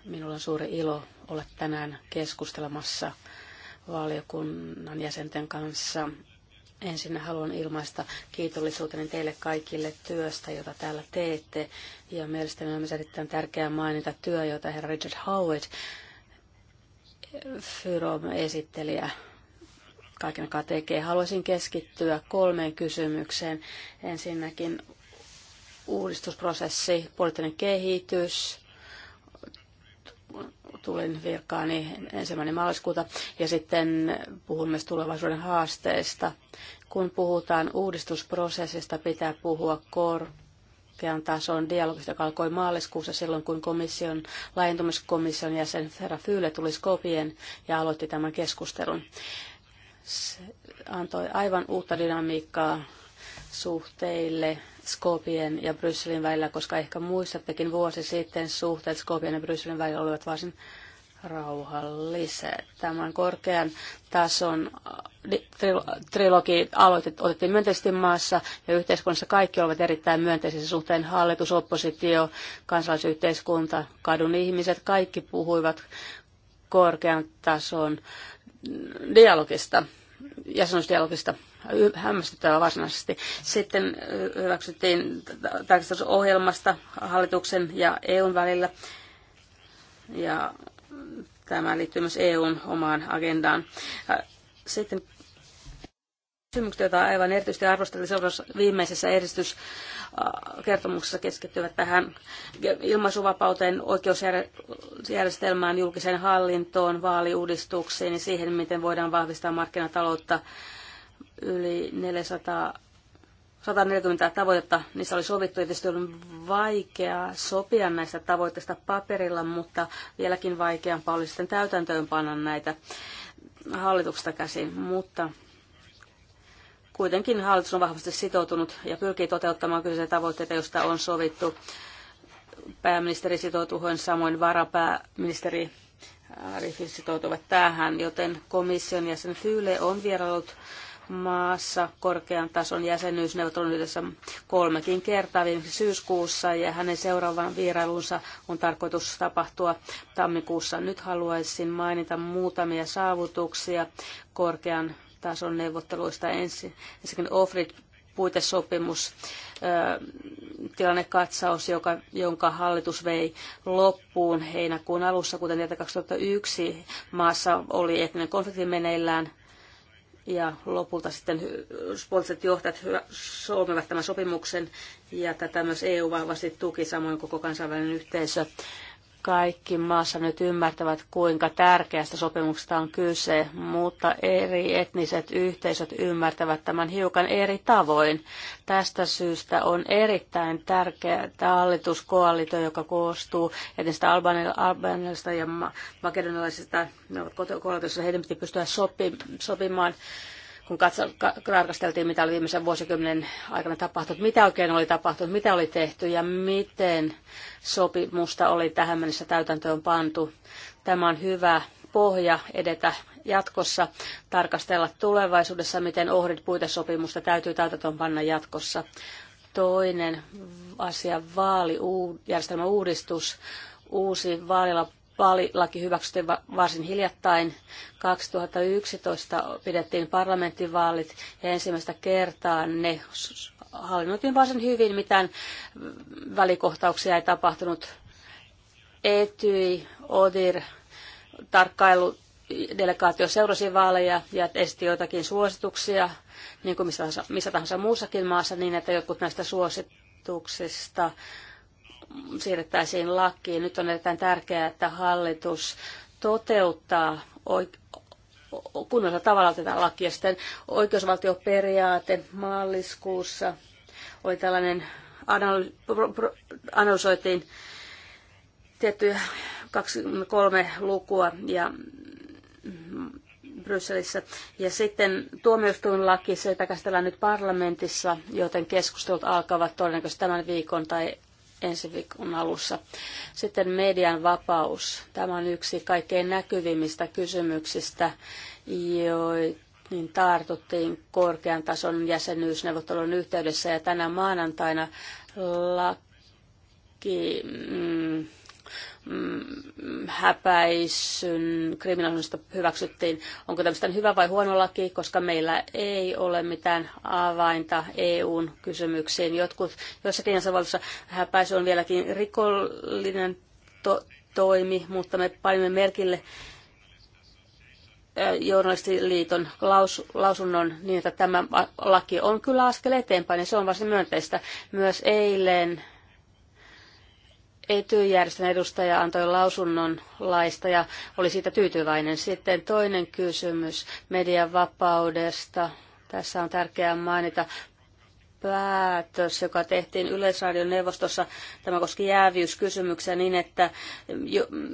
Minulla on suuri ilo olla tänään keskustelemassa valiokunnan jäsenten kanssa Ensin haluan ilmaista kiitollisuuteni teille kaikille työstä, jota täällä teette. Ja mielestäni on myös erittäin tärkeää mainita työ, jota herra Richard Howard, Fyrom esittelijä, kaiken aikaa tekee. Haluaisin keskittyä kolmeen kysymykseen. Ensinnäkin uudistusprosessi, poliittinen kehitys, tulin virkaani ensimmäinen maaliskuuta ja sitten puhun myös tulevaisuuden haasteista. Kun puhutaan uudistusprosessista, pitää puhua korkean tason dialogista, joka alkoi maaliskuussa silloin, kun komission, laajentumiskomission jäsen Herra Fyyle tuli Skopien ja aloitti tämän keskustelun. Se antoi aivan uutta dynamiikkaa suhteille Skopien ja Brysselin välillä, koska ehkä muistattekin vuosi sitten suhteet Skopien ja Brysselin välillä olivat varsin rauhalliset. Tämän korkean tason äh, trilogi aloitettiin otettiin myönteisesti maassa ja yhteiskunnassa kaikki olivat erittäin myönteisissä suhteen hallitus, oppositio, kansalaisyhteiskunta, kadun ihmiset, kaikki puhuivat korkean tason dialogista, jäsenyysdialogista hämmästyttävä varsinaisesti. Sitten hyväksyttiin tarkastusohjelmasta hallituksen ja EUn välillä. Ja tämä liittyy myös EUn omaan agendaan. Sitten kysymykset, joita aivan erityisesti arvosteli seuraavassa viimeisessä edistys kertomuksessa keskittyvät tähän ilmaisuvapauteen, oikeusjärjestelmään, julkiseen hallintoon, vaaliuudistuksiin ja siihen, miten voidaan vahvistaa markkinataloutta yli 400 140 tavoitetta, niissä oli sovittu. Ja tietysti on vaikea sopia näistä tavoitteista paperilla, mutta vieläkin vaikeampaa oli sitten täytäntöönpanna näitä hallituksesta käsin. Mutta kuitenkin hallitus on vahvasti sitoutunut ja pyrkii toteuttamaan kyseisiä tavoitteita, joista on sovittu. Pääministeri sitoutui samoin varapääministeri Arifin sitoutuvat tähän, joten komission jäsen Fyyle on vierailut maassa korkean tason jäsenyysneuvottelun yhdessä kolmekin kertaa viimeksi syyskuussa ja hänen seuraavan vierailunsa on tarkoitus tapahtua tammikuussa. Nyt haluaisin mainita muutamia saavutuksia korkean tason neuvotteluista. Ensin, ensinnäkin Ofrit puitesopimus, tilannekatsaus, joka, jonka hallitus vei loppuun heinäkuun alussa, kuten tiedätte 2001 maassa oli etninen konflikti meneillään ja lopulta sitten poliittiset johtajat solmivat tämän sopimuksen ja tätä myös EU vahvasti tuki, samoin koko kansainvälinen yhteisö kaikki maassa nyt ymmärtävät, kuinka tärkeästä sopimuksesta on kyse, mutta eri etniset yhteisöt ymmärtävät tämän hiukan eri tavoin. Tästä syystä on erittäin tärkeää hallituskoalito, joka koostuu etnistä albanilaisista ja Makedonilaisista, ne ovat koalitiossa heidän pitää pystyä sopimaan kun tarkasteltiin, mitä oli viimeisen vuosikymmenen aikana tapahtunut, mitä oikein oli tapahtunut, mitä oli tehty ja miten sopimusta oli tähän mennessä täytäntöön pantu. Tämä on hyvä pohja edetä jatkossa, tarkastella tulevaisuudessa, miten ohdit puitesopimusta täytyy täytäntöön panna jatkossa. Toinen asia, vaalijärjestelmäuudistus, uudistus uusi vaalilla vaalilaki hyväksyttiin varsin hiljattain. 2011 pidettiin parlamenttivaalit ja ensimmäistä kertaa ne hallinnoitiin varsin hyvin. Mitään välikohtauksia ei tapahtunut. Etyi, Odir, tarkkailu, delegaatio seurasi vaaleja ja esti joitakin suosituksia, niin kuin missä tahansa, missä tahansa muussakin maassa, niin että jotkut näistä suosituksista siirrettäisiin lakiin. Nyt on erittäin tärkeää, että hallitus toteuttaa oik- kunnolla tavalla tätä lakia. Sitten oikeusvaltioperiaate maaliskuussa oli tällainen, analysoitiin tiettyjä 23 lukua ja Brysselissä. Ja sitten tuomioistuinlaki, se käsitellään nyt parlamentissa, joten keskustelut alkavat todennäköisesti tämän viikon tai ensi viikon alussa. Sitten median vapaus. Tämä on yksi kaikkein näkyvimmistä kysymyksistä, joita niin tartuttiin korkean tason jäsenyysneuvottelun yhteydessä ja tänä maanantaina laki, mm, Mm, häpäisyn kriminalisoinnista hyväksyttiin. Onko tämmöistä hyvä vai huono laki, koska meillä ei ole mitään avainta EUn kysymyksiin. Jotkut, joissakin jäsenvaltioissa häpäisy on vieläkin rikollinen to- toimi, mutta me painimme merkille journalistiliiton laus, lausunnon niin, että tämä laki on kyllä askel eteenpäin ja se on varsin myönteistä. Myös eilen Etyjärjestön edustaja antoi lausunnon laista ja oli siitä tyytyväinen. Sitten toinen kysymys median vapaudesta. Tässä on tärkeää mainita päätös, joka tehtiin Yleisradion neuvostossa, tämä koski jäävyyskysymyksiä niin, että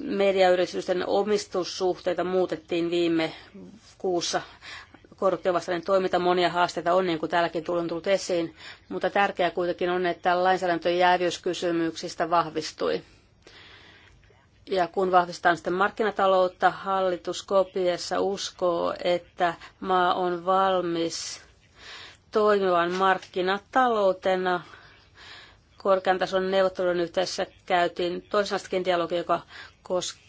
mediayritysten omistussuhteita muutettiin viime kuussa korruptiovastainen toiminta, monia haasteita on, niin kuin täälläkin on tullut esiin, mutta tärkeää kuitenkin on, että lainsäädäntöjäävyyskysymyksistä vahvistui. Ja kun vahvistetaan sitten markkinataloutta, hallitus kopiessa uskoo, että maa on valmis toimivan markkinataloutena. Korkean tason neuvottelun yhteydessä käytiin toisenlaistakin dialogia, joka koski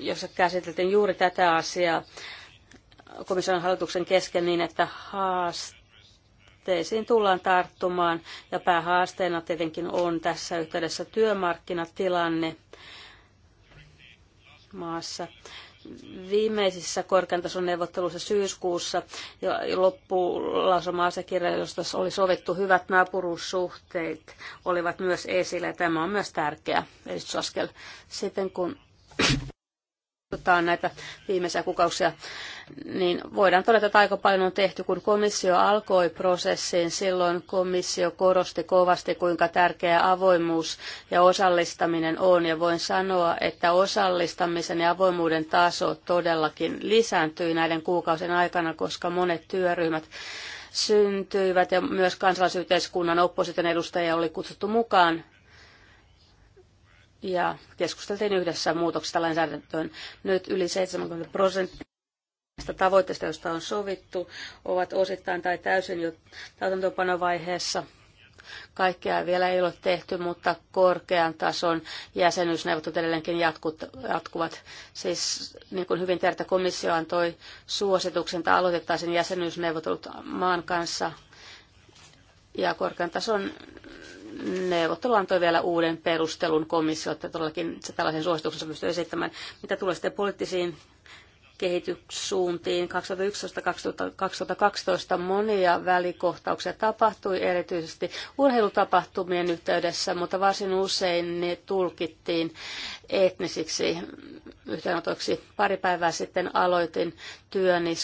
jossa käsiteltiin juuri tätä asiaa komission hallituksen kesken niin, että haasteisiin tullaan tarttumaan. Ja päähaasteena tietenkin on tässä yhteydessä työmarkkinatilanne maassa viimeisissä korkean tason neuvotteluissa syyskuussa ja loppulausuma-asiakirja, josta oli sovittu hyvät naapuruussuhteet, olivat myös esillä. Tämä on myös tärkeä edistysaskel. Sitten kun katsotaan näitä viimeisiä kuukausia, niin voidaan todeta, että aika paljon on tehty. Kun komissio alkoi prosessiin. silloin komissio korosti kovasti, kuinka tärkeää avoimuus ja osallistaminen on. Ja voin sanoa, että osallistamisen ja avoimuuden taso todellakin lisääntyi näiden kuukausien aikana, koska monet työryhmät syntyivät ja myös kansalaisyhteiskunnan opposition edustajia oli kutsuttu mukaan ja keskusteltiin yhdessä muutoksista lainsäädäntöön. Nyt yli 70 prosenttia tavoitteista, joista on sovittu, ovat osittain tai täysin jo täytäntöönpanovaiheessa. Kaikkea vielä ei ole tehty, mutta korkean tason jäsenyysneuvottelut edelleenkin jatkuvat. Siis niin kuin hyvin tiedät, komissio antoi suosituksen, että aloitettaisiin jäsenyysneuvottelut maan kanssa. Ja korkean tason neuvottelu antoi vielä uuden perustelun komissio, että todellakin se tällaisen suosituksensa pystyy esittämään. Mitä tulee sitten poliittisiin kehityssuuntiin 2011-2012 monia välikohtauksia tapahtui erityisesti urheilutapahtumien yhteydessä, mutta varsin usein ne tulkittiin etnisiksi yhteenotoiksi. Pari päivää sitten aloitin työni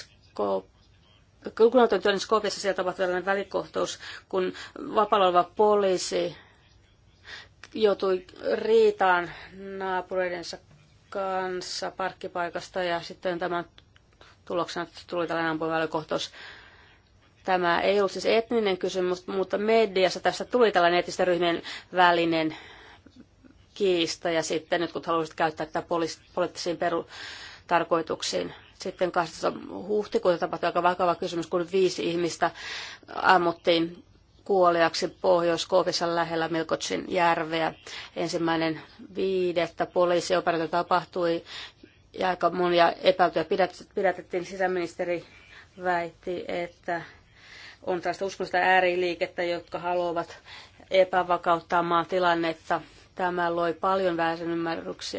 Kunnallisuuden työn siellä tapahtui tällainen välikohtaus, kun vapaalla oleva poliisi joutui riitaan naapureidensa kanssa parkkipaikasta ja sitten tämän tuloksena tuli tällainen ampuvälikohtaus. Tämä ei ollut siis etninen kysymys, mutta mediassa tästä tuli tällainen etnisten ryhmien välinen kiista ja sitten nyt kun haluaisit käyttää tätä poliittisiin perutarkoituksiin, sitten 12. huhtikuuta tapahtui aika vakava kysymys, kun viisi ihmistä ammuttiin kuoliaksi pohjois lähellä Milkotsin järveä. Ensimmäinen viidettä poliisioperaatio tapahtui ja aika monia epäiltyjä pidätettiin. Sisäministeri väitti, että on tästä uskonnollista ääriliikettä, jotka haluavat epävakauttaa maan tilannetta Tämä loi paljon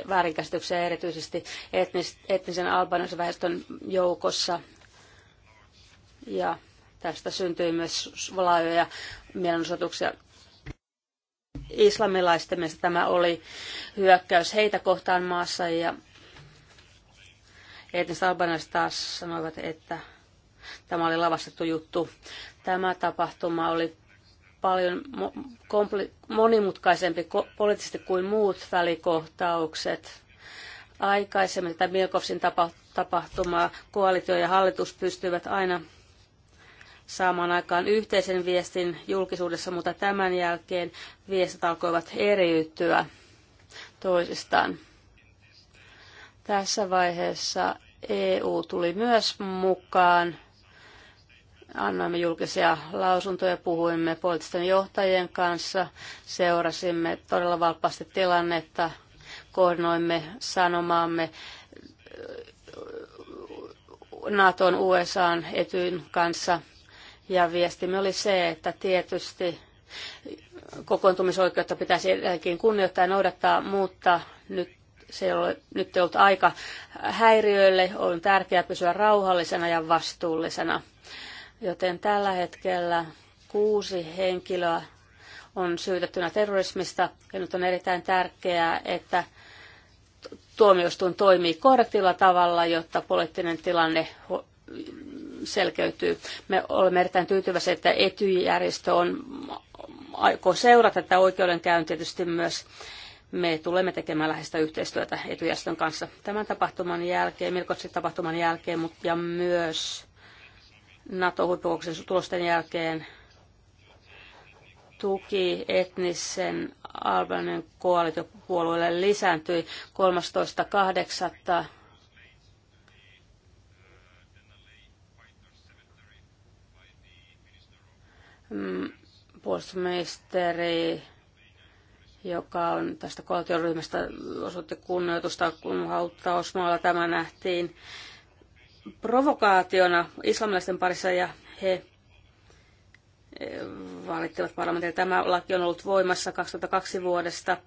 väärinkäsityksiä erityisesti etnisen albanaisen väestön joukossa. Ja tästä syntyi myös laajoja mielenosoituksia islamilaisten mielestä tämä oli hyökkäys heitä kohtaan maassa ja etniset albanaiset taas sanoivat, että tämä oli lavastettu juttu. Tämä tapahtuma oli paljon monimutkaisempi poliittisesti kuin muut välikohtaukset. Aikaisemmin tätä Milkovsin tapa- tapahtumaa koalitio ja hallitus pystyivät aina saamaan aikaan yhteisen viestin julkisuudessa, mutta tämän jälkeen viestit alkoivat eriytyä toisistaan. Tässä vaiheessa EU tuli myös mukaan annoimme julkisia lausuntoja, puhuimme poliittisten johtajien kanssa, seurasimme todella valppaasti tilannetta, koordinoimme sanomaamme Naton, USAn, Etyn kanssa. Ja viestimme oli se, että tietysti kokoontumisoikeutta pitäisi edelleenkin kunnioittaa ja noudattaa, mutta nyt se ei ole, nyt ei ollut aika häiriöille. On tärkeää pysyä rauhallisena ja vastuullisena Joten tällä hetkellä kuusi henkilöä on syytettynä terrorismista ja nyt on erittäin tärkeää, että tuomioistuin toimii korrektilla tavalla, jotta poliittinen tilanne selkeytyy. Me olemme erittäin tyytyväisiä, että etyjärjestö on aikoo seurata tätä oikeudenkäyntiä tietysti myös me tulemme tekemään läheistä yhteistyötä etujärjestön kanssa tämän tapahtuman jälkeen, Milkotsin tapahtuman jälkeen, mutta ja myös NATO-huippukokouksen tulosten jälkeen tuki etnisen Albanian koalitiopuolueelle lisääntyi 13.8. Mm, puolustusministeri, joka on tästä koalitioryhmästä osoitti kunnioitusta, kun hauttausmaalla tämä nähtiin provokaationa islamilaisten parissa ja he eh, valittivat parlamentille Tämä laki on ollut voimassa 2002 vuodesta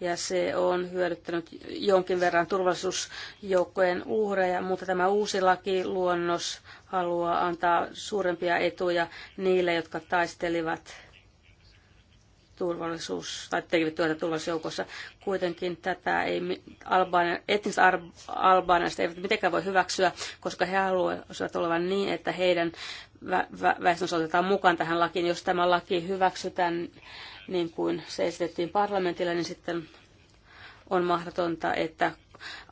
ja se on hyödyttänyt jonkin verran turvallisuusjoukkojen uhreja, mutta tämä uusi laki luonnos haluaa antaa suurempia etuja niille, jotka taistelivat turvallisuus, tai tekevät työtä turvallisuusjoukossa. Kuitenkin tätä ei albaania, etniset albaanialaiset eivät mitenkään voi hyväksyä, koska he haluaisivat olevan niin, että heidän vä- väestönsä otetaan mukaan tähän lakiin. Jos tämä laki hyväksytään niin kuin se esitettiin parlamentille, niin sitten on mahdotonta, että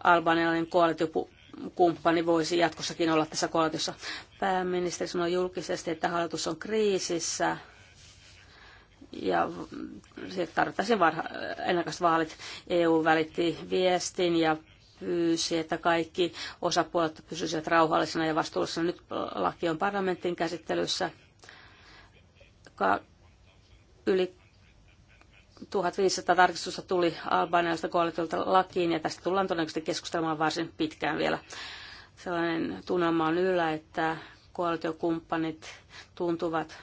albanialainen kumppani voisi jatkossakin olla tässä koalitiossa. Pääministeri sanoi julkisesti, että hallitus on kriisissä ja se tarvittaisiin varha, vaalit. EU välitti viestin ja pyysi, että kaikki osapuolet pysyisivät rauhallisena ja vastuullisena. Nyt laki on parlamentin käsittelyssä. Ka- yli 1500 tarkistusta tuli Albaniasta koalitiolta lakiin ja tästä tullaan todennäköisesti keskustelemaan varsin pitkään vielä. Sellainen tunnelma on yllä, että koalitiokumppanit tuntuvat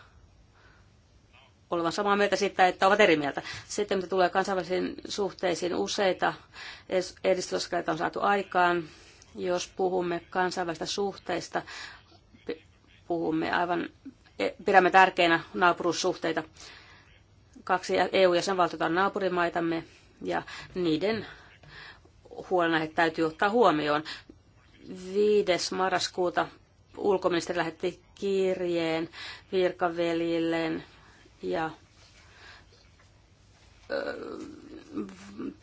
olevan samaa mieltä siitä, että ovat eri mieltä. Sitten mitä tulee kansainvälisiin suhteisiin, useita edistysaskeleita on saatu aikaan. Jos puhumme kansainvälistä suhteista, puhumme aivan, e- pidämme tärkeinä naapuruussuhteita. Kaksi EU-jäsenvaltiota on naapurimaitamme ja niiden huolenaiheet täytyy ottaa huomioon. 5. marraskuuta ulkoministeri lähetti kirjeen virkaveljilleen ja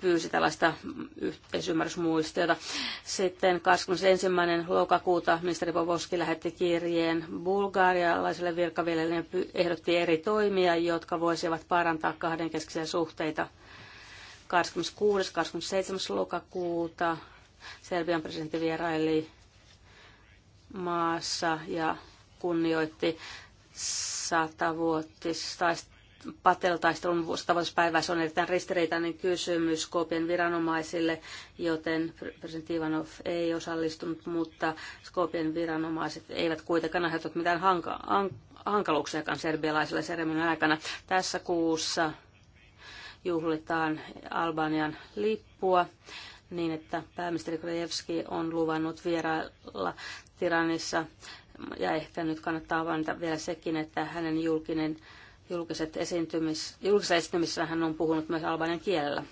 pyysi tällaista yhteisymmärrysmuistiota. Sitten 21. lokakuuta ministeri Povoski lähetti kirjeen bulgaarialaiselle virkavielelle ja ehdotti eri toimia, jotka voisivat parantaa kahdenkeskisiä suhteita. 26. 27. lokakuuta Serbian presidentti vieraili maassa ja kunnioitti satavuotistaista pateltaistelun vuositavoituspäivää. Se on erittäin ristiriitainen kysymys Skopien viranomaisille, joten presidentti Ivanov ei osallistunut, mutta Skopien viranomaiset eivät kuitenkaan aiheuttaneet mitään hanka- hank- hankaluuksiakaan serbialaisella seremonian aikana. Tässä kuussa juhlitaan Albanian lippua niin, että pääministeri Krajevski on luvannut vierailla Tiranissa ja ehkä nyt kannattaa mainita vielä sekin, että hänen julkinen, julkiset esiintymis, julkisessa esiintymisessä hän on puhunut myös albanian kielellä.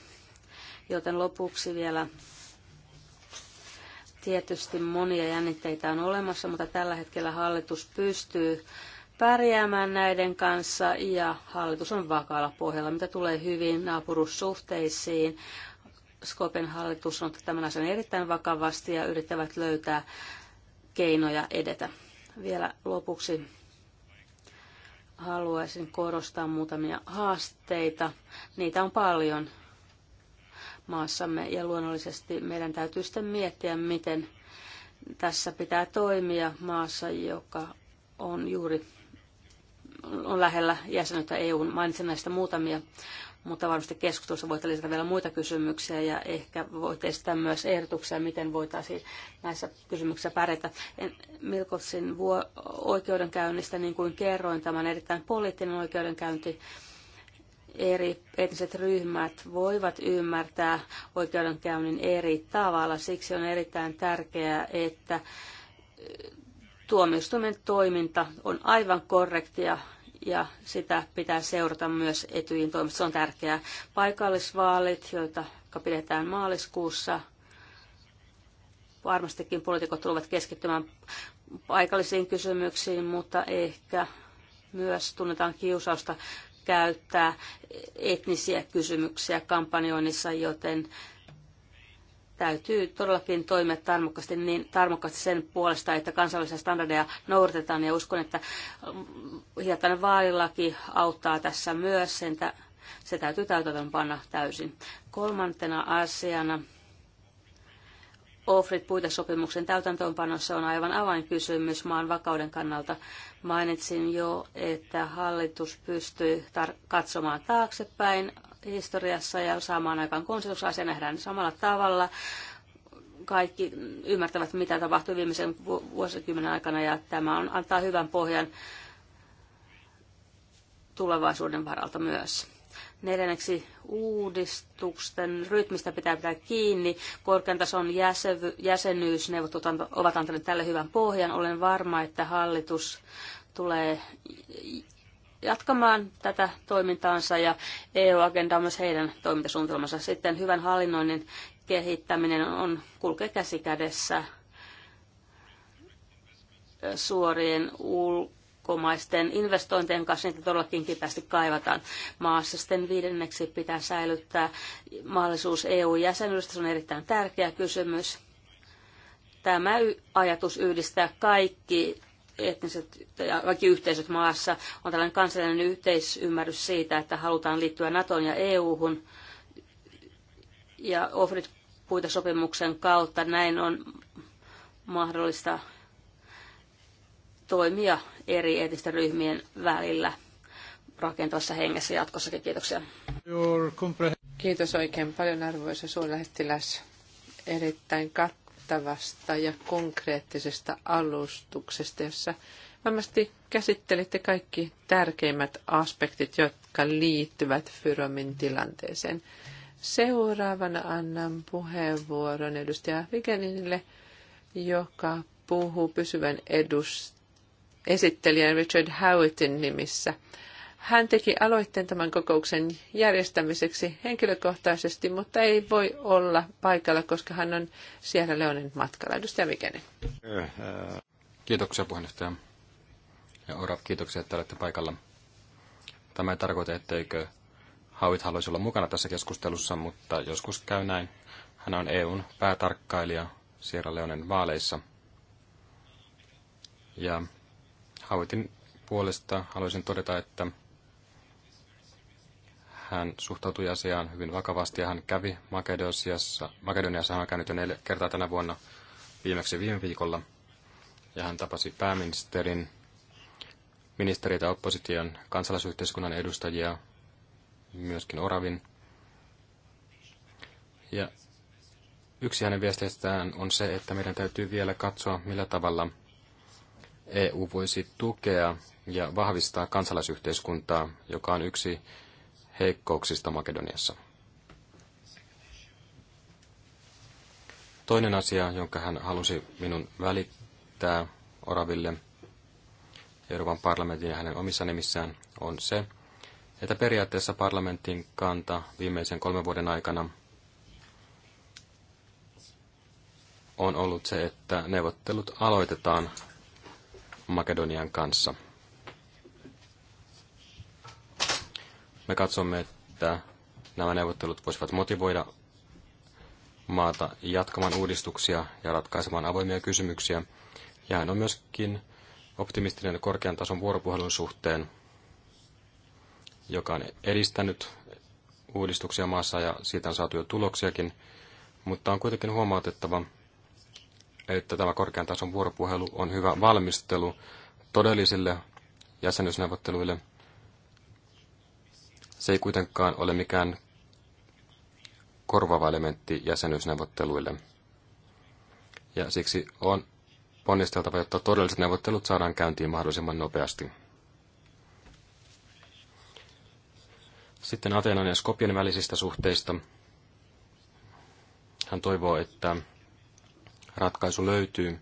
Joten lopuksi vielä tietysti monia jännitteitä on olemassa, mutta tällä hetkellä hallitus pystyy pärjäämään näiden kanssa ja hallitus on vakaalla pohjalla, mitä tulee hyvin naapurussuhteisiin. Skopen hallitus on tämän asian erittäin vakavasti ja yrittävät löytää keinoja edetä. Vielä lopuksi haluaisin korostaa muutamia haasteita. Niitä on paljon maassamme ja luonnollisesti meidän täytyy sitten miettiä, miten tässä pitää toimia maassa, joka on juuri on lähellä jäsenyyttä EUn. Mainitsen näistä muutamia mutta varmasti keskustelussa voitte lisätä vielä muita kysymyksiä ja ehkä voitte esittää myös ehdotuksia, miten voitaisiin näissä kysymyksissä pärjätä. Milkotsin vuo- oikeudenkäynnistä, niin kuin kerroin, tämä on erittäin poliittinen oikeudenkäynti. Eri etniset ryhmät voivat ymmärtää oikeudenkäynnin eri tavalla. Siksi on erittäin tärkeää, että tuomioistuimen toiminta on aivan korrektia ja sitä pitää seurata myös Etyjin toimesta. Se on tärkeää. Paikallisvaalit, joita pidetään maaliskuussa, varmastikin poliitikot tulevat keskittymään paikallisiin kysymyksiin, mutta ehkä myös tunnetaan kiusausta käyttää etnisiä kysymyksiä kampanjoinnissa, joten täytyy todellakin toimia tarmokkaasti, niin, tarmokkaasti sen puolesta, että kansallisia standardeja noudatetaan. Ja uskon, että mm, hiljattainen vaalilaki auttaa tässä myös. Sen se täytyy täytäntöönpanna täysin. Kolmantena asiana Ofrit-puitesopimuksen täytäntöönpanossa on aivan avainkysymys maan vakauden kannalta. Mainitsin jo, että hallitus pystyy katsomaan taaksepäin historiassa ja samaan aikaan konsensusasia nähdään samalla tavalla. Kaikki ymmärtävät, mitä tapahtui viimeisen vuosikymmenen aikana ja tämä on, antaa hyvän pohjan tulevaisuuden varalta myös. Neljänneksi uudistusten rytmistä pitää pitää kiinni. Korkean tason jäsevy, jäsenyysneuvottelut ovat antaneet tälle hyvän pohjan. Olen varma, että hallitus tulee jatkamaan tätä toimintaansa ja EU-agenda on myös heidän toimintasuunnitelmansa. Sitten hyvän hallinnoinnin kehittäminen on kulkee käsi kädessä suorien ulkomaisten investointien kanssa, niitä todellakin kipeästi kaivataan maassa. Sitten viidenneksi pitää säilyttää mahdollisuus EU-jäsenyydestä, se on erittäin tärkeä kysymys. Tämä ajatus yhdistää kaikki etniset ja kaikki yhteisöt maassa. On tällainen kansallinen yhteisymmärrys siitä, että halutaan liittyä NATOon ja EU-hun. Ja Ofrit puitesopimuksen kautta näin on mahdollista toimia eri etnisten ryhmien välillä rakentavassa hengessä jatkossakin. Kiitoksia.
Kiitos oikein paljon arvoisa suurlähettiläs. Erittäin kattava kattavasta ja konkreettisesta alustuksesta, jossa varmasti käsittelitte kaikki tärkeimmät aspektit, jotka liittyvät Fyromin tilanteeseen. Seuraavana annan puheenvuoron edustaja Vigelinille, joka puhuu pysyvän edus- esittelijän Richard Howittin nimissä – hän teki aloitteen tämän kokouksen järjestämiseksi henkilökohtaisesti, mutta ei voi olla paikalla, koska hän on Sierra Leonen matkalla. Edustaja Mikenen.
Kiitoksia puheenjohtaja. Ja Orav, kiitoksia, että olette paikalla. Tämä ei tarkoita, etteikö Hauit haluaisi olla mukana tässä keskustelussa, mutta joskus käy näin. Hän on EUn päätarkkailija Sierra Leonen vaaleissa. Ja Hauitin puolesta haluaisin todeta, että hän suhtautui asiaan hyvin vakavasti ja hän kävi Makedoniassa. Makedoniassa hän on käynyt jo neljä kertaa tänä vuonna, viimeksi viime viikolla. Ja hän tapasi pääministerin, ministeriitä, opposition, kansalaisyhteiskunnan edustajia, myöskin Oravin. Ja yksi hänen viesteistään on se, että meidän täytyy vielä katsoa, millä tavalla EU voisi tukea ja vahvistaa kansalaisyhteiskuntaa, joka on yksi heikkouksista Makedoniassa. Toinen asia, jonka hän halusi minun välittää Oraville Euroopan parlamentin ja hänen omissa nimissään, on se, että periaatteessa parlamentin kanta viimeisen kolmen vuoden aikana on ollut se, että neuvottelut aloitetaan Makedonian kanssa – Me katsomme, että nämä neuvottelut voisivat motivoida maata jatkamaan uudistuksia ja ratkaisemaan avoimia kysymyksiä. Ja hän on myöskin optimistinen korkean tason vuoropuhelun suhteen, joka on edistänyt uudistuksia maassa ja siitä on saatu jo tuloksiakin, mutta on kuitenkin huomautettava, että tämä korkean tason vuoropuhelu on hyvä valmistelu todellisille jäsenyysneuvotteluille – se ei kuitenkaan ole mikään korvaava elementti jäsenyysneuvotteluille. Ja siksi on ponnisteltava, jotta todelliset neuvottelut saadaan käyntiin mahdollisimman nopeasti. Sitten Atenan ja Skopien välisistä suhteista. Hän toivoo, että ratkaisu löytyy.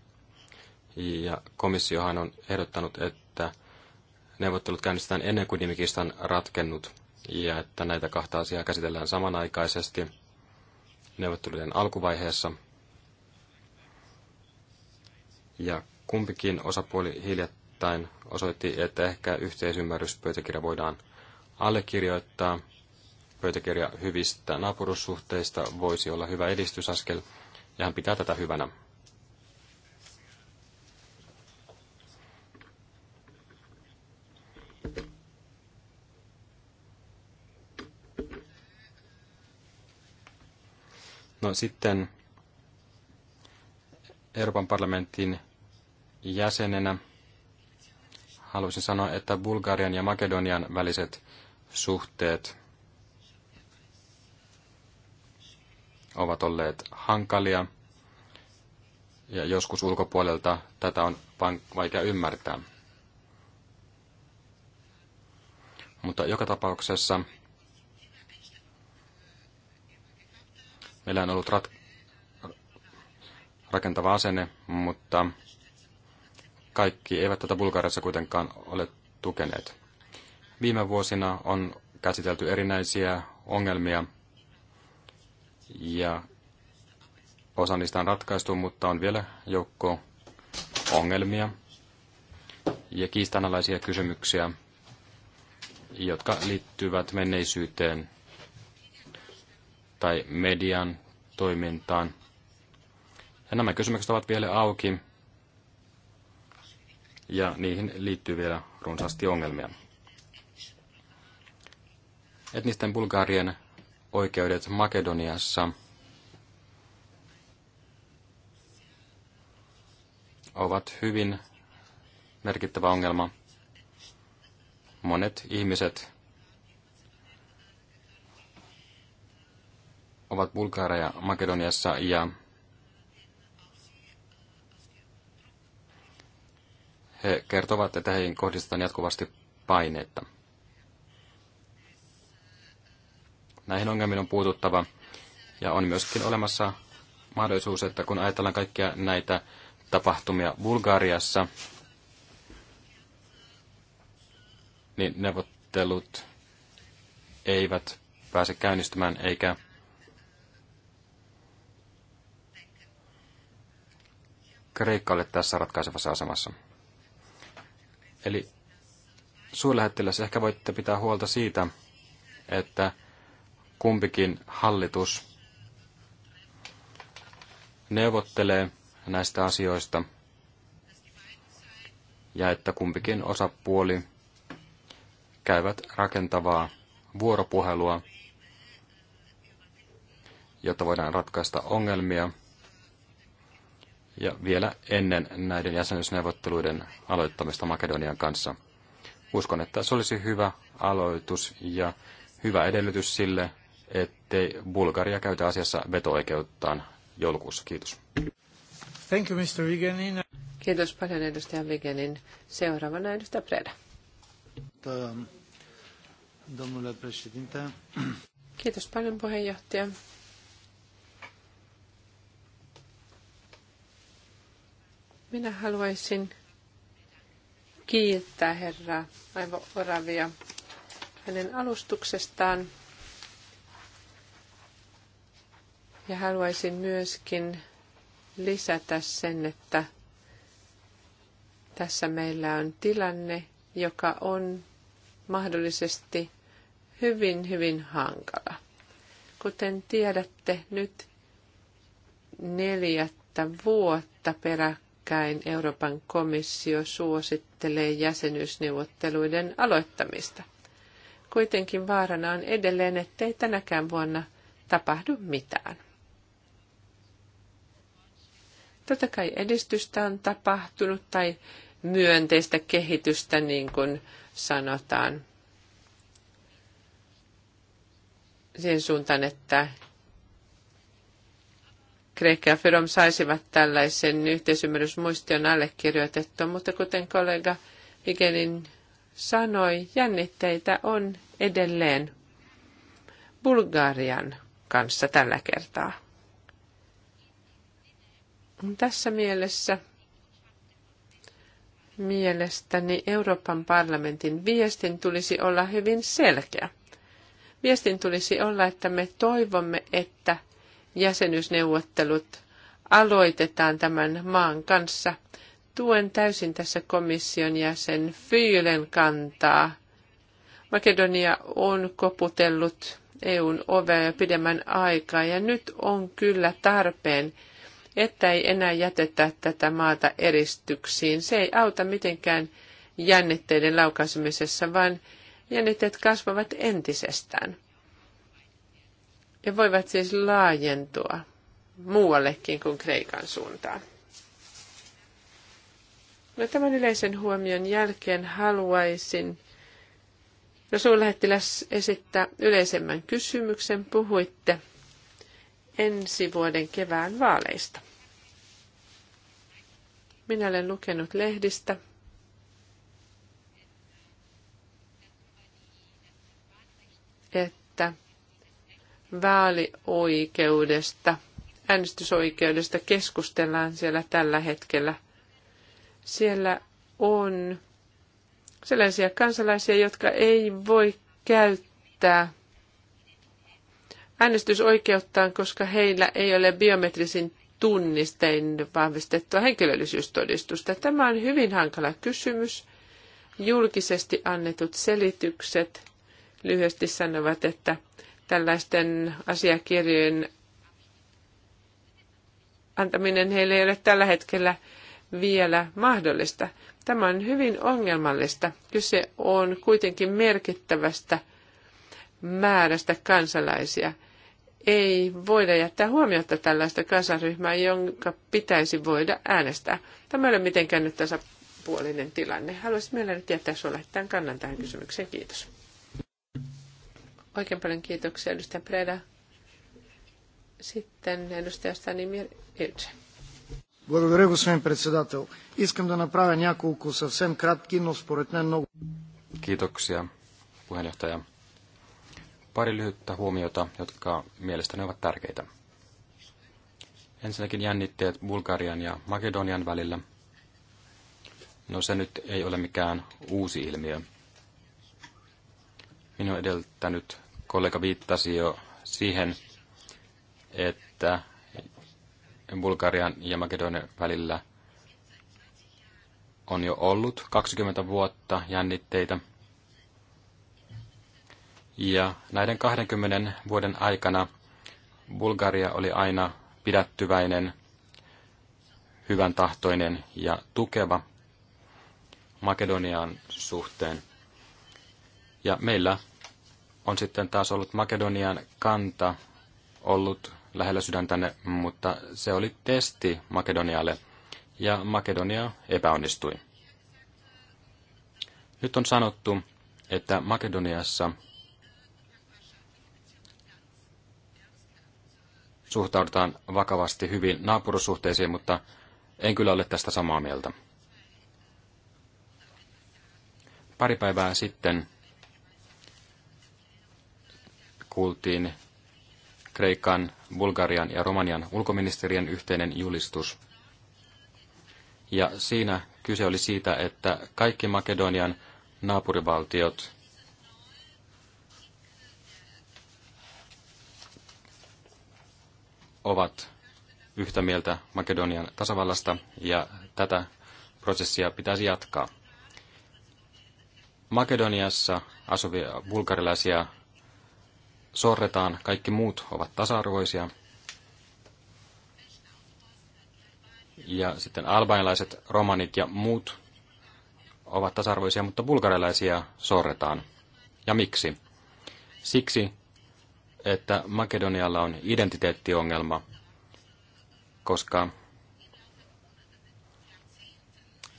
Ja komissiohan on ehdottanut, että neuvottelut käynnistetään ennen kuin nimikistan ratkennut ja että näitä kahta asiaa käsitellään samanaikaisesti neuvottelujen alkuvaiheessa. Ja kumpikin osapuoli hiljattain osoitti, että ehkä yhteisymmärryspöytäkirja voidaan allekirjoittaa. Pöytäkirja hyvistä naapurussuhteista voisi olla hyvä edistysaskel, ja hän pitää tätä hyvänä. No sitten Euroopan parlamentin jäsenenä haluaisin sanoa, että Bulgarian ja Makedonian väliset suhteet ovat olleet hankalia ja joskus ulkopuolelta tätä on vaikea ymmärtää. Mutta joka tapauksessa Meillä on ollut rat- rakentava asenne, mutta kaikki eivät tätä Bulgariassa kuitenkaan ole tukeneet. Viime vuosina on käsitelty erinäisiä ongelmia ja osa niistä on ratkaistu, mutta on vielä joukko ongelmia ja kiistanalaisia kysymyksiä, jotka liittyvät menneisyyteen tai median toimintaan. Ja nämä kysymykset ovat vielä auki ja niihin liittyy vielä runsaasti ongelmia. Etnisten bulgaarien oikeudet Makedoniassa ovat hyvin merkittävä ongelma. Monet ihmiset ovat Bulgaria Makedoniassa ja he kertovat, että heihin kohdistetaan jatkuvasti painetta. Näihin ongelmiin on puututtava ja on myöskin olemassa mahdollisuus, että kun ajatellaan kaikkia näitä tapahtumia Bulgariassa, niin neuvottelut eivät pääse käynnistymään eikä Kreikka tässä ratkaisevassa asemassa. Eli suurlähettiläs ehkä voitte pitää huolta siitä, että kumpikin hallitus neuvottelee näistä asioista ja että kumpikin osapuoli käyvät rakentavaa vuoropuhelua, jotta voidaan ratkaista ongelmia, ja vielä ennen näiden jäsenyysneuvotteluiden aloittamista Makedonian kanssa. Uskon, että se olisi hyvä aloitus ja hyvä edellytys sille, ettei Bulgaria käytä asiassa veto-oikeuttaan joulukuussa. Kiitos.
Thank you, Mr. Wigenin. Kiitos paljon edustaja Vigenin. Seuraavana edustaja Preda. Kiitos paljon puheenjohtaja. Minä haluaisin kiittää herra Aivo Oravia hänen alustuksestaan. Ja haluaisin myöskin lisätä sen, että tässä meillä on tilanne, joka on mahdollisesti hyvin, hyvin hankala. Kuten tiedätte, nyt neljättä vuotta peräkkäin Käin Euroopan komissio suosittelee jäsenyysneuvotteluiden aloittamista. Kuitenkin vaarana on edelleen, ettei tänäkään vuonna tapahdu mitään. Totta kai edistystä on tapahtunut tai myönteistä kehitystä, niin kuin sanotaan, sen suuntaan, että Kreikkaa, Fyrom saisivat tällaisen yhteisymmärrysmuistion allekirjoitettua, mutta kuten kollega Mikelin sanoi, jännitteitä on edelleen Bulgarian kanssa tällä kertaa. Tässä mielessä mielestäni Euroopan parlamentin viestin tulisi olla hyvin selkeä. Viestin tulisi olla, että me toivomme, että jäsenyysneuvottelut aloitetaan tämän maan kanssa. Tuen täysin tässä komission jäsen Fyylen kantaa. Makedonia on koputellut EUn ovea jo pidemmän aikaa ja nyt on kyllä tarpeen, että ei enää jätetä tätä maata eristyksiin. Se ei auta mitenkään jännitteiden laukaisemisessa, vaan jännitteet kasvavat entisestään. Ne voivat siis laajentua muuallekin kuin Kreikan suuntaan. No, tämän yleisen huomion jälkeen haluaisin no, suurlähettiläs esittää yleisemmän kysymyksen. Puhuitte ensi vuoden kevään vaaleista. Minä olen lukenut lehdistä. että vaalioikeudesta, äänestysoikeudesta keskustellaan siellä tällä hetkellä. Siellä on sellaisia kansalaisia, jotka ei voi käyttää äänestysoikeuttaan, koska heillä ei ole biometrisin tunnistein vahvistettua henkilöllisyystodistusta. Tämä on hyvin hankala kysymys. Julkisesti annetut selitykset lyhyesti sanovat, että tällaisten asiakirjojen antaminen heille ei ole tällä hetkellä vielä mahdollista. Tämä on hyvin ongelmallista. Kyse on kuitenkin merkittävästä määrästä kansalaisia. Ei voida jättää huomiota tällaista kansanryhmää, jonka pitäisi voida äänestää. Tämä ei ole mitenkään nyt tasapuolinen tilanne. Haluaisin mielelläni tietää sinulle tämän kannan tähän kysymykseen. Kiitos. Oikein paljon kiitoksia edustaja Preda. Sitten edustaja Stanimir Ilce.
Благодаря, господин председател. Искам да направя няколко съвсем кратки, но според мен много...
Kiitoksia, puheenjohtaja. Pari lyhyttä huomiota, jotka mielestäni ovat tärkeitä. Ensinnäkin jännitteet Bulgarian ja Makedonian välillä. No se nyt ei ole mikään uusi ilmiö minun edeltänyt kollega viittasi jo siihen, että Bulgarian ja Makedonian välillä on jo ollut 20 vuotta jännitteitä. Ja näiden 20 vuoden aikana Bulgaria oli aina pidättyväinen, hyvän tahtoinen ja tukeva Makedonian suhteen. Ja meillä on sitten taas ollut Makedonian kanta ollut lähellä sydäntänne, mutta se oli testi Makedonialle ja Makedonia epäonnistui. Nyt on sanottu, että Makedoniassa suhtaudutaan vakavasti hyvin naapurussuhteisiin, mutta en kyllä ole tästä samaa mieltä. Pari päivää sitten kuultiin Kreikan, Bulgarian ja Romanian ulkoministerien yhteinen julistus. Ja siinä kyse oli siitä, että kaikki Makedonian naapurivaltiot ovat yhtä mieltä Makedonian tasavallasta ja tätä prosessia pitäisi jatkaa. Makedoniassa asuvia bulgarilaisia sorretaan, kaikki muut ovat tasa-arvoisia. Ja sitten albanilaiset, romanit ja muut ovat tasa-arvoisia, mutta bulgarilaisia sorretaan. Ja miksi? Siksi, että Makedonialla on identiteettiongelma, koska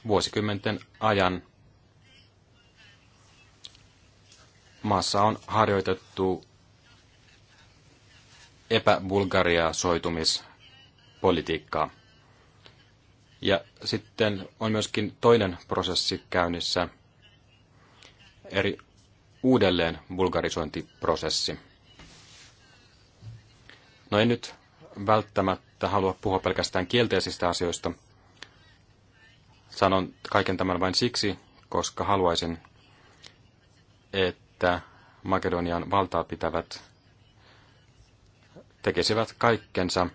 vuosikymmenten ajan maassa on harjoitettu epäbulgariaa soitumispolitiikkaa. Ja sitten on myöskin toinen prosessi käynnissä, eri uudelleen bulgarisointiprosessi. No en nyt välttämättä halua puhua pelkästään kielteisistä asioista. Sanon kaiken tämän vain siksi, koska haluaisin, että Makedonian valtaa pitävät tekisivät kaikkensa,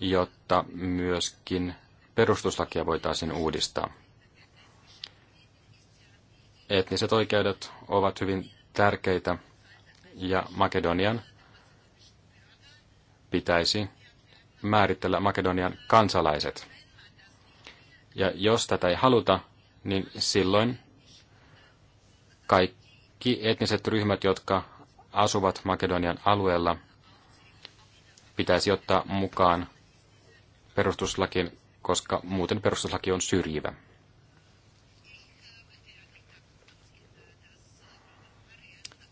jotta myöskin perustuslakia voitaisiin uudistaa. Etniset oikeudet ovat hyvin tärkeitä ja Makedonian pitäisi määritellä Makedonian kansalaiset. Ja jos tätä ei haluta, niin silloin kaikki kaikki etniset ryhmät, jotka asuvat Makedonian alueella, pitäisi ottaa mukaan perustuslakiin, koska muuten perustuslaki on syrjivä.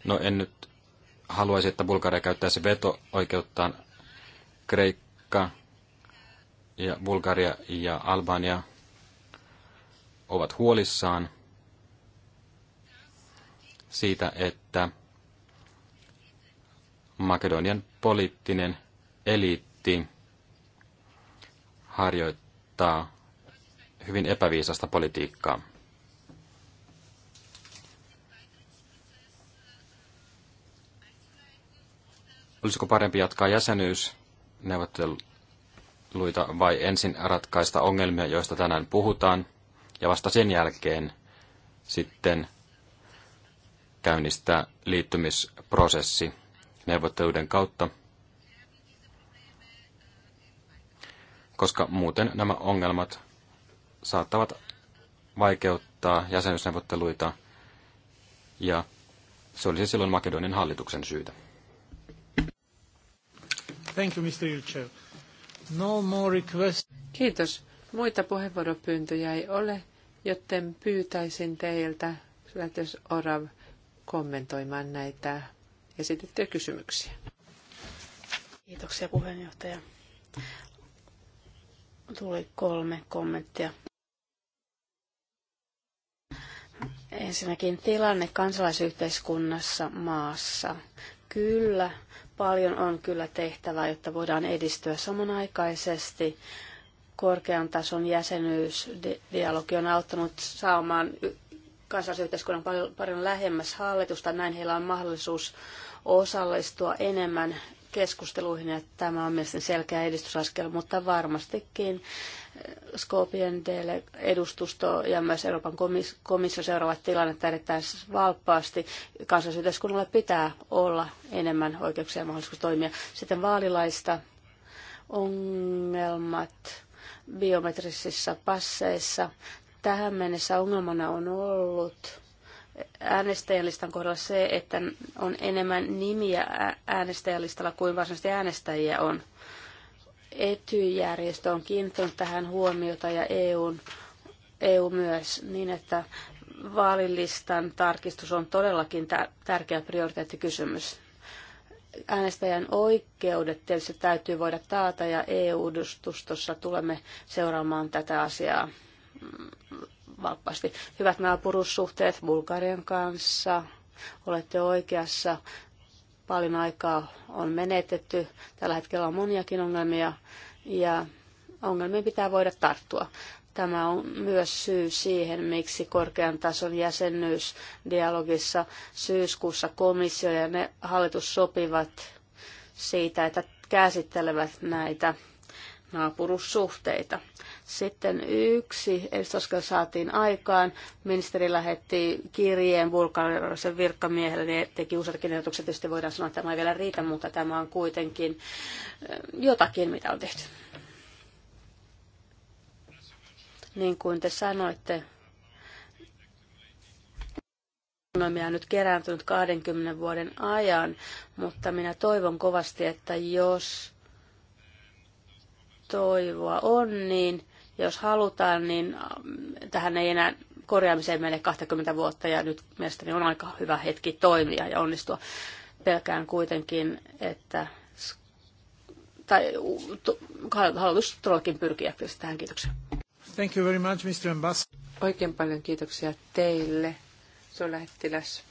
No en nyt haluaisi, että Bulgaria käyttäisi veto-oikeuttaan. Kreikka ja Bulgaria ja Albania ovat huolissaan – siitä, että Makedonian poliittinen eliitti harjoittaa hyvin epäviisasta politiikkaa. Olisiko parempi jatkaa jäsenyysneuvotteluita vai ensin ratkaista ongelmia, joista tänään puhutaan, ja vasta sen jälkeen sitten käynnistää liittymisprosessi neuvotteluiden kautta, koska muuten nämä ongelmat saattavat vaikeuttaa jäsenyysneuvotteluita ja se olisi silloin Makedonian hallituksen syytä.
Thank you, Mr. No more requests. Kiitos.
Muita puheenvuoropyyntöjä ei ole, joten pyytäisin teiltä, Lätös Orav, kommentoimaan näitä esitettyjä kysymyksiä.
Kiitoksia puheenjohtaja. Tuli kolme kommenttia. Ensinnäkin tilanne kansalaisyhteiskunnassa maassa. Kyllä, paljon on kyllä tehtävää, jotta voidaan edistyä samanaikaisesti. Korkean tason jäsenyysdialogi on auttanut saamaan kansalaisyhteiskunnan paljon, paljon lähemmäs hallitusta. Näin heillä on mahdollisuus osallistua enemmän keskusteluihin ja tämä on mielestäni selkeä edistysaskel, mutta varmastikin eh, Skopien edustusto ja myös Euroopan komissio seuraavat tilannetta erittäin valppaasti. Kansallisyhteiskunnalla pitää olla enemmän oikeuksia ja mahdollisuus toimia. Sitten vaalilaista ongelmat biometrisissä passeissa. Tähän mennessä ongelmana on ollut äänestäjälistan kohdalla se, että on enemmän nimiä äänestäjälistalla kuin varsinaisesti äänestäjiä on. Etyjärjestö on kiinnittänyt tähän huomiota ja EUn, EU myös niin, että vaalilistan tarkistus on todellakin tärkeä prioriteettikysymys. Äänestäjän oikeudet tietysti täytyy voida taata ja EU-edustustossa tulemme seuraamaan tätä asiaa valppaasti. Hyvät naapuruussuhteet Bulgarian kanssa. Olette oikeassa. Paljon aikaa on menetetty. Tällä hetkellä on moniakin ongelmia ja ongelmiin pitää voida tarttua. Tämä on myös syy siihen, miksi korkean tason jäsenyysdialogissa syyskuussa komissio ja ne hallitus sopivat siitä, että käsittelevät näitä naapurussuhteita. Sitten yksi edistysaskel saatiin aikaan. Ministeri lähetti kirjeen bulgarialaisen virkkamiehelle, ne teki useatkin ehdotukset. Tietysti voidaan sanoa, että tämä ei vielä riitä, mutta tämä on kuitenkin eh, jotakin, mitä on tehty. Niin kuin te sanoitte, ongelmia nyt kerääntynyt 20 vuoden ajan, mutta minä toivon kovasti, että jos toivoa on, niin jos halutaan, niin ähm, tähän ei enää korjaamiseen mene 20 vuotta ja nyt mielestäni on aika hyvä hetki toimia ja onnistua. Pelkään kuitenkin, että
tai hallitus todellakin pyrkiä tähän. Kiitoksia. Thank you very
much, Mr. Ambassador.
Oikein paljon kiitoksia teille, suurlähettiläs.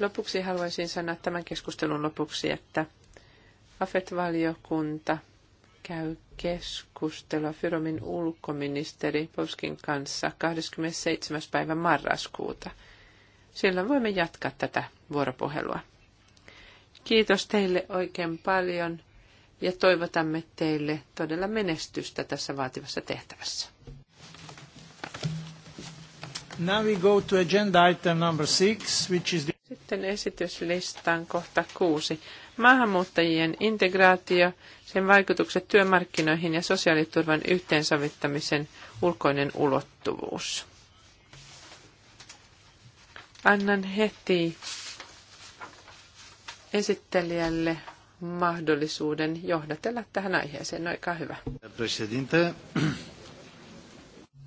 Lopuksi haluaisin sanoa tämän keskustelun lopuksi, että AFET-valiokunta käy keskustelua Fyromin ulkoministeri Poskin kanssa 27. päivä marraskuuta. Silloin voimme jatkaa tätä vuoropuhelua. Kiitos teille oikein paljon ja toivotamme teille todella menestystä tässä vaativassa tehtävässä.
Now we go to agenda item number six, which is the...
Sitten esityslistan kohta kuusi. Maahanmuuttajien integraatio, sen vaikutukset työmarkkinoihin ja sosiaaliturvan yhteensovittamisen ulkoinen ulottuvuus. Annan heti esittelijälle mahdollisuuden johdatella tähän aiheeseen. Olkaa hyvä.
Presidente.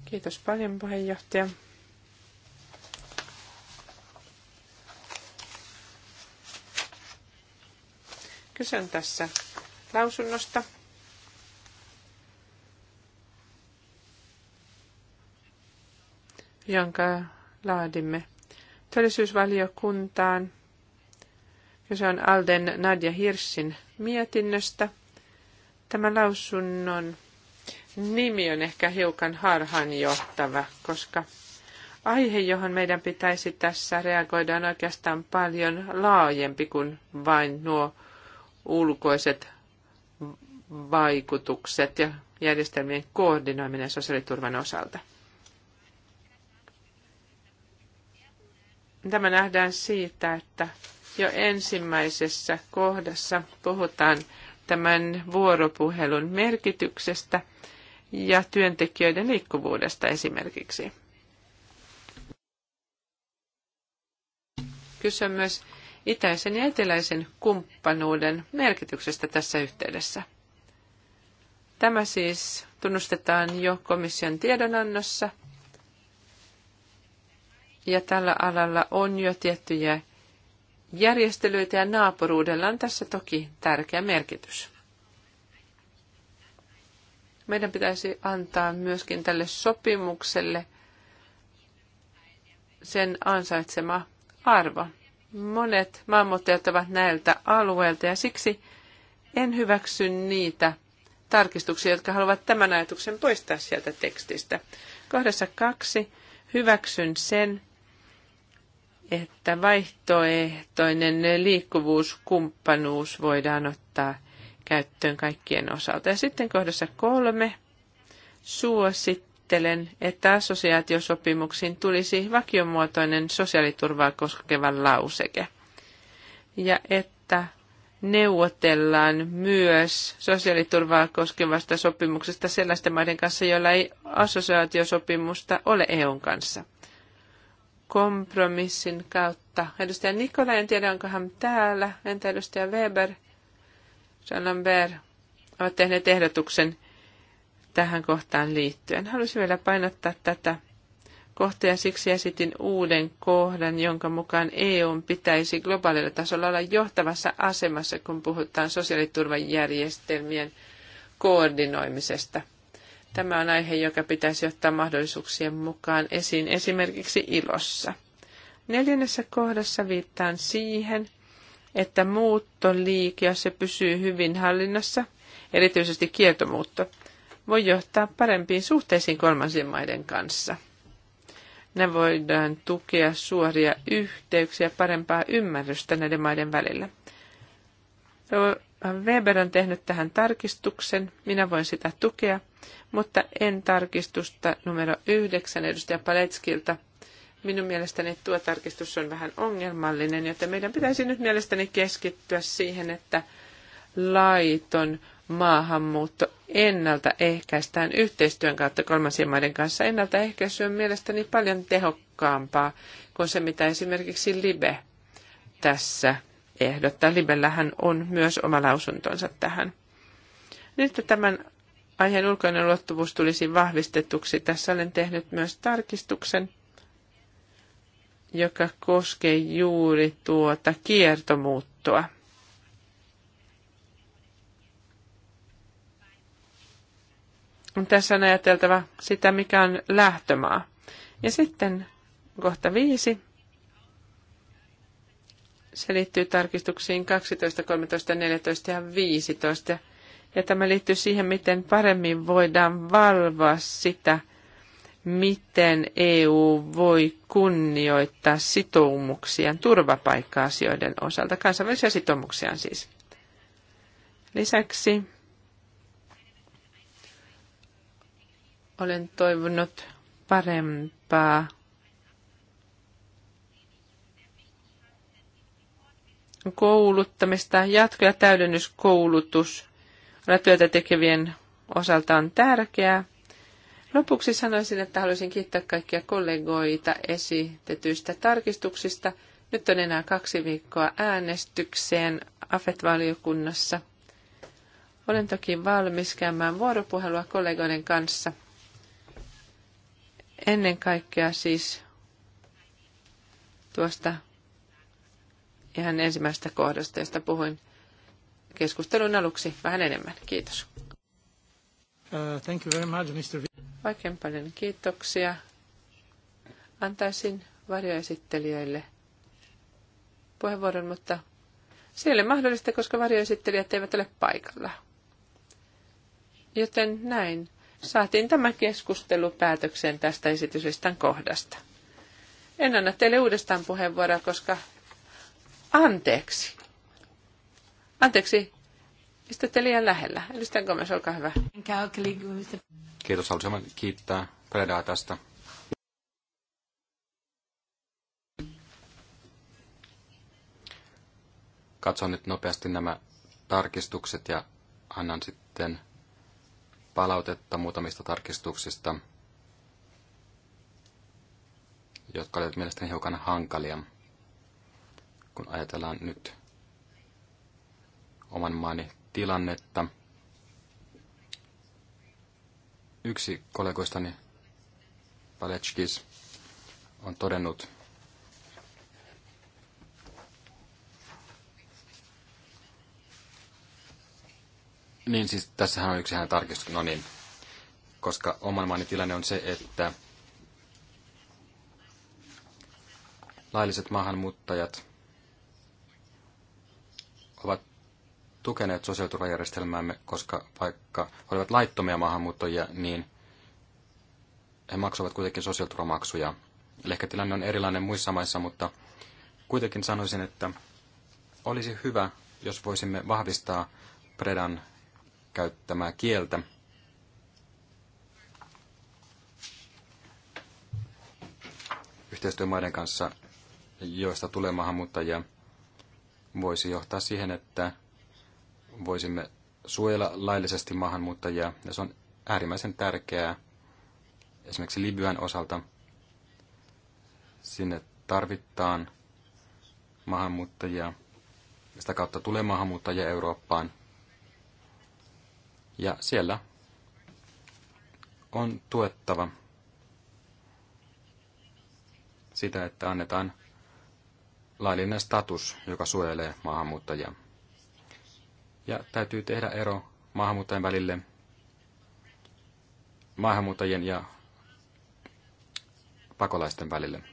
Kiitos paljon puheenjohtaja. Kyse tässä lausunnosta. jonka laadimme työllisyysvaliokuntaan. Kyse on Alden Nadja Hirsin mietinnöstä. Tämä lausunnon nimi on ehkä hiukan harhanjohtava, koska aihe, johon meidän pitäisi tässä reagoida, on oikeastaan paljon laajempi kuin vain nuo ulkoiset vaikutukset ja järjestelmien koordinoiminen sosiaaliturvan osalta. Tämä nähdään siitä, että jo ensimmäisessä kohdassa puhutaan tämän vuoropuhelun merkityksestä ja työntekijöiden liikkuvuudesta esimerkiksi. Kyse on myös itäisen ja eteläisen kumppanuuden merkityksestä tässä yhteydessä. Tämä siis tunnustetaan jo komission tiedonannossa. Ja tällä alalla on jo tiettyjä järjestelyitä ja naapuruudella on tässä toki tärkeä merkitys. Meidän pitäisi antaa myöskin tälle sopimukselle sen ansaitsema arvo. Monet maanmuuttajat ovat näiltä alueilta ja siksi en hyväksy niitä tarkistuksia, jotka haluavat tämän ajatuksen poistaa sieltä tekstistä. Kohdassa kaksi hyväksyn sen, että vaihtoehtoinen liikkuvuuskumppanuus voidaan ottaa käyttöön kaikkien osalta. Ja sitten kohdassa kolme Suosittelen ajattelen, että assosiaatiosopimuksiin tulisi vakiomuotoinen sosiaaliturvaa koskeva lauseke. Ja että neuvotellaan myös sosiaaliturvaa koskevasta sopimuksesta sellaisten maiden kanssa, joilla ei assosiaatiosopimusta ole EUn kanssa. Kompromissin kautta. Edustaja Nikola, en tiedä onko hän täällä, entä edustaja Weber, Jean Lambert, ovat tehneet ehdotuksen, tähän kohtaan liittyen. Halusin vielä painottaa tätä kohtaa ja siksi esitin uuden kohdan, jonka mukaan EU pitäisi globaalilla tasolla olla johtavassa asemassa, kun puhutaan sosiaaliturvajärjestelmien koordinoimisesta. Tämä on aihe, joka pitäisi ottaa mahdollisuuksien mukaan esiin esimerkiksi ilossa. Neljännessä kohdassa viittaan siihen, että muuttoliike, jos se pysyy hyvin hallinnassa, erityisesti kieltomuutto voi johtaa parempiin suhteisiin kolmansien maiden kanssa. Ne voidaan tukea suoria yhteyksiä parempaa ymmärrystä näiden maiden välillä. Weber on tehnyt tähän tarkistuksen, minä voin sitä tukea, mutta en tarkistusta numero yhdeksän edustaja Paletskilta. Minun mielestäni tuo tarkistus on vähän ongelmallinen, joten meidän pitäisi nyt mielestäni keskittyä siihen, että laiton maahanmuutto ennaltaehkäistään yhteistyön kautta kolmansien maiden kanssa. Ennaltaehkäisy on mielestäni paljon tehokkaampaa kuin se, mitä esimerkiksi Libe tässä ehdottaa. Libellähän on myös oma lausuntonsa tähän. Nyt tämän aiheen ulkoinen ulottuvuus tulisi vahvistetuksi. Tässä olen tehnyt myös tarkistuksen, joka koskee juuri tuota kiertomuuttoa. Tässä on ajateltava sitä, mikä on lähtömaa. Ja sitten kohta viisi. Se liittyy tarkistuksiin 12, 13, 14 ja 15. Ja tämä liittyy siihen, miten paremmin voidaan valvoa sitä, miten EU voi kunnioittaa sitoumuksiaan turvapaikka-asioiden osalta, kansainvälisiä sitoumuksia siis. Lisäksi Olen toivonut parempaa kouluttamista, jatko- ja täydennyskoulutus työtä tekevien osalta on tärkeää. Lopuksi sanoisin, että haluaisin kiittää kaikkia kollegoita esitetyistä tarkistuksista. Nyt on enää kaksi viikkoa äänestykseen AFET-valiokunnassa. Olen toki valmis käymään vuoropuhelua kollegoiden kanssa – Ennen kaikkea siis tuosta ihan ensimmäisestä kohdasta, josta puhuin keskustelun aluksi vähän enemmän. Kiitos.
Uh, thank you very much,
Mr. Oikein paljon kiitoksia. Antaisin varjoesittelijöille puheenvuoron, mutta se ei ole mahdollista, koska varjoesittelijät eivät ole paikalla. Joten näin saatiin tämä keskustelu päätökseen tästä esityslistan kohdasta. En anna teille uudestaan puheenvuoroa, koska anteeksi. Anteeksi, istutte liian lähellä. Edustaja Gomes, olkaa hyvä.
Kiitos, haluaisin kiittää Predaa tästä. Katson nyt nopeasti nämä tarkistukset ja annan sitten palautetta muutamista tarkistuksista, jotka olivat mielestäni hiukan hankalia, kun ajatellaan nyt oman maani tilannetta. Yksi kollegoistani, Paletskis, on todennut, Niin siis tässähän on yksi hän tarkistus, no niin. Koska oman maani tilanne on se, että lailliset maahanmuuttajat ovat tukeneet sosiaaliturvajärjestelmäämme, koska vaikka olivat laittomia maahanmuuttajia, niin he maksavat kuitenkin sosiaaliturvamaksuja. Eli ehkä tilanne on erilainen muissa maissa, mutta kuitenkin sanoisin, että olisi hyvä, jos voisimme vahvistaa Predan käyttämää kieltä. Yhteistyömaiden kanssa, joista tulee maahanmuuttajia, voisi johtaa siihen, että voisimme suojella laillisesti maahanmuuttajia, ja se on äärimmäisen tärkeää esimerkiksi Libyan osalta. Sinne tarvitaan maahanmuuttajia, sitä kautta tulee maahanmuuttajia Eurooppaan. Ja siellä on tuettava sitä, että annetaan laillinen status, joka suojelee maahanmuuttajia. Ja täytyy tehdä ero maahanmuuttajien välille, maahanmuuttajien ja pakolaisten välille.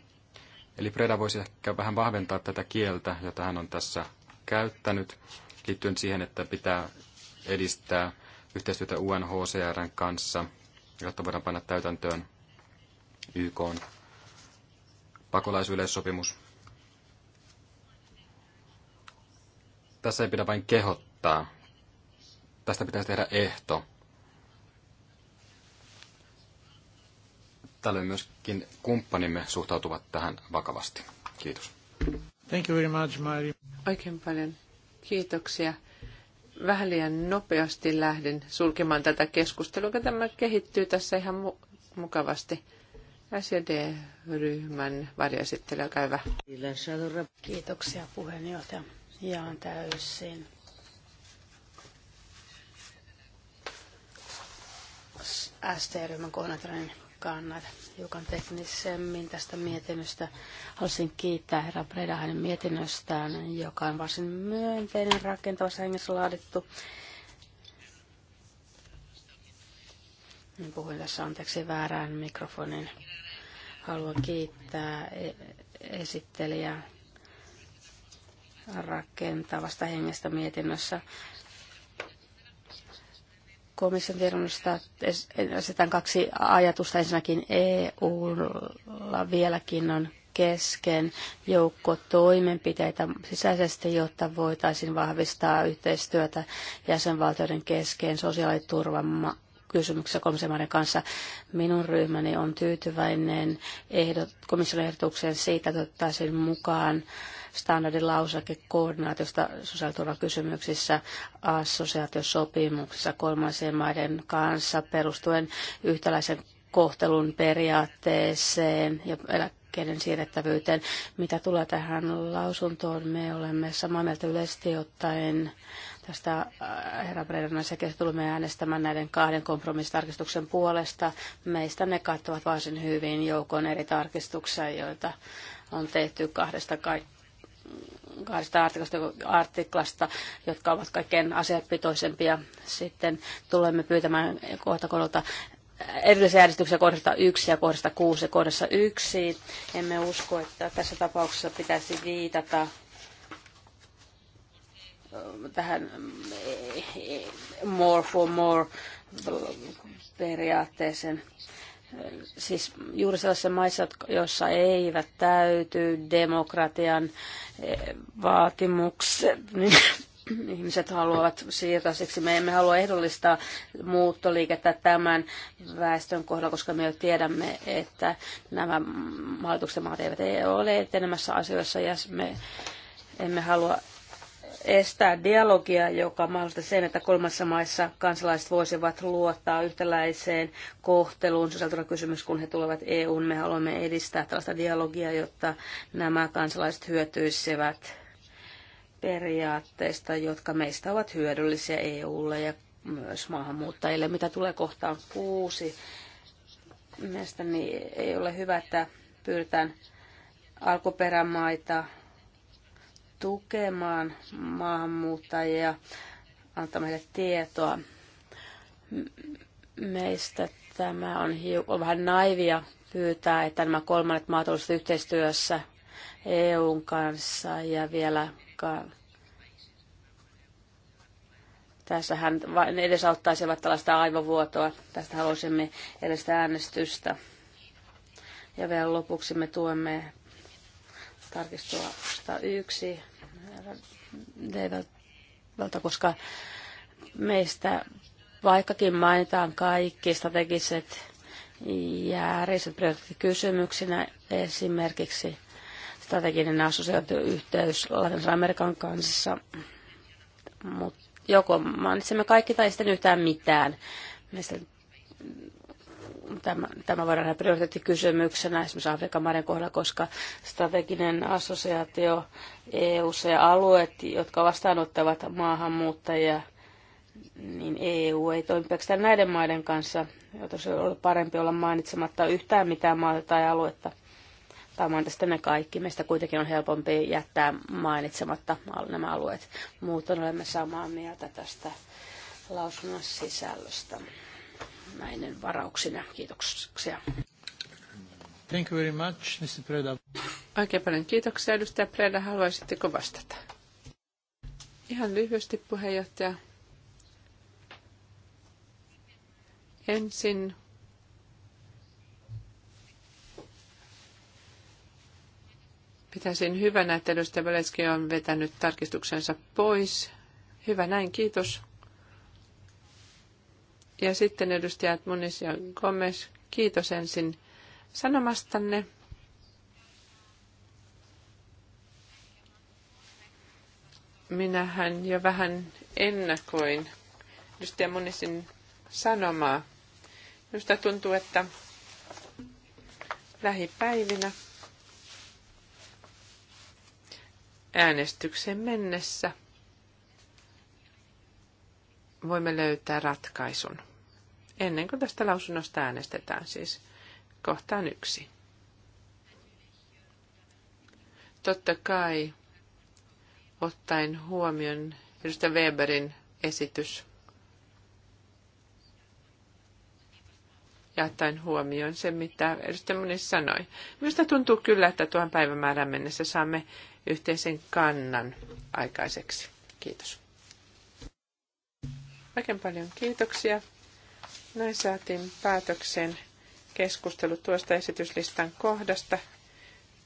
Eli Preda voisi ehkä vähän vahventaa tätä kieltä, jota hän on tässä käyttänyt, liittyen siihen, että pitää edistää yhteistyötä UNHCRn kanssa, jotta voidaan panna täytäntöön YK pakolaisyleissopimus. Tässä ei pidä vain kehottaa. Tästä pitäisi tehdä ehto. Tällöin myöskin kumppanimme suhtautuvat tähän vakavasti. Kiitos.
Thank you very much, Mari. Oikein paljon kiitoksia vähän liian nopeasti lähdin sulkemaan tätä keskustelua, joka tämä kehittyy tässä ihan mu- mukavasti. SED-ryhmän varjaesittely, olkaa hyvä. Kiitoksia
puheenjohtaja. Jaan täysin. sd ryhmän kohdalla kannat hiukan teknisemmin tästä mietinnöstä. Haluaisin kiittää herra Breda hänen mietinnöstään, joka on varsin myönteinen, rakentavassa hengessä laadittu. Niin, puhuin tässä anteeksi väärään mikrofonin. Haluan kiittää e- esittelijää rakentavasta hengestä mietinnössä komission tiedonnosta esitän kaksi ajatusta. Ensinnäkin EUlla vieläkin on kesken joukko toimenpiteitä sisäisesti, jotta voitaisiin vahvistaa yhteistyötä jäsenvaltioiden kesken sosiaaliturvan kysymyksessä kolmisen kanssa. Minun ryhmäni on tyytyväinen ehdot, komission ehdotukseen siitä, että ottaisin mukaan äh, standardilausake koordinaatiosta sosiaaliturvakysymyksissä assosiaatiosopimuksessa kolmansien maiden kanssa perustuen yhtäläisen kohtelun periaatteeseen ja eläkkeiden siirrettävyyteen. Mitä tulee tähän lausuntoon, me olemme samaa mieltä yleisesti ottaen tästä äh, herra Bredanan sekä tulemme äänestämään näiden kahden kompromissitarkistuksen puolesta. Meistä ne kattavat varsin hyvin joukon eri tarkistuksia, joita on tehty kahdesta kaikkea kahdesta artiklasta, jotka ovat kaikkein asiapitoisempia. Sitten tulemme pyytämään kohta kohdalta erillisen järjestyksen kohdasta 1 ja kohdasta 6 ja kohdassa 1. Emme usko, että tässä tapauksessa pitäisi viitata tähän e, e, more for more periaatteeseen siis juuri sellaisissa maissa, joissa eivät täyty demokratian eh, vaatimukset, niin ihmiset haluavat siirtää. Siksi me emme halua ehdollistaa muuttoliikettä tämän väestön kohdalla, koska me jo tiedämme, että nämä hallituksen maat eivät ole etenemässä asioissa ja me emme halua estää dialogia, joka mahdollistaa sen, että kolmassa maissa kansalaiset voisivat luottaa yhtäläiseen kohteluun sisältönä kysymys, kun he tulevat EUn. Me haluamme edistää tällaista dialogia, jotta nämä kansalaiset hyötyisivät periaatteista, jotka meistä ovat hyödyllisiä EUlle ja myös maahanmuuttajille. Mitä tulee kohtaan kuusi, mielestäni ei ole hyvä, että pyydetään alkuperämaita tukemaan maahanmuuttajia, antaa heille tietoa. Meistä tämä on, hiu on vähän naivia pyytää, että nämä kolmannet maat olisivat yhteistyössä EUn kanssa ja vielä tässähän vain edesauttaisivat tällaista aivovuotoa. Tästä haluaisimme edestä äänestystä. Ja vielä lopuksi me tuemme tarkistua 101 Develta, koska meistä vaikkakin mainitaan kaikki strategiset järjestöt prioriteettikysymyksinä, esimerkiksi strateginen assosiaatioyhteys Latinalaisen Amerikan kanssa, mutta joko mainitsemme kaikki tai sitten yhtään mitään. Meistä tämä, tämä voidaan nähdä prioriteettikysymyksenä esimerkiksi Afrikan maiden kohdalla, koska strateginen assosiaatio eu ja alueet, jotka vastaanottavat maahanmuuttajia, niin EU ei toimi pelkästään näiden maiden kanssa, joten se on parempi olla mainitsematta yhtään mitään maata tai aluetta. Tai mainita ne kaikki. Meistä kuitenkin on helpompi jättää mainitsematta nämä alueet. Muuten olemme samaa mieltä tästä lausunnon sisällöstä näinen varauksina.
Kiitoksia.
Thank you very much, Mr. Preda.
Oikein paljon kiitoksia, edustaja Preda. Haluaisitteko vastata? Ihan lyhyesti, puheenjohtaja. Ensin pitäisin hyvänä, että edustaja Valeski on vetänyt tarkistuksensa pois. Hyvä näin, kiitos. Ja sitten edustajat Munis ja Gomez, kiitos ensin sanomastanne. Minähän jo vähän ennakoin edustaja Munisin sanomaa. Minusta tuntuu, että lähipäivinä äänestykseen mennessä – voimme löytää ratkaisun. Ennen kuin tästä lausunnosta äänestetään siis kohtaan yksi. Totta kai ottaen huomioon edustaja Weberin esitys ja ottaen huomioon se, mitä edustaja Moni sanoi. Minusta tuntuu kyllä, että tuon päivämäärän mennessä saamme yhteisen kannan aikaiseksi. Kiitos. Oikein paljon kiitoksia. Näin saatiin päätöksen keskustelu tuosta esityslistan kohdasta.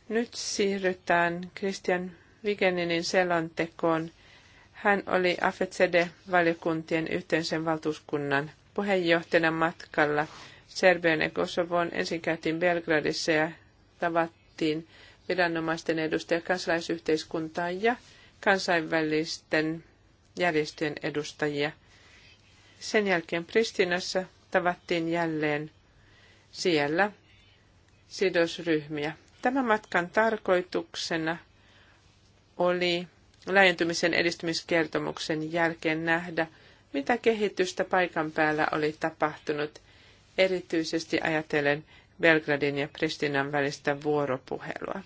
Nyt siirrytään Christian Vigeninin selontekoon. Hän oli AFCD-valiokuntien e yhteisen valtuuskunnan puheenjohtajana matkalla Serbian ja Kosovoon. Ensin käytiin Belgradissa ja tavattiin viranomaisten edustajia, kansalaisyhteiskuntaa ja kansainvälisten järjestöjen edustajia. Sen jälkeen Pristinassa tavattiin jälleen siellä sidosryhmiä. Tämän matkan tarkoituksena oli laajentumisen edistymiskertomuksen jälkeen nähdä, mitä kehitystä paikan päällä oli tapahtunut, erityisesti ajatellen Belgradin ja Pristinan välistä vuoropuhelua.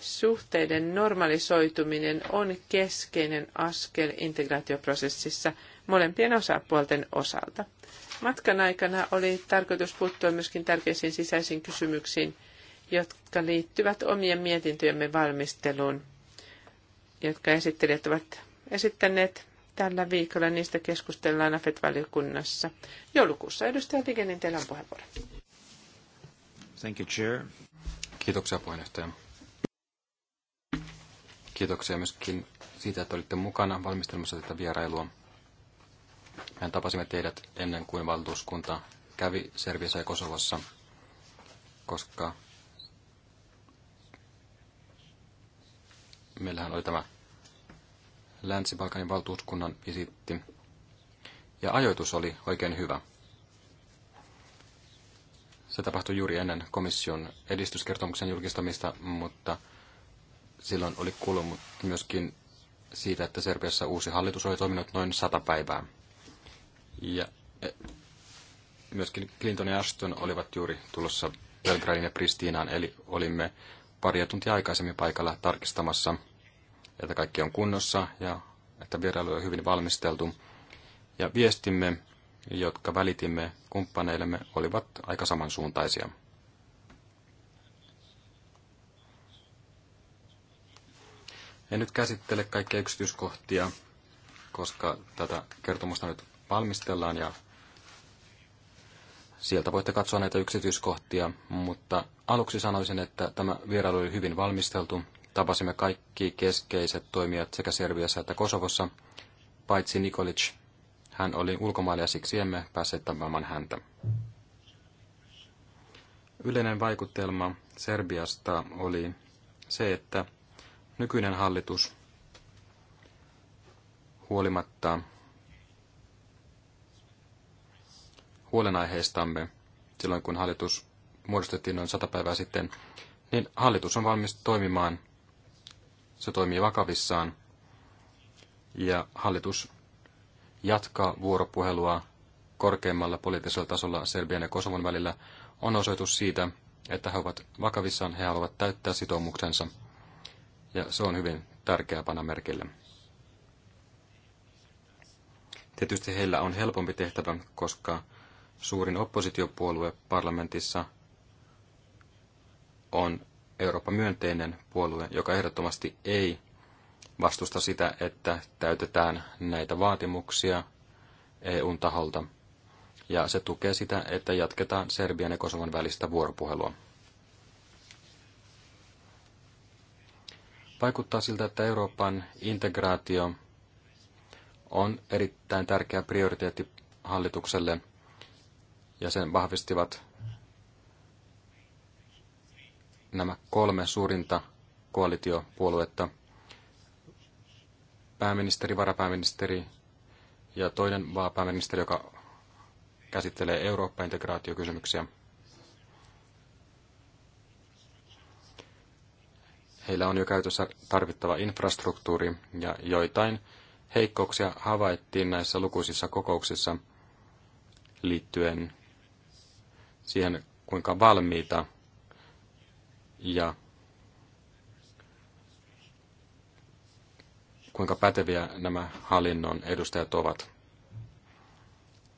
Suhteiden normalisoituminen on keskeinen askel integraatioprosessissa – molempien osapuolten osalta. Matkan aikana oli tarkoitus puuttua myöskin tärkeisiin sisäisiin kysymyksiin, jotka liittyvät omien mietintöjemme valmisteluun, jotka esittelijät ovat esittäneet tällä viikolla. Niistä keskustellaan AFET-valiokunnassa joulukuussa. Edustaja Vigenin, teillä on puheenvuoro.
Thank you, Chair. Kiitoksia puheenjohtaja. Kiitoksia myöskin siitä, että olitte mukana valmistelmassa tätä vierailua. Hän tapasimme teidät ennen kuin valtuuskunta kävi Serviassa ja Kosovossa, koska meillähän oli tämä Länsi-Balkanin valtuuskunnan visitti. Ja ajoitus oli oikein hyvä. Se tapahtui juuri ennen komission edistyskertomuksen julkistamista, mutta silloin oli kulunut myöskin siitä, että Serbiassa uusi hallitus oli toiminut noin sata päivää. Ja eh, myöskin Clinton ja Ashton olivat juuri tulossa Belgradin ja Pristinaan, eli olimme paria tuntia aikaisemmin paikalla tarkistamassa, että kaikki on kunnossa ja että vierailu on hyvin valmisteltu. Ja viestimme, jotka välitimme kumppaneillemme, olivat aika samansuuntaisia. En nyt käsittele kaikkia yksityiskohtia, koska tätä kertomusta nyt valmistellaan ja sieltä voitte katsoa näitä yksityiskohtia, mutta aluksi sanoisin, että tämä vierailu oli hyvin valmisteltu. Tapasimme kaikki keskeiset toimijat sekä Serviassa että Kosovossa, paitsi Nikolic. Hän oli ulkomailla ja siksi emme päässeet tapaamaan häntä. Yleinen vaikutelma Serbiasta oli se, että nykyinen hallitus huolimatta huolenaiheistamme silloin, kun hallitus muodostettiin noin sata päivää sitten, niin hallitus on valmis toimimaan. Se toimii vakavissaan. Ja hallitus jatkaa vuoropuhelua korkeimmalla poliittisella tasolla Serbian ja Kosovon välillä on osoitus siitä, että he ovat vakavissaan, he haluavat täyttää sitoumuksensa. Ja se on hyvin tärkeää panna merkille. Tietysti heillä on helpompi tehtävä, koska suurin oppositiopuolue parlamentissa on Euroopan myönteinen puolue, joka ehdottomasti ei vastusta sitä, että täytetään näitä vaatimuksia EUn taholta. Ja se tukee sitä, että jatketaan Serbian ja Kosovan välistä vuoropuhelua. Vaikuttaa siltä, että Euroopan integraatio on erittäin tärkeä prioriteetti hallitukselle – ja sen vahvistivat nämä kolme suurinta koalitiopuoluetta, pääministeri, varapääministeri ja toinen pääministeri, joka käsittelee Eurooppa-integraatiokysymyksiä. Heillä on jo käytössä tarvittava infrastruktuuri ja joitain heikkouksia havaittiin näissä lukuisissa kokouksissa liittyen siihen, kuinka valmiita ja kuinka päteviä nämä hallinnon edustajat ovat.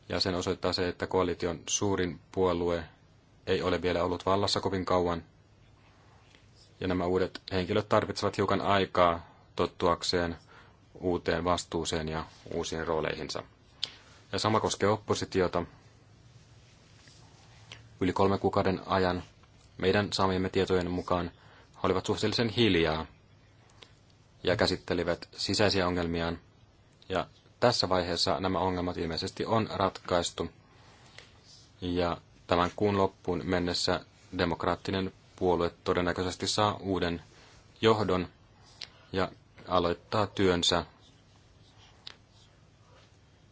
Ja sen osoittaa se, että koalition suurin puolue ei ole vielä ollut vallassa kovin kauan. Ja nämä uudet henkilöt tarvitsevat hiukan aikaa tottuakseen uuteen vastuuseen ja uusiin rooleihinsa. Ja sama koskee oppositiota yli kolme kuukauden ajan meidän saamiemme tietojen mukaan olivat suhteellisen hiljaa ja käsittelivät sisäisiä ongelmiaan. Ja tässä vaiheessa nämä ongelmat ilmeisesti on ratkaistu. Ja tämän kuun loppuun mennessä demokraattinen puolue todennäköisesti saa uuden johdon ja aloittaa työnsä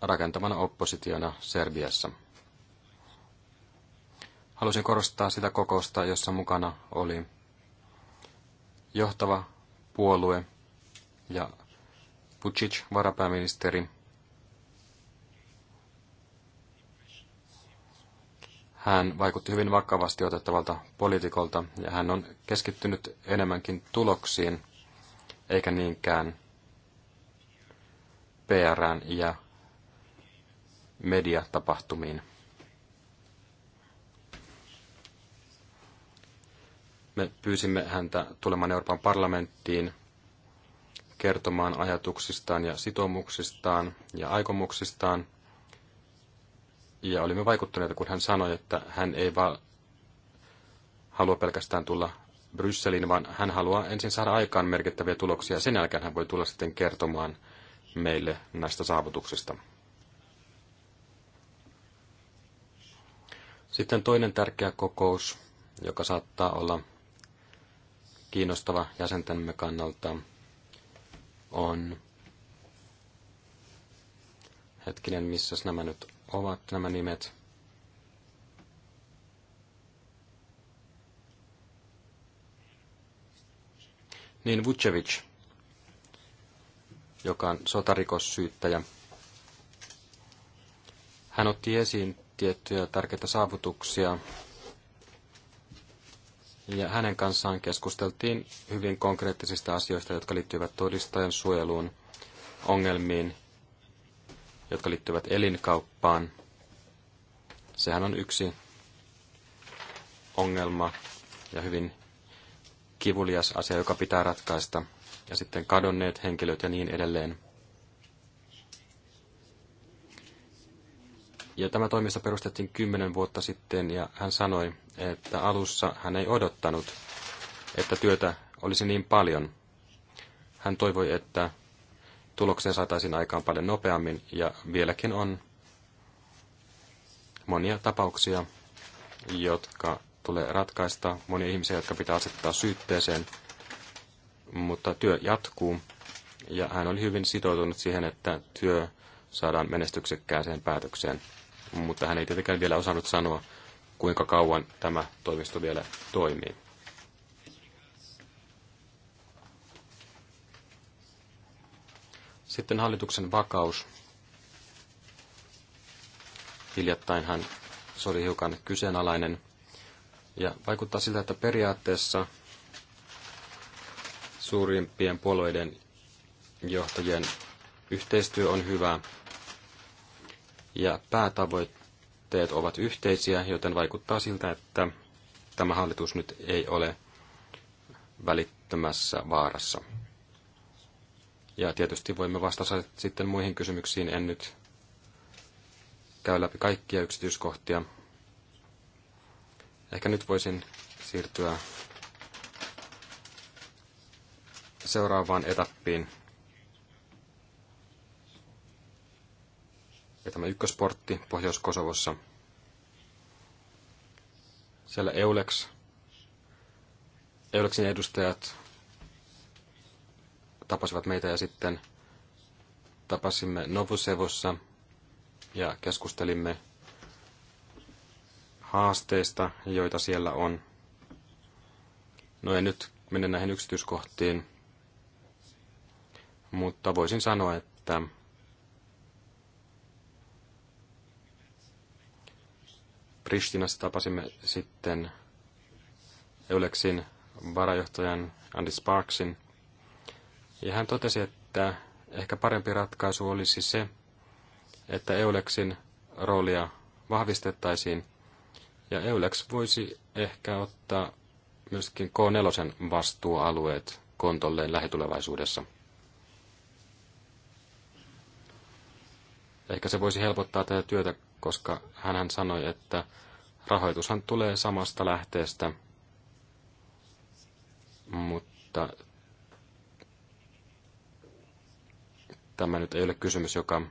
rakentamana oppositiona Serbiassa. Halusin korostaa sitä kokousta, jossa mukana oli johtava puolue ja Vucic, varapääministeri. Hän vaikutti hyvin vakavasti otettavalta poliitikolta ja hän on keskittynyt enemmänkin tuloksiin eikä niinkään PRään ja mediatapahtumiin. Me pyysimme häntä tulemaan Euroopan parlamenttiin kertomaan ajatuksistaan ja sitoumuksistaan ja aikomuksistaan. Ja olimme vaikuttuneita, kun hän sanoi, että hän ei vaan halua pelkästään tulla Brysseliin, vaan hän haluaa ensin saada aikaan merkittäviä tuloksia. Sen jälkeen hän voi tulla sitten kertomaan meille näistä saavutuksista. Sitten toinen tärkeä kokous, joka saattaa olla kiinnostava jäsentämme kannalta on hetkinen, missä nämä nyt ovat nämä nimet. Niin Vucevic, joka on sotarikossyyttäjä. Hän otti esiin tiettyjä tärkeitä saavutuksia ja hänen kanssaan keskusteltiin hyvin konkreettisista asioista, jotka liittyvät todistajan suojeluun, ongelmiin, jotka liittyvät elinkauppaan. Sehän on yksi ongelma ja hyvin kivulias asia, joka pitää ratkaista. Ja sitten kadonneet henkilöt ja niin edelleen. Ja tämä toimisto perustettiin kymmenen vuotta sitten ja hän sanoi, että alussa hän ei odottanut, että työtä olisi niin paljon. Hän toivoi, että tuloksen saataisiin aikaan paljon nopeammin ja vieläkin on monia tapauksia, jotka tulee ratkaista, monia ihmisiä, jotka pitää asettaa syytteeseen, mutta työ jatkuu ja hän oli hyvin sitoutunut siihen, että työ saadaan menestyksekkääseen päätökseen mutta hän ei tietenkään vielä osannut sanoa, kuinka kauan tämä toimisto vielä toimii. Sitten hallituksen vakaus. Hiljattainhan se oli hiukan kyseenalainen. Ja vaikuttaa siltä, että periaatteessa suurimpien puolueiden johtajien yhteistyö on hyvä ja päätavoitteet ovat yhteisiä, joten vaikuttaa siltä, että tämä hallitus nyt ei ole välittömässä vaarassa. Ja tietysti voimme vastata sitten muihin kysymyksiin. En nyt käy läpi kaikkia yksityiskohtia. Ehkä nyt voisin siirtyä seuraavaan etappiin, ja tämä ykkösportti Pohjois-Kosovossa. Siellä Eulex, Eulexin edustajat tapasivat meitä ja sitten tapasimme Novusevossa ja keskustelimme haasteista, joita siellä on. No en nyt mene näihin yksityiskohtiin, mutta voisin sanoa, että Pristinassa tapasimme sitten Euleksin varajohtajan Andy Sparksin. Ja hän totesi, että ehkä parempi ratkaisu olisi se, että Euleksin roolia vahvistettaisiin ja Eulex voisi ehkä ottaa myöskin K4 vastuualueet kontolleen lähitulevaisuudessa. Ehkä se voisi helpottaa tätä työtä koska hän sanoi, että rahoitushan tulee samasta lähteestä, mutta tämä nyt ei ole kysymys, joka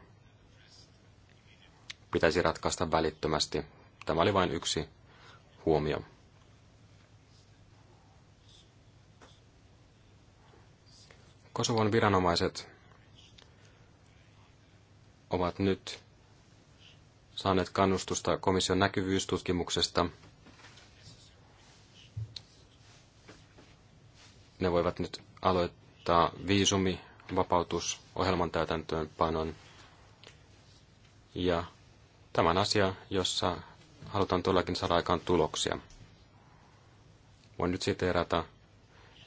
pitäisi ratkaista välittömästi. Tämä oli vain yksi huomio. Kosovon viranomaiset ovat nyt saaneet kannustusta komission näkyvyystutkimuksesta. Ne voivat nyt aloittaa viisumivapautusohjelman täytäntöönpanon. Ja tämän asia, jossa halutaan todellakin saada aikaan tuloksia. Voin nyt siteerata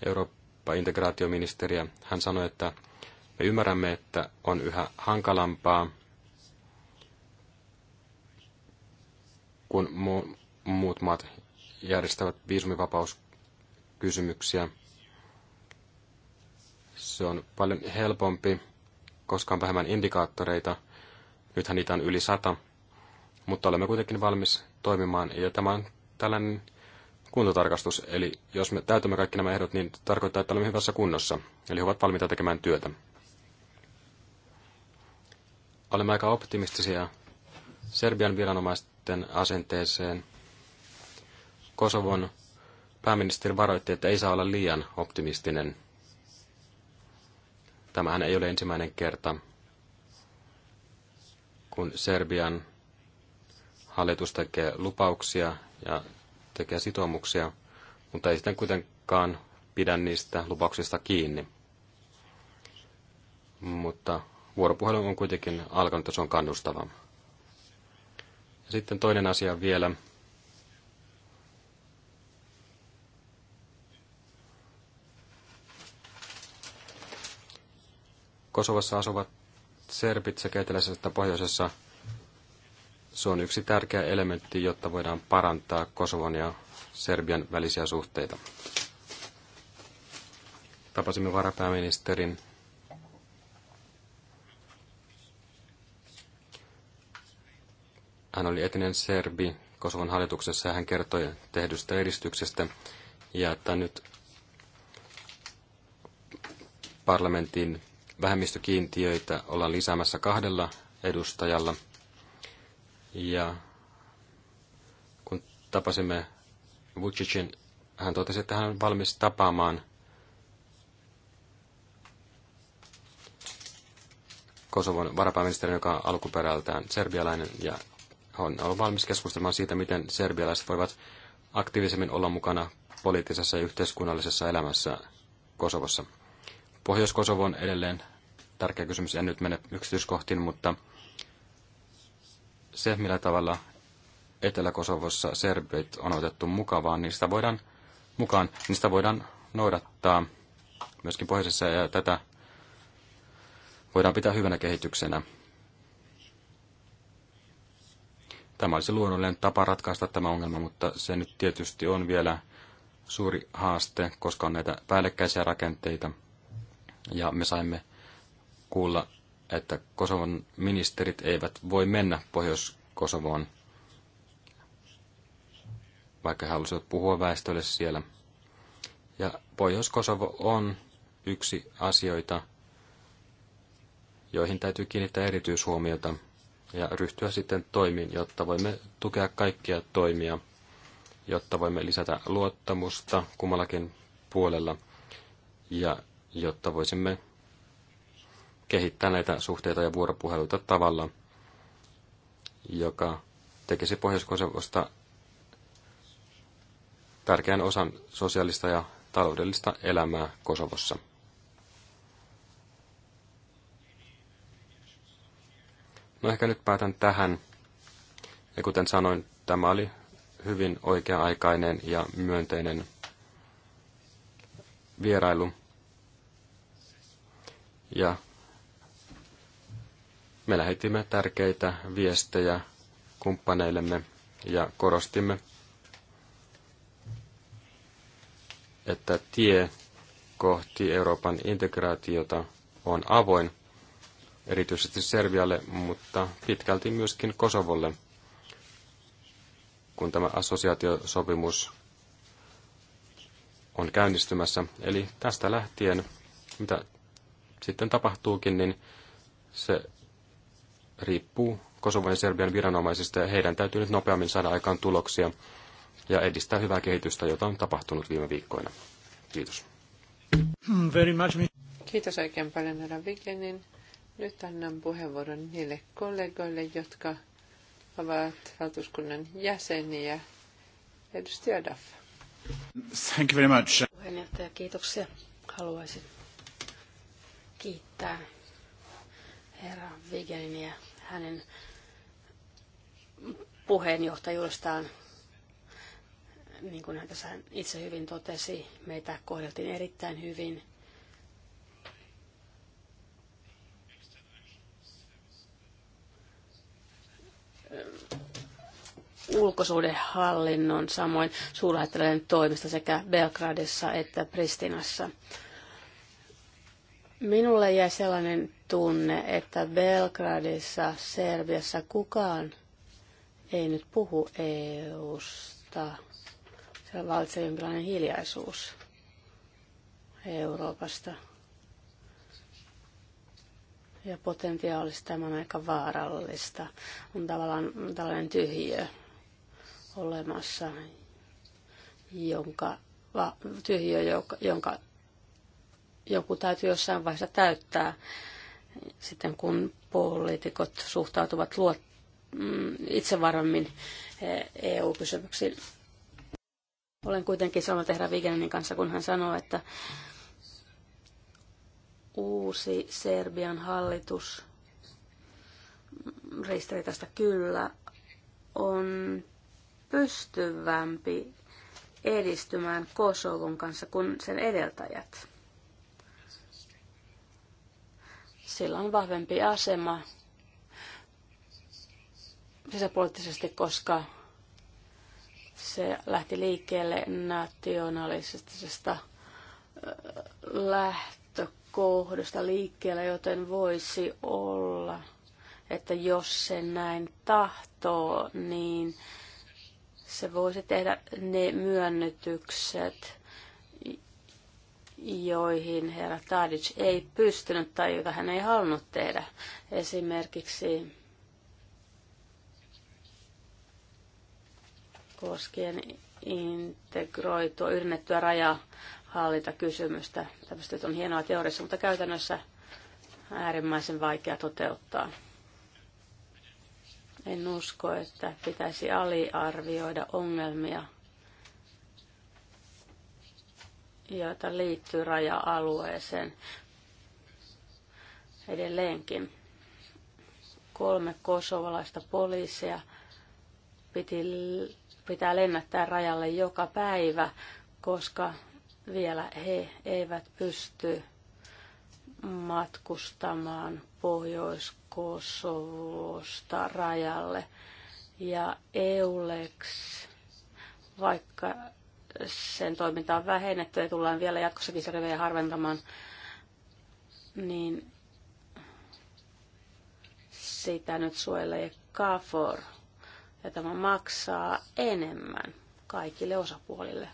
Eurooppa-integraatioministeriä. Hän sanoi, että me ymmärrämme, että on yhä hankalampaa kun muut maat järjestävät viisumivapauskysymyksiä. Se on paljon helpompi, koska on vähemmän indikaattoreita. Nythän niitä on yli sata, mutta olemme kuitenkin valmis toimimaan. Ja tämä on tällainen kuntotarkastus, eli jos me täytämme kaikki nämä ehdot, niin tarkoittaa, että olemme hyvässä kunnossa. Eli he ovat valmiita tekemään työtä. Olemme aika optimistisia Serbian viranomaiset sitten asenteeseen. Kosovon pääministeri varoitti, että ei saa olla liian optimistinen. Tämähän ei ole ensimmäinen kerta, kun Serbian hallitus tekee lupauksia ja tekee sitoumuksia, mutta ei sitten kuitenkaan pidä niistä lupauksista kiinni. Mutta vuoropuhelu on kuitenkin alkanut ja se on kannustavaa. Sitten toinen asia vielä. Kosovassa asuvat serbit sekä eteläisessä että pohjoisessa. Se on yksi tärkeä elementti, jotta voidaan parantaa Kosovon ja Serbian välisiä suhteita. Tapasimme varapääministerin Hän oli etinen serbi Kosovon hallituksessa ja hän kertoi tehdystä edistyksestä ja että nyt parlamentin vähemmistökiintiöitä ollaan lisäämässä kahdella edustajalla. Ja kun tapasimme Vucicin, hän totesi, että hän on valmis tapaamaan Kosovon varapääministeri, joka on alkuperältään serbialainen, ja on ollut valmis keskustelemaan siitä, miten serbialaiset voivat aktiivisemmin olla mukana poliittisessa ja yhteiskunnallisessa elämässä Kosovossa. Pohjois-Kosovo on edelleen tärkeä kysymys, en nyt mene yksityiskohtiin, mutta se, millä tavalla Etelä-Kosovossa serbit on otettu mukavaan, niistä voidaan, mukaan, niistä voidaan noudattaa myöskin pohjoisessa ja tätä voidaan pitää hyvänä kehityksenä. Tämä olisi luonnollinen tapa ratkaista tämä ongelma, mutta se nyt tietysti on vielä suuri haaste, koska on näitä päällekkäisiä rakenteita. Ja me saimme kuulla, että Kosovon ministerit eivät voi mennä Pohjois-Kosovoon, vaikka he halusivat puhua väestölle siellä. Ja Pohjois-Kosovo on yksi asioita, joihin täytyy kiinnittää erityishuomiota – ja ryhtyä sitten toimiin, jotta voimme tukea kaikkia toimia, jotta voimme lisätä luottamusta kummallakin puolella ja jotta voisimme kehittää näitä suhteita ja vuoropuheluita tavalla, joka tekisi Pohjois-Kosovosta tärkeän osan sosiaalista ja taloudellista elämää Kosovossa. No ehkä nyt päätän tähän. Ja kuten sanoin, tämä oli hyvin oikea-aikainen ja myönteinen vierailu. Ja me lähetimme tärkeitä viestejä kumppaneillemme ja korostimme, että tie kohti Euroopan integraatiota on avoin erityisesti Servialle, mutta pitkälti myöskin Kosovolle, kun tämä assosiaatiosopimus on käynnistymässä. Eli tästä lähtien, mitä sitten tapahtuukin, niin se riippuu Kosovan ja Serbian viranomaisista ja heidän täytyy nyt nopeammin saada aikaan tuloksia ja edistää hyvää kehitystä, jota on tapahtunut viime viikkoina. Kiitos.
Hmm, very much.
Kiitos oikein paljon herra Vigenin. Nyt annan puheenvuoron niille kollegoille, jotka ovat valtuuskunnan jäseniä. Edustaja Daff.
Thank you very much.
Puheenjohtaja, kiitoksia. Haluaisin
kiittää herra ja hänen puheenjohtajuudestaan. Niin kuin hän tässä itse hyvin totesi, meitä kohdeltiin erittäin hyvin – ulkosuhdehallinnon, samoin suurlähettiläiden toimista sekä Belgradissa että Pristinassa. Minulle jäi sellainen tunne, että Belgradissa, Serbiassa kukaan ei nyt puhu EU-sta. Siellä valitsee jonkinlainen hiljaisuus Euroopasta ja potentiaalista tämä on aika vaarallista. On tavallaan tällainen tyhjiö olemassa, jonka, va, tyhjiö, joka, jonka joku täytyy jossain vaiheessa täyttää. Sitten kun poliitikot suhtautuvat luot, mm, itse varmemmin EU-kysymyksiin. E Olen kuitenkin sanonut tehdä Vigenin kanssa, kun hän sanoo, että uusi Serbian hallitus, ristiriitasta kyllä, on pystyvämpi edistymään Kosovon kanssa kuin sen edeltäjät. Sillä on vahvempi asema sisäpoliittisesti, koska se lähti liikkeelle nationalistisesta lähtöä kohdasta liikkeellä, joten voisi olla, että jos se näin tahtoo, niin se voisi tehdä ne myönnytykset, joihin herra Tadic ei pystynyt tai joita hän ei halunnut tehdä. Esimerkiksi koskien integroitua, yhdennettyä rajaa hallita kysymystä. Tämmöistä on hienoa teoriassa, mutta käytännössä äärimmäisen vaikea toteuttaa. En usko, että pitäisi aliarvioida ongelmia, joita liittyy raja-alueeseen edelleenkin. Kolme kosovalaista poliisia piti, pitää lennättää rajalle joka päivä, koska vielä he eivät pysty matkustamaan Pohjois-Kosovosta rajalle. Ja EULEX, vaikka sen toiminta on vähennetty ja tullaan vielä jatkossakin se harventamaan, niin sitä nyt suojelee KAFOR. Ja tämä maksaa enemmän kaikille osapuolille.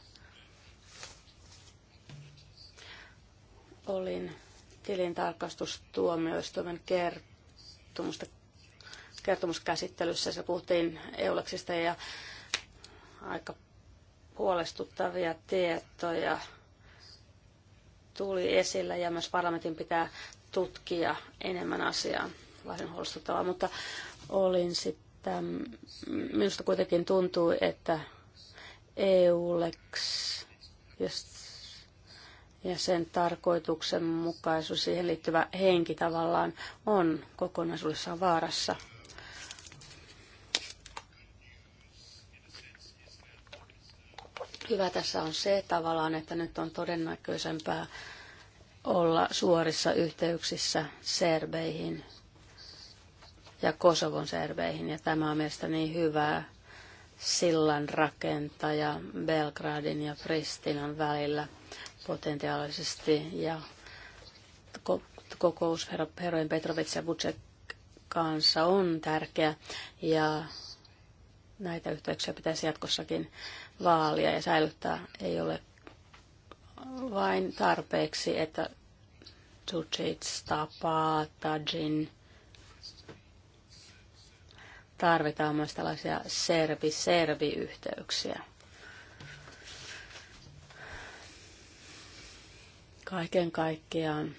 olin tilintarkastustuomioistuimen kertomusta, kertomuskäsittelyssä. Se puhuttiin Euleksista ja aika huolestuttavia tietoja tuli esille ja myös parlamentin pitää tutkia enemmän asiaa. Varsin huolestuttavaa, mutta olin sitten, minusta kuitenkin tuntuu, että EULEX, jos ja sen tarkoituksenmukaisuus, siihen liittyvä henki tavallaan on kokonaisuudessaan vaarassa. Hyvä tässä on se tavallaan, että nyt on todennäköisempää olla suorissa yhteyksissä serbeihin ja Kosovon serbeihin, ja tämä on mielestäni hyvää sillan rakentaja Belgradin ja Pristinan välillä – potentiaalisesti ja kokous herrojen Petrovic ja Butchek kanssa on tärkeä ja näitä yhteyksiä pitäisi jatkossakin vaalia ja säilyttää. Ei ole vain tarpeeksi, että Tsutsit tapaa Tajin. Tarvitaan myös tällaisia serbi-serbi-yhteyksiä. Kaiken kaikkiaan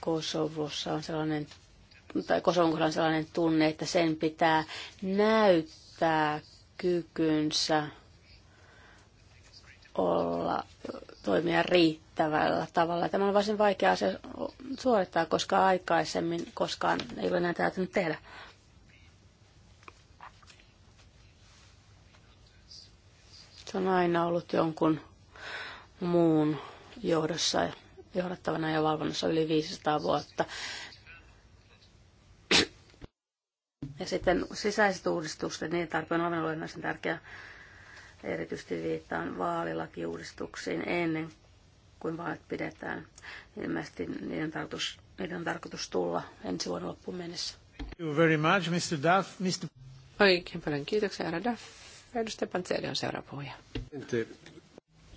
Kosovossa on sellainen, tai Kosovossa on sellainen tunne, että sen pitää näyttää kykynsä olla, toimia riittävällä tavalla. Tämä on varsin vaikea asia suorittaa, koska aikaisemmin koskaan ei ole näitä täytynyt tehdä. Se on aina ollut jonkun muun johdossa ja johdattavana ja valvonnassa yli 500 vuotta. Ja sitten sisäiset uudistukset, niin tarkoin on olennaisen tärkeä erityisesti viittaan vaalilakiuudistuksiin ennen kuin vaalit pidetään. Ilmeisesti niiden tarkoitus, niiden on tarkoitus tulla ensi vuoden loppuun mennessä.
Thank you very much, Mr. Duff. Mr.
Oikein paljon kiitoksia, herra Duff. Edustaja Pantseli on seuraava puhuja.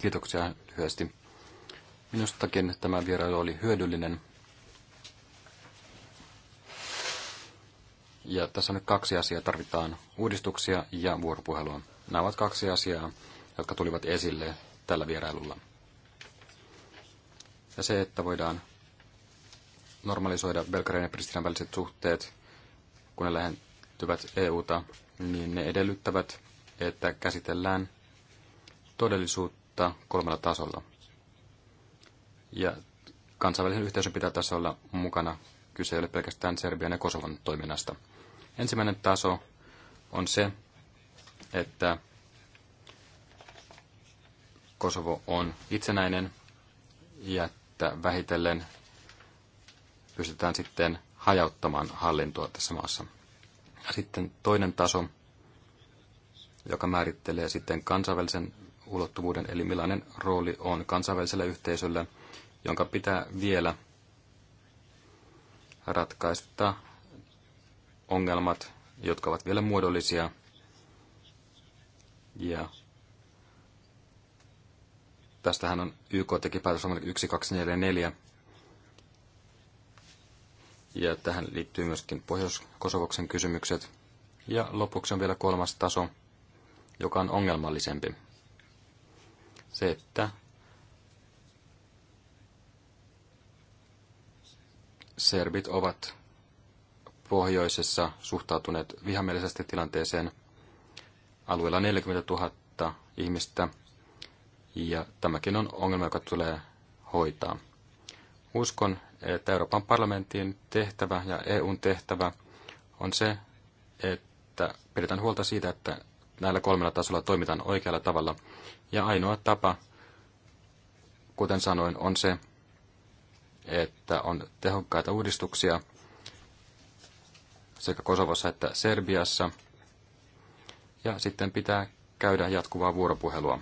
Kiitoksia lyhyesti. Minustakin tämä vierailu oli hyödyllinen. Ja tässä nyt kaksi asiaa. Tarvitaan uudistuksia ja vuoropuhelua. Nämä ovat kaksi asiaa, jotka tulivat esille tällä vierailulla. Ja se, että voidaan normalisoida Belgarin ja Pristinan väliset suhteet, kun ne lähentyvät EUta, niin ne edellyttävät, että käsitellään todellisuutta kolmella tasolla – ja kansainvälisen yhteisön pitää tässä olla mukana. Kyse ei ole pelkästään Serbian ja Kosovan toiminnasta. Ensimmäinen taso on se, että Kosovo on itsenäinen ja että vähitellen pystytään sitten hajauttamaan hallintoa tässä maassa. Ja sitten toinen taso, joka määrittelee sitten kansainvälisen ulottuvuuden, eli millainen rooli on kansainvälisellä yhteisöllä jonka pitää vielä ratkaista ongelmat, jotka ovat vielä muodollisia. Ja tästähän on YK teki päätös 1244. Ja tähän liittyy myöskin Pohjois-Kosovoksen kysymykset. Ja lopuksi on vielä kolmas taso, joka on ongelmallisempi. Se, että serbit ovat pohjoisessa suhtautuneet vihamielisesti tilanteeseen. Alueella 40 000 ihmistä ja tämäkin on ongelma, joka tulee hoitaa. Uskon, että Euroopan parlamentin tehtävä ja EUn tehtävä on se, että pidetään huolta siitä, että näillä kolmella tasolla toimitaan oikealla tavalla. Ja ainoa tapa, kuten sanoin, on se, että on tehokkaita uudistuksia sekä Kosovossa että Serbiassa. Ja sitten pitää käydä jatkuvaa vuoropuhelua.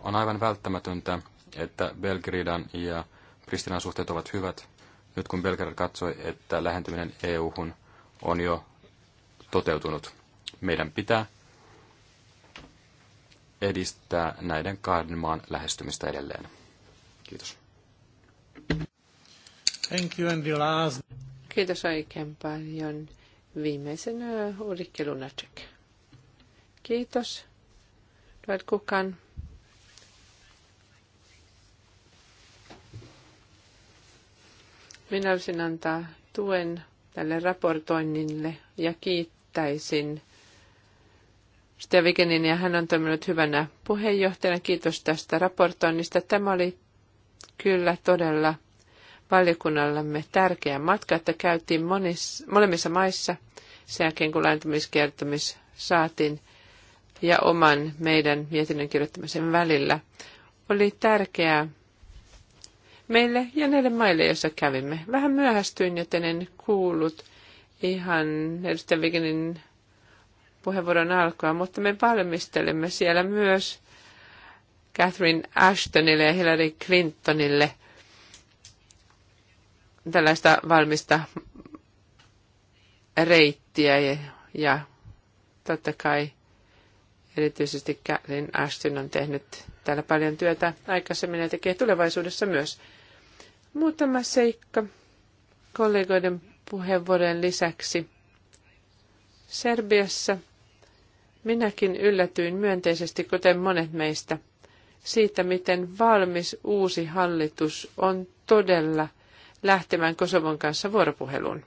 On aivan välttämätöntä, että Belgridan ja Pristinan suhteet ovat hyvät, nyt kun Belgrad katsoi, että lähentyminen EU-hun on jo toteutunut. Meidän pitää edistää näiden kahden maan lähestymistä edelleen. Kiitos.
Thank you and the last. Kiitos oikein paljon. viimeisen Ulrike Lunacek. Kiitos. Dwight Kukan. Minä olisin antaa tuen tälle raportoinnille ja kiittäisin Stevigenin ja hän on toiminut hyvänä puheenjohtajana. Kiitos tästä raportoinnista. Tämä oli kyllä todella valiokunnallamme tärkeä matka, että käytiin monissa, molemmissa maissa sen jälkeen, kun lääntymiskertomus saatiin ja oman meidän mietinnön kirjoittamisen välillä. Oli tärkeää meille ja näille maille, joissa kävimme. Vähän myöhästyin, joten en kuullut ihan edustajan Viginin puheenvuoron alkua, mutta me valmistelemme siellä myös Catherine Ashtonille ja Hillary Clintonille tällaista valmista reittiä ja, ja totta kai erityisesti Catherine Ashton on tehnyt täällä paljon työtä aikaisemmin ja tekee tulevaisuudessa myös. Muutama seikka kollegoiden puheenvuorojen lisäksi. Serbiassa minäkin yllätyin myönteisesti, kuten monet meistä – siitä, miten valmis uusi hallitus on todella lähtemään Kosovon kanssa vuoropuheluun.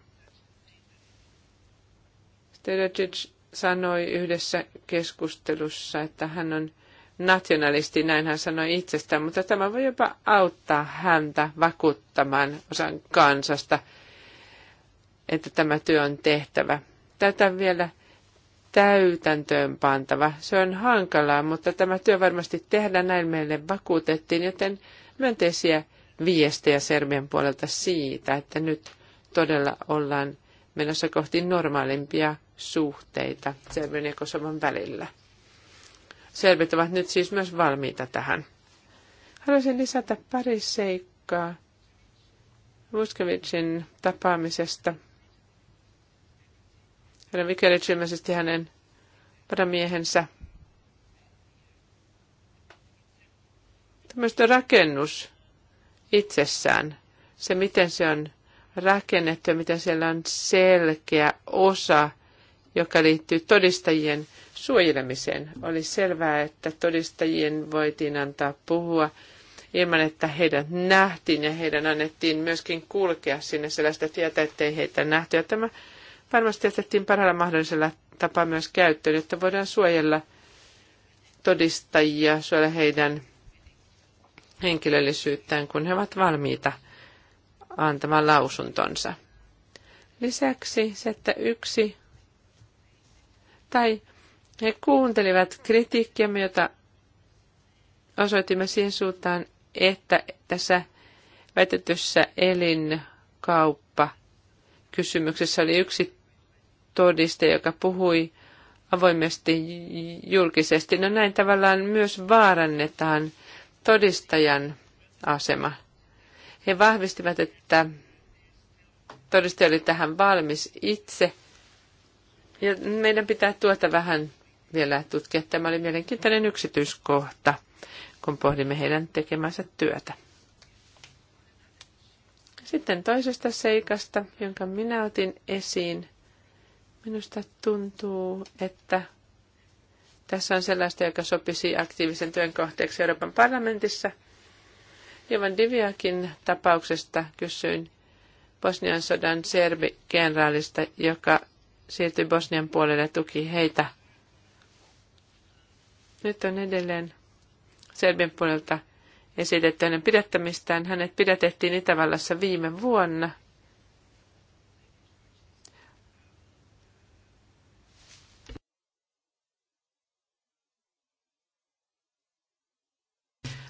Stedicic sanoi yhdessä keskustelussa, että hän on nationalisti, näin hän sanoi itsestään, mutta tämä voi jopa auttaa häntä vakuuttamaan osan kansasta, että tämä työ on tehtävä. Tätä vielä täytäntöön pantava. Se on hankalaa, mutta tämä työ varmasti tehdään, näin meille vakuutettiin, joten myönteisiä viestejä Serbian puolelta siitä, että nyt todella ollaan menossa kohti normaalimpia suhteita Serbian ja Kosovan välillä. Serbit ovat nyt siis myös valmiita tähän. Haluaisin lisätä pari seikkaa Vuskevicin tapaamisesta – Herra Vikerits ilmeisesti hänen padamiehensä. Tämmöistä rakennus itsessään, se miten se on rakennettu ja miten siellä on selkeä osa, joka liittyy todistajien suojelemiseen. Oli selvää, että todistajien voitiin antaa puhua ilman, että heidät nähtiin ja heidän annettiin myöskin kulkea sinne sellaista tietä, ettei heitä nähty. Ja tämä varmasti jätettiin parhaalla mahdollisella tapaa myös käyttöön, että voidaan suojella todistajia, suojella heidän henkilöllisyyttään, kun he ovat valmiita antamaan lausuntonsa. Lisäksi se, että yksi tai he kuuntelivat kritiikkiä, jota osoitimme siihen suuntaan, että tässä väitetyssä elinkauppa kysymyksessä oli yksi todiste, joka puhui avoimesti julkisesti. No näin tavallaan myös vaarannetaan todistajan asema. He vahvistivat, että todistaja oli tähän valmis itse. Ja meidän pitää tuota vähän vielä tutkia. Tämä oli mielenkiintoinen yksityiskohta, kun pohdimme heidän tekemänsä työtä. Sitten toisesta seikasta, jonka minä otin esiin, Minusta tuntuu, että tässä on sellaista, joka sopisi aktiivisen työn kohteeksi Euroopan parlamentissa. Jovan Diviakin tapauksesta kysyin Bosnian sodan Serbi kenraalista, joka siirtyi Bosnian puolelle ja tuki heitä. Nyt on edelleen Serbian puolelta esitetty hänen pidättämistään. Hänet pidätettiin Itävallassa viime vuonna –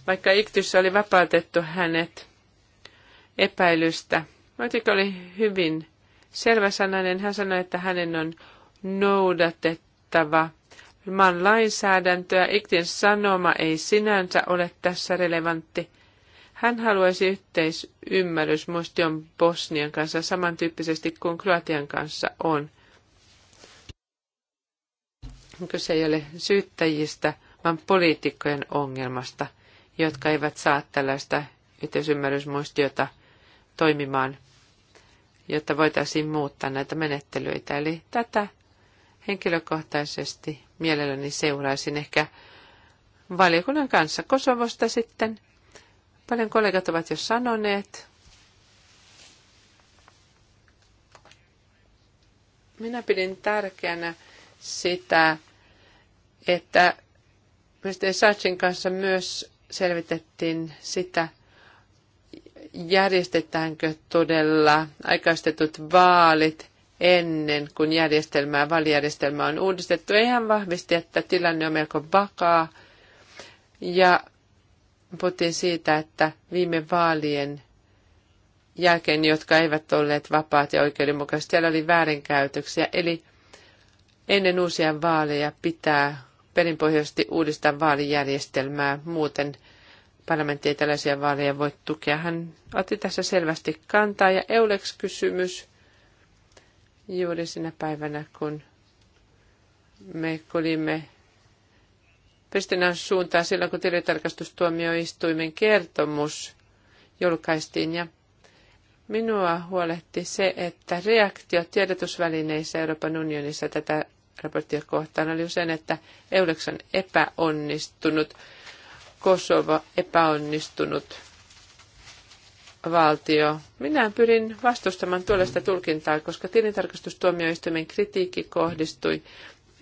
Vaikka Iktys oli vapautettu hänet epäilystä, Matik oli hyvin selväsanainen. Hän sanoi, että hänen on noudatettava maan lainsäädäntöä. Iktin sanoma ei sinänsä ole tässä relevantti. Hän haluaisi yhteisymmärrys Mustion Bosnian kanssa samantyyppisesti kuin Kroatian kanssa on. Kyse ei ole syyttäjistä, vaan poliitikkojen ongelmasta jotka eivät saa tällaista yhteisymmärrysmuistiota toimimaan, jotta voitaisiin muuttaa näitä menettelyitä. Eli tätä henkilökohtaisesti mielelläni seuraisin ehkä valiokunnan kanssa Kosovosta sitten. Paljon kollegat ovat jo sanoneet. Minä pidin tärkeänä sitä, että Mr. Sachin kanssa myös selvitettiin sitä, järjestetäänkö todella aikaistetut vaalit ennen kuin järjestelmää, vaalijärjestelmää on uudistettu. Eihän vahvisti, että tilanne on melko vakaa. Ja puhuttiin siitä, että viime vaalien jälkeen, jotka eivät olleet vapaat ja oikeudenmukaiset, siellä oli väärinkäytöksiä. Eli ennen uusia vaaleja pitää perinpohjaisesti uudistaa vaalijärjestelmää, muuten parlamentti ei tällaisia vaaleja voi tukea. Hän otti tässä selvästi kantaa ja Eulex-kysymys juuri sinä päivänä, kun me kulimme Pristinan suuntaan silloin, kun tilitarkastustuomioistuimen kertomus julkaistiin. Ja minua huolehti se, että reaktio tiedotusvälineissä Euroopan unionissa tätä raporttia kohtaan oli usein, että Eulex on epäonnistunut, Kosovo epäonnistunut valtio. Minä pyrin vastustamaan tuollaista tulkintaa, koska tilintarkastustuomioistuimen kritiikki kohdistui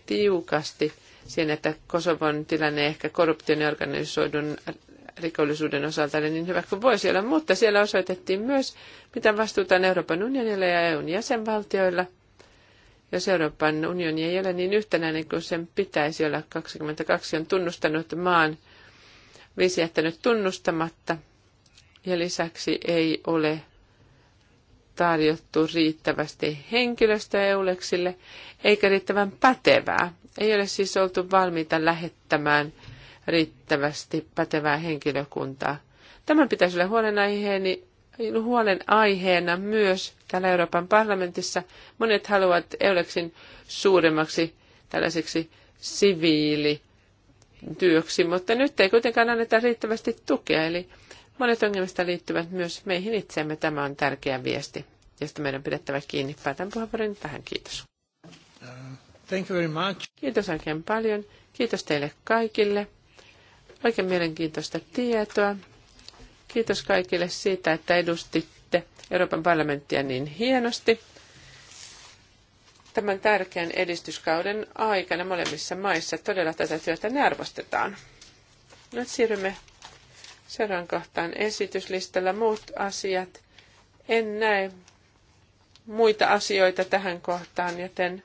tiukasti siihen, että Kosovon tilanne ehkä korruption ja organisoidun rikollisuuden osalta oli niin hyvä kuin voisi olla, mutta siellä osoitettiin myös, mitä vastuuta on Euroopan unionilla ja EUn jäsenvaltioilla – jos Euroopan unioni ei ole niin yhtenäinen kuin sen pitäisi olla, 22 on tunnustanut maan, viisi jättänyt tunnustamatta ja lisäksi ei ole tarjottu riittävästi henkilöstöä EULEXille eikä riittävän pätevää. Ei ole siis oltu valmiita lähettämään riittävästi pätevää henkilökuntaa. Tämän pitäisi olla huolenaiheeni huolen aiheena myös täällä Euroopan parlamentissa. Monet haluavat Eulexin suuremmaksi tällaiseksi siviilityöksi, mutta nyt ei kuitenkaan anneta riittävästi tukea, eli monet ongelmista liittyvät myös meihin itseemme. Tämä on tärkeä viesti, josta meidän on pidettävä kiinni. Päätän puheenvuoron tähän. Kiitos. Thank you very much. Kiitos oikein paljon. Kiitos teille kaikille. Oikein mielenkiintoista tietoa. Kiitos kaikille siitä, että edustitte Euroopan parlamenttia niin hienosti. Tämän tärkeän edistyskauden aikana molemmissa maissa todella tätä työtä ne arvostetaan. Nyt siirrymme seuraavan kohtaan esityslistalla muut asiat. En näe muita asioita tähän kohtaan, joten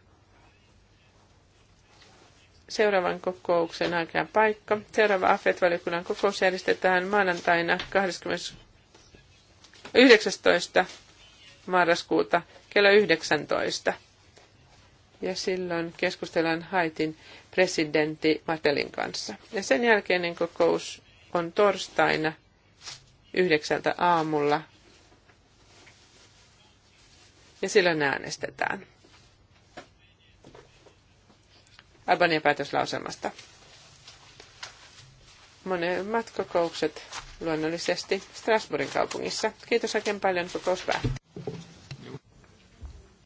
seuraavan kokouksen aika ja paikka. Seuraava AFET-valiokunnan kokous järjestetään maanantaina 19. marraskuuta kello 19. Ja silloin keskustellaan Haitin presidentti Matelin kanssa. Ja sen jälkeinen kokous on torstaina yhdeksältä aamulla. Ja silloin äänestetään. Albanian päätöslauselmasta. Monet kokoukset luonnollisesti Strasbourgin kaupungissa. Kiitos oikein paljon, kokous päättyi.